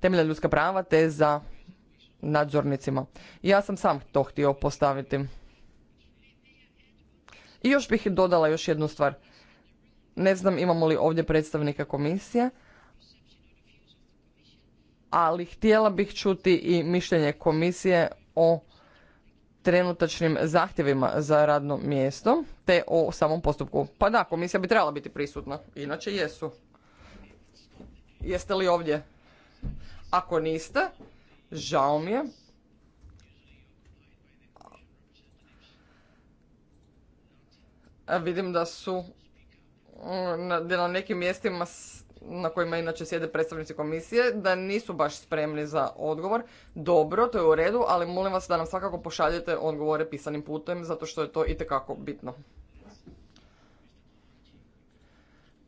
temelja ljudska prava te za nadzornicima. Ja sam sam to htio postaviti. I još bih dodala još jednu stvar. Ne znam imamo li ovdje predstavnika komisije, ali htjela bih čuti i mišljenje komisije o trenutačnim zahtjevima za radno mjesto, te o samom postupku. Pa da, komisija bi trebala biti prisutna, inače jesu. Jeste li ovdje? Ako niste, Žao mi je. Vidim da su mm, na nekim mjestima na kojima inače sjede predstavnici komisije, da nisu baš spremni za odgovor. Dobro, to je u redu, ali molim vas da nam svakako pošaljete odgovore pisanim putem, zato što je to itekako bitno.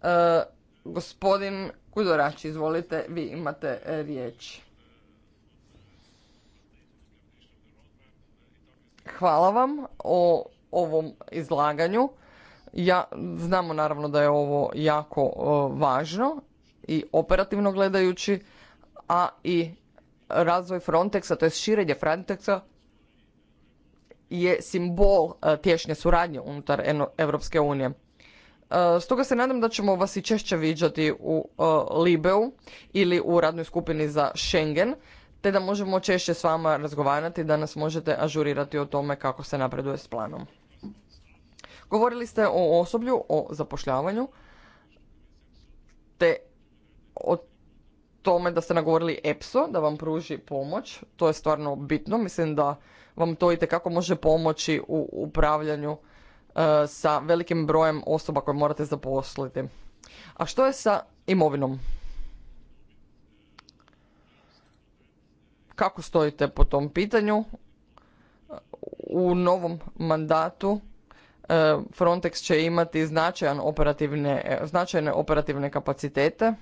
E, gospodin Kudorač, izvolite, vi imate e, riječ. Hvala vam o ovom izlaganju. Ja znamo naravno da je ovo jako e, važno i operativno gledajući, a i razvoj Frontexa, to je širenje Frontexa je simbol uh, tješnje suradnje unutar Europske unije. E, stoga se nadam da ćemo vas i češće viđati u Libeu ili u radnoj skupini za Schengen te da možemo češće s vama razgovarati, da nas možete ažurirati o tome kako se napreduje s planom. Govorili ste o osoblju, o zapošljavanju, te o tome da ste nagovorili EPSO da vam pruži pomoć. To je stvarno bitno. Mislim da vam to itekako može pomoći u upravljanju e, sa velikim brojem osoba koje morate zaposliti. A što je sa imovinom? kako stojite po tom pitanju. U novom mandatu e, Frontex će imati značajan operativne, e, značajne operativne kapacitete.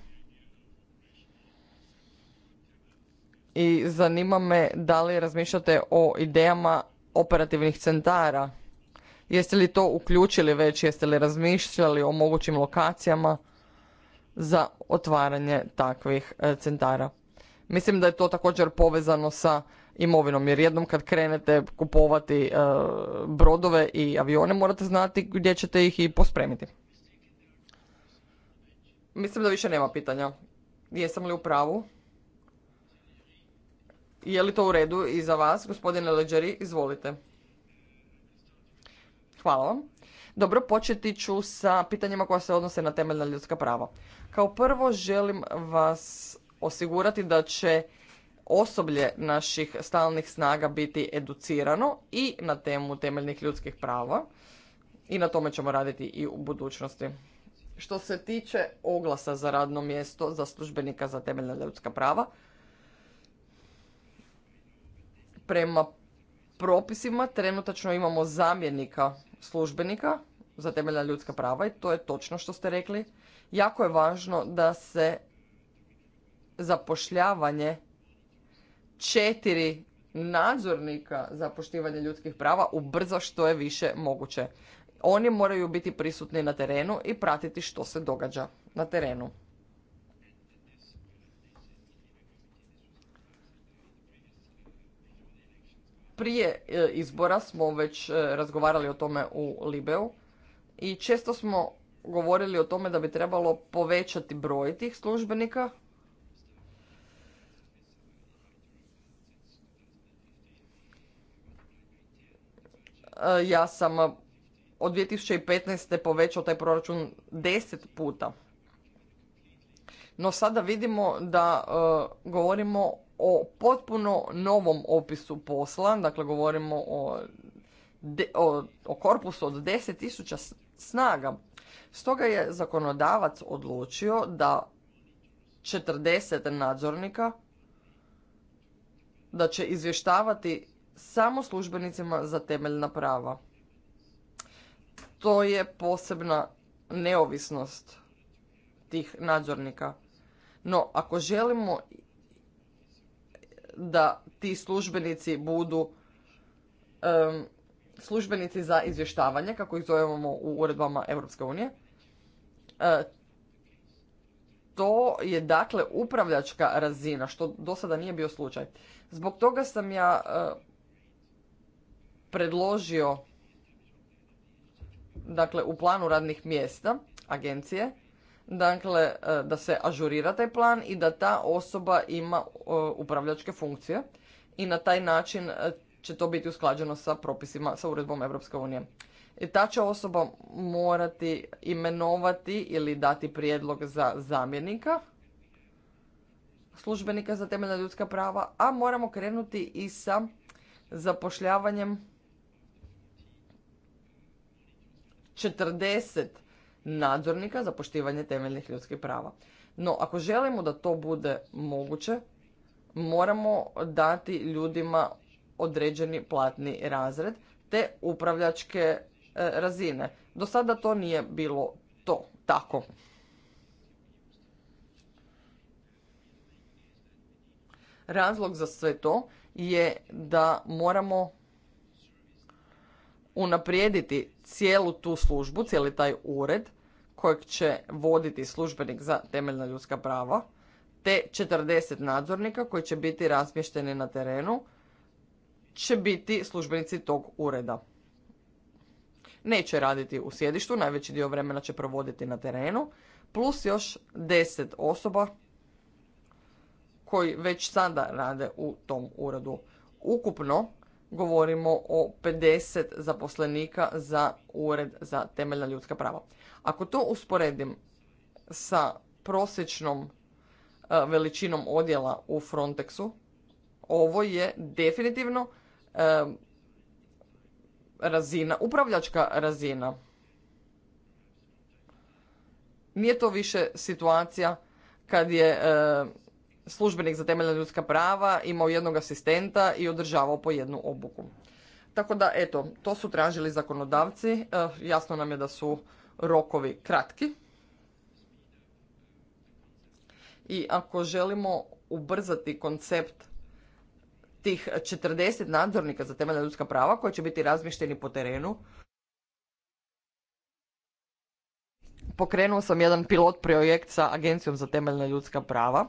I zanima me da li razmišljate o idejama operativnih centara. Jeste li to uključili već, jeste li razmišljali o mogućim lokacijama za otvaranje takvih e, centara? Mislim da je to također povezano sa imovinom jer jednom kad krenete kupovati e, brodove i avione morate znati gdje ćete ih i pospremiti. Mislim da više nema pitanja. Jesam li u pravu? Je li to u redu i za vas, gospodine Leđeri? Izvolite. Hvala vam. Dobro, početi ću sa pitanjima koja se odnose na temeljna ljudska prava. Kao prvo želim vas osigurati da će osoblje naših stalnih snaga biti educirano i na temu temeljnih ljudskih prava i na tome ćemo raditi i u budućnosti. Što se tiče oglasa za radno mjesto za službenika za temeljna ljudska prava, prema propisima trenutačno imamo zamjenika službenika za temeljna ljudska prava i to je točno što ste rekli. Jako je važno da se zapošljavanje četiri nadzornika za poštivanje ljudskih prava ubrzo što je više moguće. Oni moraju biti prisutni na terenu i pratiti što se događa na terenu. Prije e, izbora smo već e, razgovarali o tome u Libeu i često smo govorili o tome da bi trebalo povećati broj tih službenika Eh, ja sam eh, od 2015. povećao taj proračun 10 puta. No sada vidimo da eh, govorimo o potpuno novom opisu posla, dakle govorimo o, o, korpusu od 10.000 snaga. Stoga je zakonodavac odlučio da 40 nadzornika da će izvještavati samo službenicima za temeljna prava. To je posebna neovisnost tih nadzornika. No, ako želimo da ti službenici budu službenici za izvještavanje, kako ih zovemo u uredbama Europske unije, e, to je dakle upravljačka razina, što do sada nije bio slučaj. Zbog toga sam ja e, predložio dakle u planu radnih mjesta agencije dakle e, da se ažurira taj plan i da ta osoba ima e, upravljačke funkcije i na taj način e, će to biti usklađeno sa propisima, sa uredbom Europske unije. I ta će osoba morati imenovati ili dati prijedlog za zamjenika službenika za temeljna ljudska prava, a moramo krenuti i sa zapošljavanjem 40 nadzornika za poštivanje temeljnih ljudskih prava. No, ako želimo da to bude moguće, moramo dati ljudima određeni platni razred te upravljačke e, razine. Do sada to nije bilo to tako. Razlog za sve to je da moramo unaprijediti cijelu tu službu, cijeli taj ured kojeg će voditi službenik za temeljna ljudska prava, te 40 nadzornika koji će biti razmješteni na terenu, će biti službenici tog ureda. Neće raditi u sjedištu, najveći dio vremena će provoditi na terenu, plus još 10 osoba koji već sada rade u tom uredu. Ukupno govorimo o 50 zaposlenika za ured za temeljna ljudska prava. Ako to usporedim sa prosječnom e, veličinom odjela u Frontexu, ovo je definitivno e, razina, upravljačka razina. Nije to više situacija kad je e, službenik za temeljna ljudska prava imao jednog asistenta i održavao po jednu obuku. Tako da, eto, to su tražili zakonodavci. Eh, jasno nam je da su rokovi kratki. I ako želimo ubrzati koncept tih 40 nadzornika za temeljna ljudska prava koji će biti razmješteni po terenu, pokrenuo sam jedan pilot projekt sa Agencijom za temeljna ljudska prava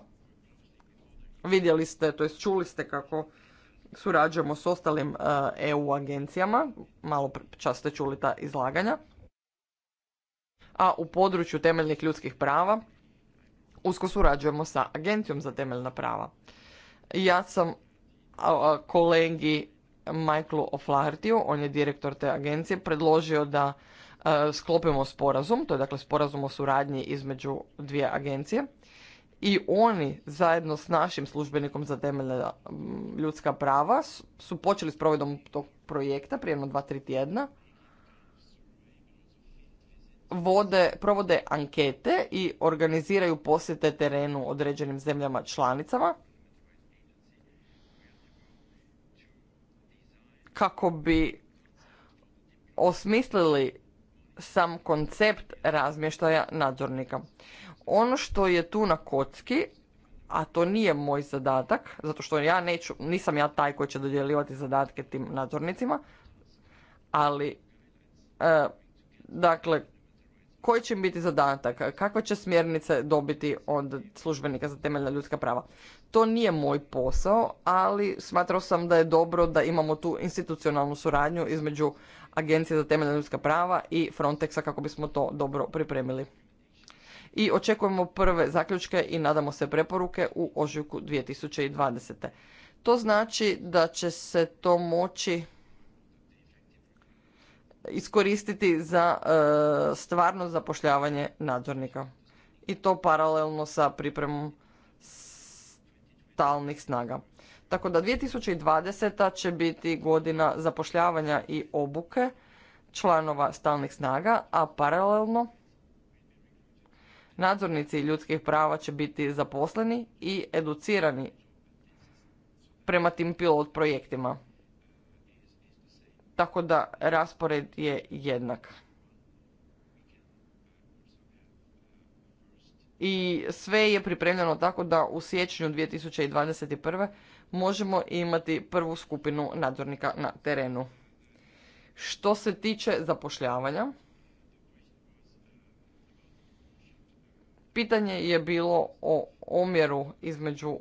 Vidjeli ste, to jest čuli ste kako surađujemo s ostalim EU e agencijama, malo čas ste čuli ta izlaganja. A u području temeljnih ljudskih prava usko surađujemo sa Agencijom za temeljna prava. Ja sam kolegi Michaelu Oflahertiju, on je direktor te agencije, predložio da e, sklopimo sporazum, to je dakle sporazum o suradnji između dvije agencije i oni zajedno s našim službenikom za temeljne mm, ljudska prava su počeli s provedom tog projekta prije jedno dva, tri tjedna. Vode, provode ankete i organiziraju posjete terenu određenim zemljama članicama kako bi osmislili sam koncept razmještaja nadzornika. Ono što je tu na kocki, a to nije moj zadatak, zato što ja neću, nisam ja taj koji će dodjeljivati zadatke tim nadzornicima, ali, e, dakle, koji će im biti zadatak, kakve će smjernice dobiti od službenika za temeljna ljudska prava. To nije moj posao, ali smatrao sam da je dobro da imamo tu institucionalnu suradnju između Agencije za temeljna ljudska prava i Frontexa kako bismo to dobro pripremili i očekujemo prve zaključke i nadamo se preporuke u ožujku 2020. To znači da će se to moći iskoristiti za e, stvarno zapošljavanje nadzornika i to paralelno sa pripremom stalnih snaga. Tako da 2020. će biti godina zapošljavanja i obuke članova stalnih snaga, a paralelno Nadzornici ljudskih prava će biti zaposleni i educirani prema tim pilot projektima. Tako da raspored je jednak. I sve je pripremljeno tako da u siječnju 2021. možemo imati prvu skupinu nadzornika na terenu. Što se tiče zapošljavanja, Pitanje je bilo o omjeru između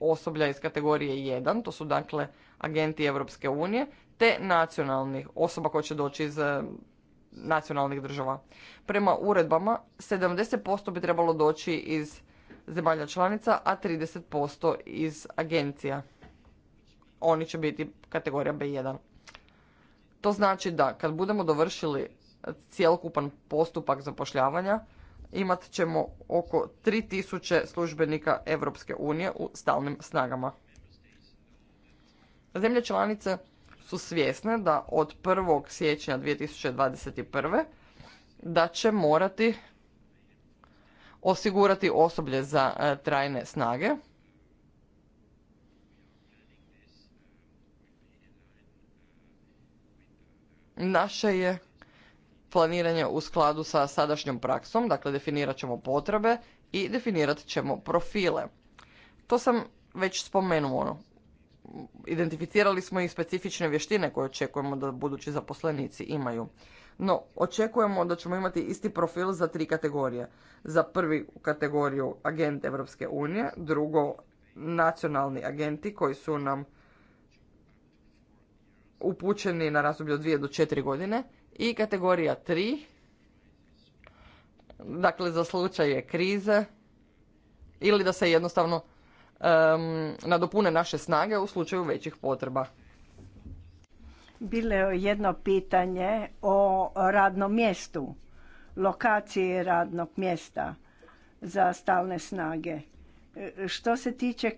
osoblja iz kategorije 1, to su dakle agenti Europske unije, te nacionalnih osoba koje će doći iz eh, nacionalnih država. Prema uredbama 70% bi trebalo doći iz zemalja članica, a 30% iz agencija. Oni će biti kategorija B1. To znači da kad budemo dovršili cjelokupan postupak zapošljavanja, imat ćemo oko 3000 službenika Europske unije u stalnim snagama. Zemlje članice su svjesne da od 1. siječnja 2021. da će morati osigurati osoblje za e, trajne snage. Naše je planiranje u skladu sa sadašnjom praksom, dakle definirat ćemo potrebe i definirat ćemo profile. To sam već spomenuo. Ono. Identificirali smo i specifične vještine koje očekujemo da budući zaposlenici imaju. No, očekujemo da ćemo imati isti profil za tri kategorije. Za prvi kategoriju agent Evropske unije, drugo nacionalni agenti koji su nam upućeni na razdoblje od dvije do četiri godine i kategorija 3, dakle za slučaje krize ili da se jednostavno um, nadopune naše snage u slučaju većih potreba. Bilo je jedno pitanje o radnom mjestu, lokaciji radnog mjesta za stalne snage. E, što se tiče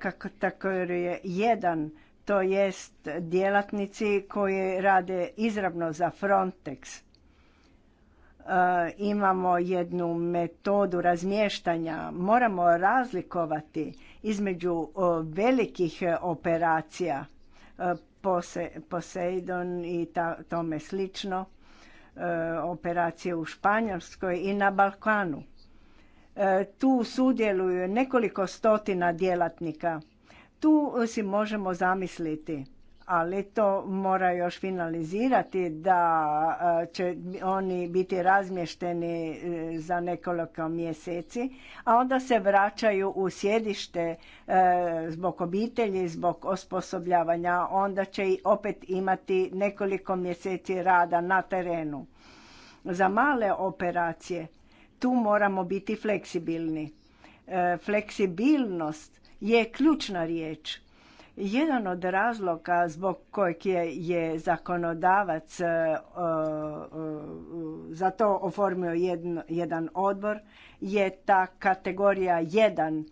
je jedan to jest djelatnici koji rade izravno za Frontex. E, imamo jednu metodu razmještanja. Moramo razlikovati između e, velikih operacija e, Poseidon i tome slično, e, operacije u Španjolskoj i na Balkanu. Tu sudjeluju nekoliko stotina djelatnika tu si možemo zamisliti, ali to mora još finalizirati da e, će oni biti razmješteni e, za nekoliko mjeseci, a onda se vraćaju u sjedište e, zbog obitelji, zbog osposobljavanja, onda će i opet imati nekoliko mjeseci rada na terenu. Za male operacije tu moramo biti fleksibilni. Fleksibilnost je ključna riječ. Jedan od razloga zbog kojeg je, zakonodavac e, e, za to oformio jedan odbor je ta kategorija 1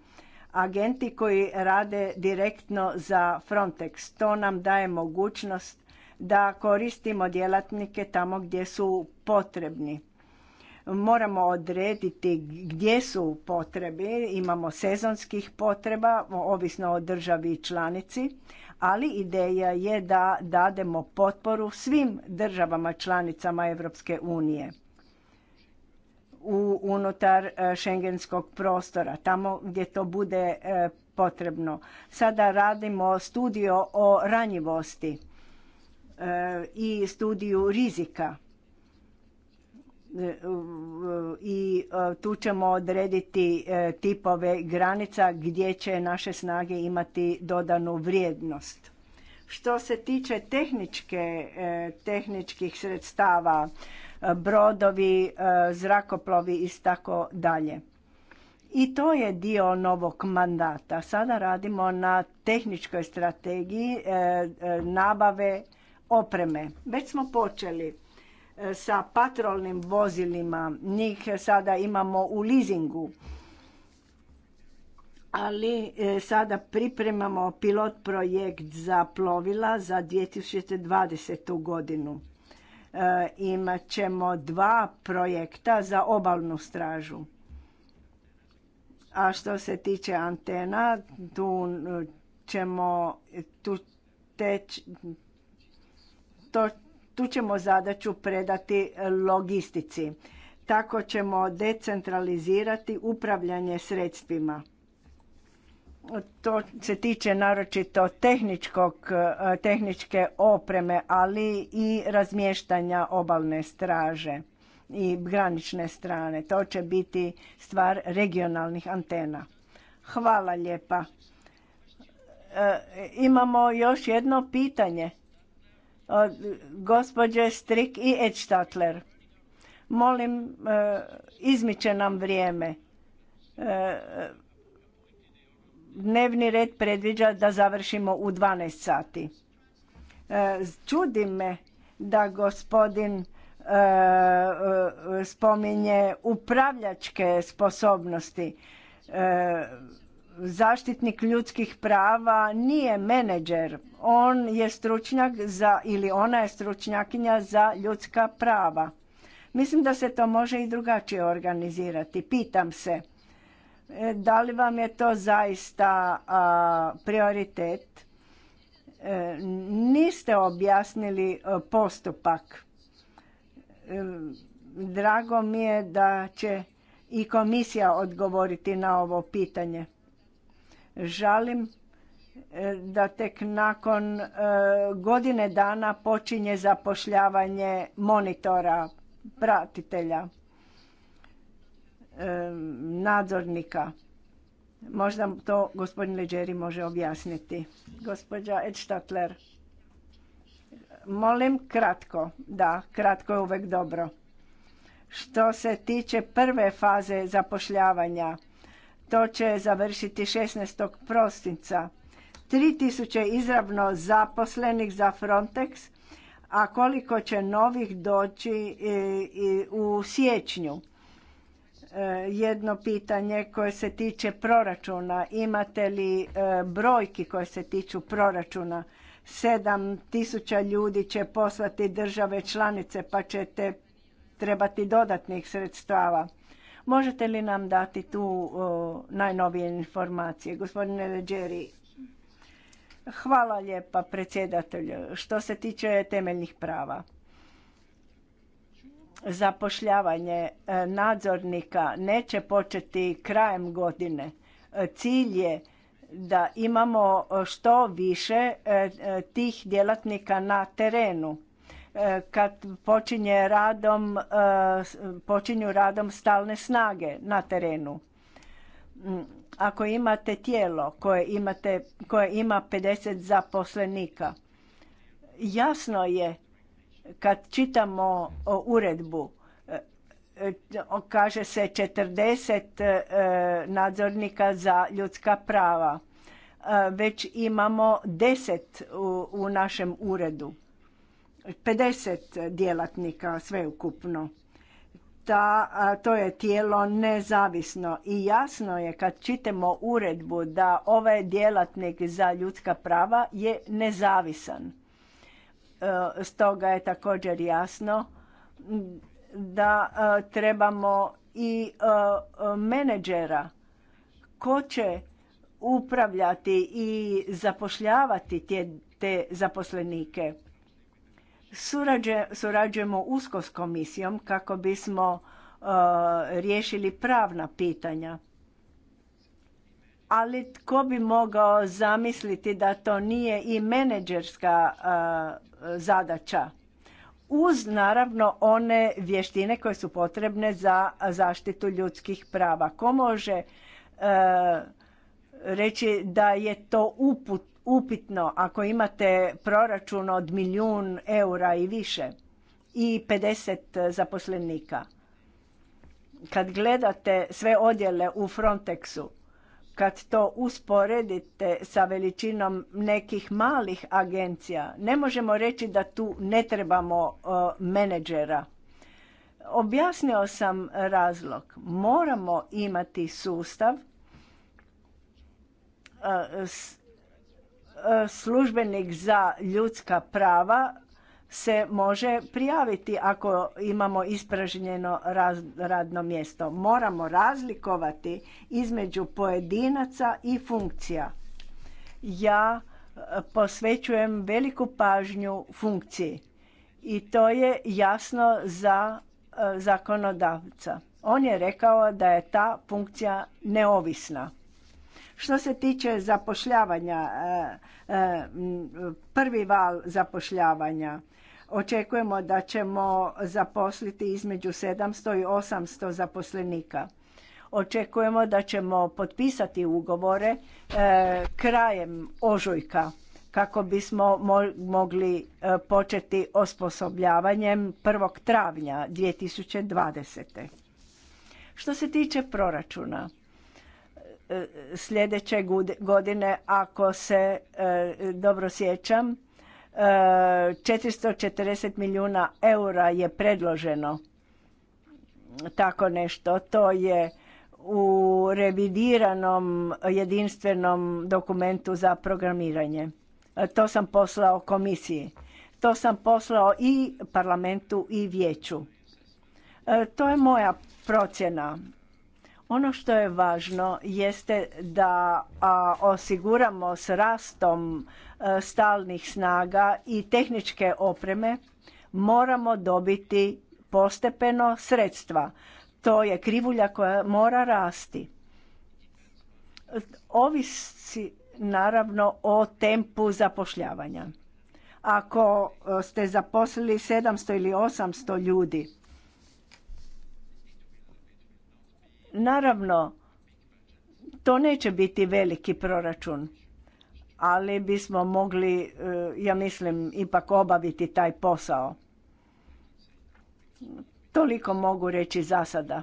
agenti koji rade direktno za Frontex. To nam daje mogućnost da koristimo djelatnike tamo gdje su potrebni Moramo odrediti gdje su potrebe, imamo sezonskih potreba, ovisno o državi i članici, ali ideja je da dademo potporu svim državama članicama Europske unije u unutar šengenskog e, prostora, tamo gdje to bude e, potrebno. Sada radimo studio o ranjivosti e, i studiju rizika. E, i e, tu ćemo odrediti e, tipove granica gdje će naše snage imati dodanu vrijednost. Što se tiče tehničke, tehničkih sredstava, brodovi, zrakoplovi i tako dalje. I to je dio novog mandata. Sada radimo na tehničkoj strategiji nabave opreme. Već smo počeli E, sa patrolnim vozilima. Njih sada imamo u leasingu. Ali e, sada pripremamo pilot projekt za plovila za 2020. godinu. E, imat ćemo dva projekta za obalnu stražu. A što se tiče antena, tu e, ćemo tu to tu ćemo zadaću predati e, logistici. Tako ćemo decentralizirati upravljanje sredstvima. To se tiče naročito tehničkog, e, tehničke opreme, ali i razmještanja obalne straže i granične strane. To će biti stvar regionalnih antena. Hvala lijepa. E, imamo još jedno pitanje od gospođe Strik i Edštatler. Molim, e, izmiče nam vrijeme. E, dnevni red predviđa da završimo u 12 sati. E, čudi me da gospodin spominje upravljačke sposobnosti zaštitnik ljudskih prava nije menadžer, on je stručnjak za ili ona je stručnjakinja za ljudska prava. Mislim da se to može i drugačije organizirati. Pitam se e, da li vam je to zaista prioritet? E, niste objasnili e, postupak. drago mi je da će i komisija odgovoriti na ovo pitanje. Žalim e, da tek nakon e, godine dana počinje zapošljavanje monitora, pratitelja, e, nadzornika. Možda to gospodin Leđeri može objasniti. Gospođa Edštatler. Molim kratko. Da, kratko je uvek dobro. Što se tiče prve faze zapošljavanja, to će završiti 16. prosinca. 3000 izravno zaposlenih za Frontex, a koliko će novih doći e, u siječnju. E, jedno pitanje koje se tiče proračuna. Imate li e, brojki koje se tiču proračuna? 7000 ljudi će poslati države članice pa ćete trebati dodatnih sredstava. Možete li nam dati tu najnovije informacije? Gospodine Leđeri, hvala lijepa predsjedatelju. Što se tiče temeljnih prava, zapošljavanje e, nadzornika neće početi krajem godine. E, cilj je da imamo što više e, tih djelatnika na terenu E, kad počinje radom, e, počinju radom stalne snage na terenu. Mm, ako imate tijelo koje, imate, koje ima 50 zaposlenika, jasno je kad čitamo uredbu, e, kaže se 40 nadzornika za ljudska prava. Već imamo 10 u našem uredu 50 djelatnika sveukupno. Ta, to je tijelo nezavisno i jasno je kad čitamo uredbu da ovaj djelatnik za ljudska prava je nezavisan. E, stoga je također jasno da trebamo i e, menadžera ko će upravljati i zapošljavati te, te zaposlenike Surađe, surađujemo usko s komisijom kako bismo e, riješili pravna pitanja. Ali tko bi mogao zamisliti da to nije i menedžerska e, zadaća? Uz naravno one vještine koje su potrebne za zaštitu ljudskih prava. Ko može e, reći da je to uput upitno ako imate proračun od milijun eura i više i 50 zaposlenika. Kad gledate sve odjele u Frontexu, kad to usporedite sa veličinom nekih malih agencija, ne možemo reći da tu ne trebamo e, menedžera. Objasnio sam razlog. Moramo imati sustav e, s E, službenik za ljudska prava se može prijaviti ako imamo ispražnjeno radno mjesto. Moramo razlikovati između pojedinaca i funkcija. Ja e, posvećujem veliku pažnju funkciji i to je jasno za e, zakonodavca. On je rekao da je ta funkcija neovisna. Što se tiče zapošljavanja, e, e, prvi val zapošljavanja, očekujemo da ćemo zaposliti između 700 i 800 zaposlenika. Očekujemo da ćemo potpisati ugovore e, krajem ožujka kako bismo mogli početi osposobljavanjem 1. travnja 2020. Što se tiče proračuna, sljedeće godine, ako se e, dobro sjećam, 440 e, milijuna eura je predloženo tako nešto. To je u revidiranom jedinstvenom dokumentu za programiranje. E, to sam poslao komisiji. To sam poslao i parlamentu i vijeću. To je moja procjena. Ono što je važno jeste da osiguramo s rastom e, stalnih snaga i tehničke opreme moramo dobiti postepeno sredstva. To je krivulja koja mora rasti. Ovisi naravno o tempu zapošljavanja. Ako e, ste zaposlili 700 ili 800 ljudi, Naravno, to neće biti veliki proračun, ali bismo mogli, e, ja mislim, ipak obaviti taj posao. Toliko mogu reći za sada.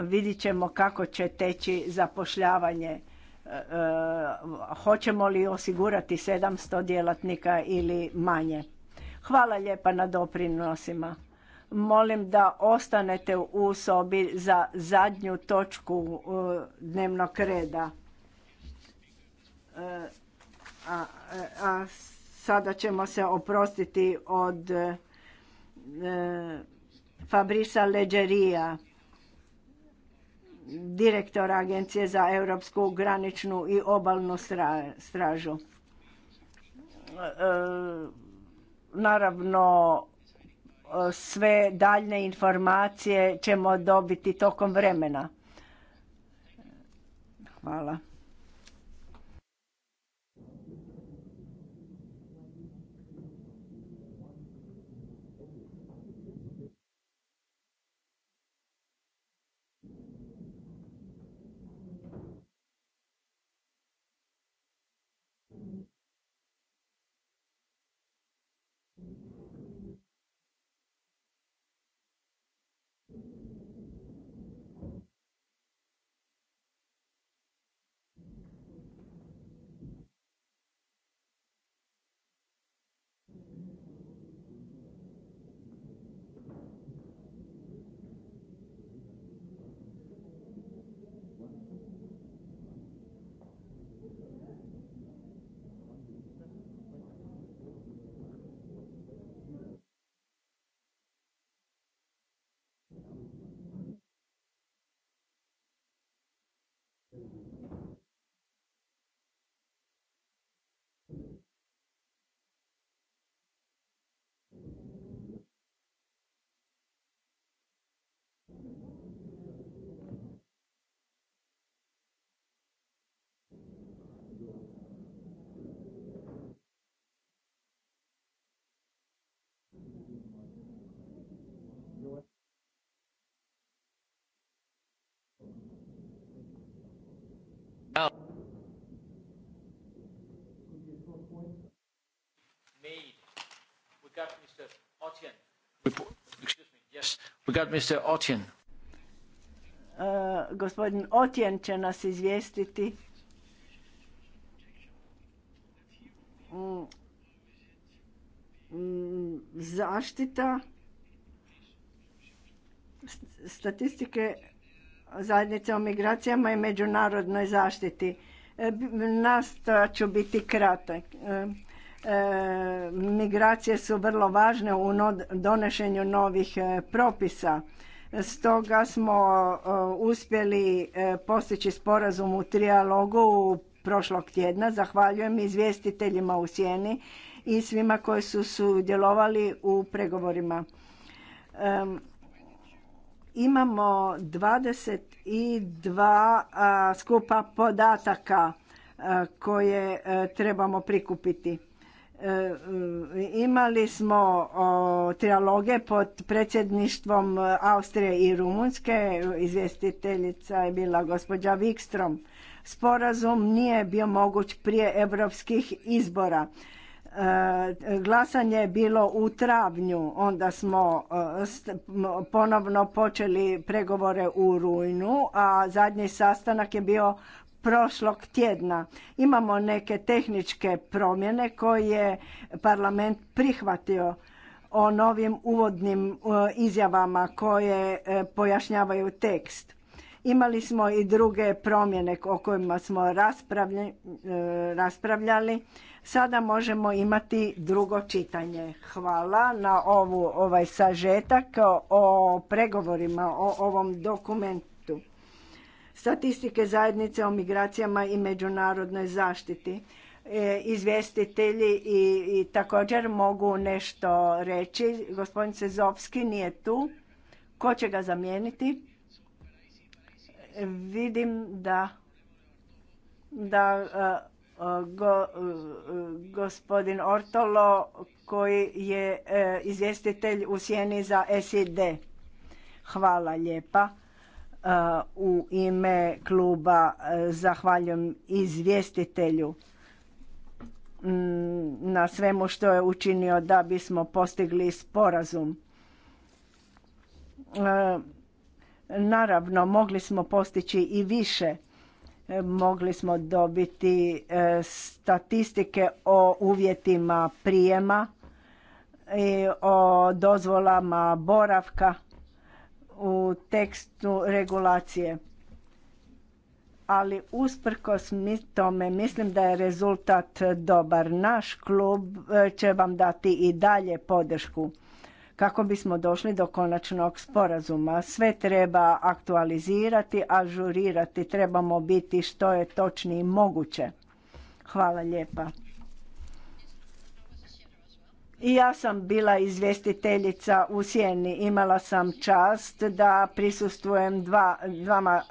Vidjet ćemo kako će teći zapošljavanje. E, e, hoćemo li osigurati 700 djelatnika ili manje. Hvala lijepa na doprinosima. Molim da ostanete u sobi za zadnju točku e, dnevnog reda. E, e, a, sada ćemo se oprostiti od Fabrisa Leđerija, direktora Agencije za europsku graničnu i obalnu stražu. naravno, sve daljne informacije ćemo dobiti tokom vremena. Hvala. Uh, gospodin Otjen će nas izvijestiti. Mm, mm, zaštita statistike zajednice o migracijama i međunarodnoj zaštiti. E, nastojat ću biti kratak. E, e, migracije su vrlo važne u donošenju novih propisa. Stoga smo uspjeli postići sporazum u trijalogu prošlog tjedna. Zahvaljujem izvjestiteljima u sjeni i svima koji su sudjelovali u pregovorima. Imamo 22 skupa podataka koje e, trebamo prikupiti. E, e, imali smo trialoge pod predsjedništvom Austrije i Rumunjske. Izvjestiteljica je bila gospođa Wikstrom. Sporazum nije bio moguć prije europskih izbora. E, glasanje je bilo u travnju, onda smo e, ponovno počeli pregovore u rujnu, a zadnji sastanak je bio prošlog tjedna. Imamo neke tehničke promjene koje je parlament prihvatio o novim uvodnim e, izjavama koje pojašnjavaju tekst. Imali smo i druge promjene o kojima smo raspravljali Sada možemo imati drugo čitanje. Hvala na ovu ovaj sažetak o pregovorima o ovom dokumentu. Statistike zajednice o migracijama i međunarodnoj zaštiti. E, izvjestitelji i, i također mogu nešto reći. Gospodin Sezovski nije tu. Ko će ga zamijeniti? Vidim da da e, gospodin Ortolo koji je e, izvjestitelj u sjeni za SID. Hvala lijepa. E, u ime kluba e, zahvaljujem izvjestitelju mm, na svemu što je učinio da bismo postigli sporazum. Naravno, mogli smo postići i više E, mogli smo dobiti e, statistike o uvjetima prijema i o dozvolama boravka u tekstu regulacije. Ali usprkos tome mislim da je rezultat dobar. Naš klub e, će vam dati i dalje podršku kako bismo došli do konačnog sporazuma. Sve treba aktualizirati, ažurirati, trebamo biti što je točnije moguće. Hvala lijepa. I ja sam bila izvjestiteljica u Sjeni. Imala sam čast da prisustvujem dva, dvama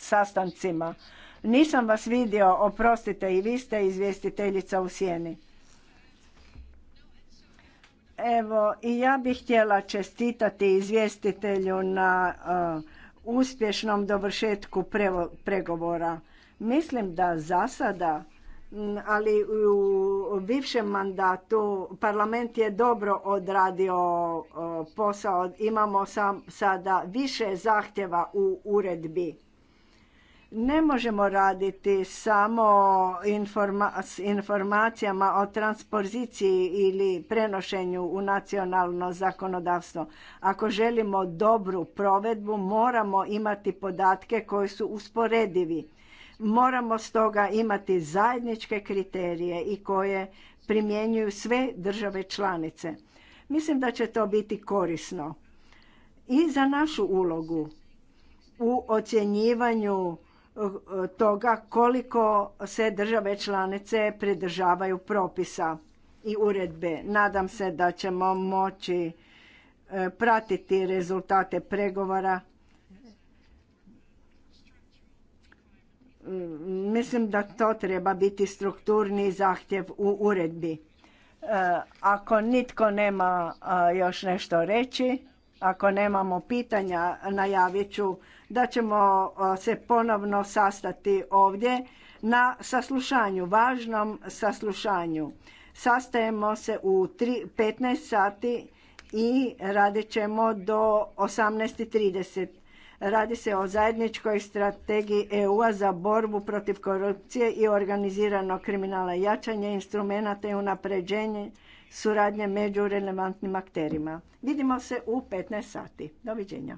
sastancima. Nisam vas vidio, oprostite, i vi ste izvjestiteljica u Sjeni. Evo, i ja bih htjela čestitati izvjestitelju na uh, uspješnom dovršetku pregovora. Mislim da za sada, ali u bivšem mandatu parlament je dobro odradio uh, posao. Imamo sam sada više zahtjeva u uredbi ne možemo raditi samo s informacijama o transpoziciji ili prenošenju u nacionalno zakonodavstvo. Ako želimo dobru provedbu, moramo imati podatke koji su usporedivi. Moramo stoga imati zajedničke kriterije i koje primjenjuju sve države članice. Mislim da će to biti korisno i za našu ulogu u ocjenjivanju toga koliko se države članice pridržavaju propisa i uredbe. Nadam se da ćemo moći e, pratiti rezultate pregovora. Mm, mislim da to treba biti strukturni zahtjev u uredbi. E, ako nitko nema e, još nešto reći, ako nemamo pitanja, najavit ću da ćemo se ponovno sastati ovdje na saslušanju, važnom saslušanju. Sastajemo se u 15 sati i radit ćemo do 18.30. Radi se o zajedničkoj strategiji EU-a za borbu protiv korupcije i organizirano kriminala, jačanje instrumenta i unapređenje suradnje među relevantnim akterima. Vidimo se u 15 sati. Doviđenja.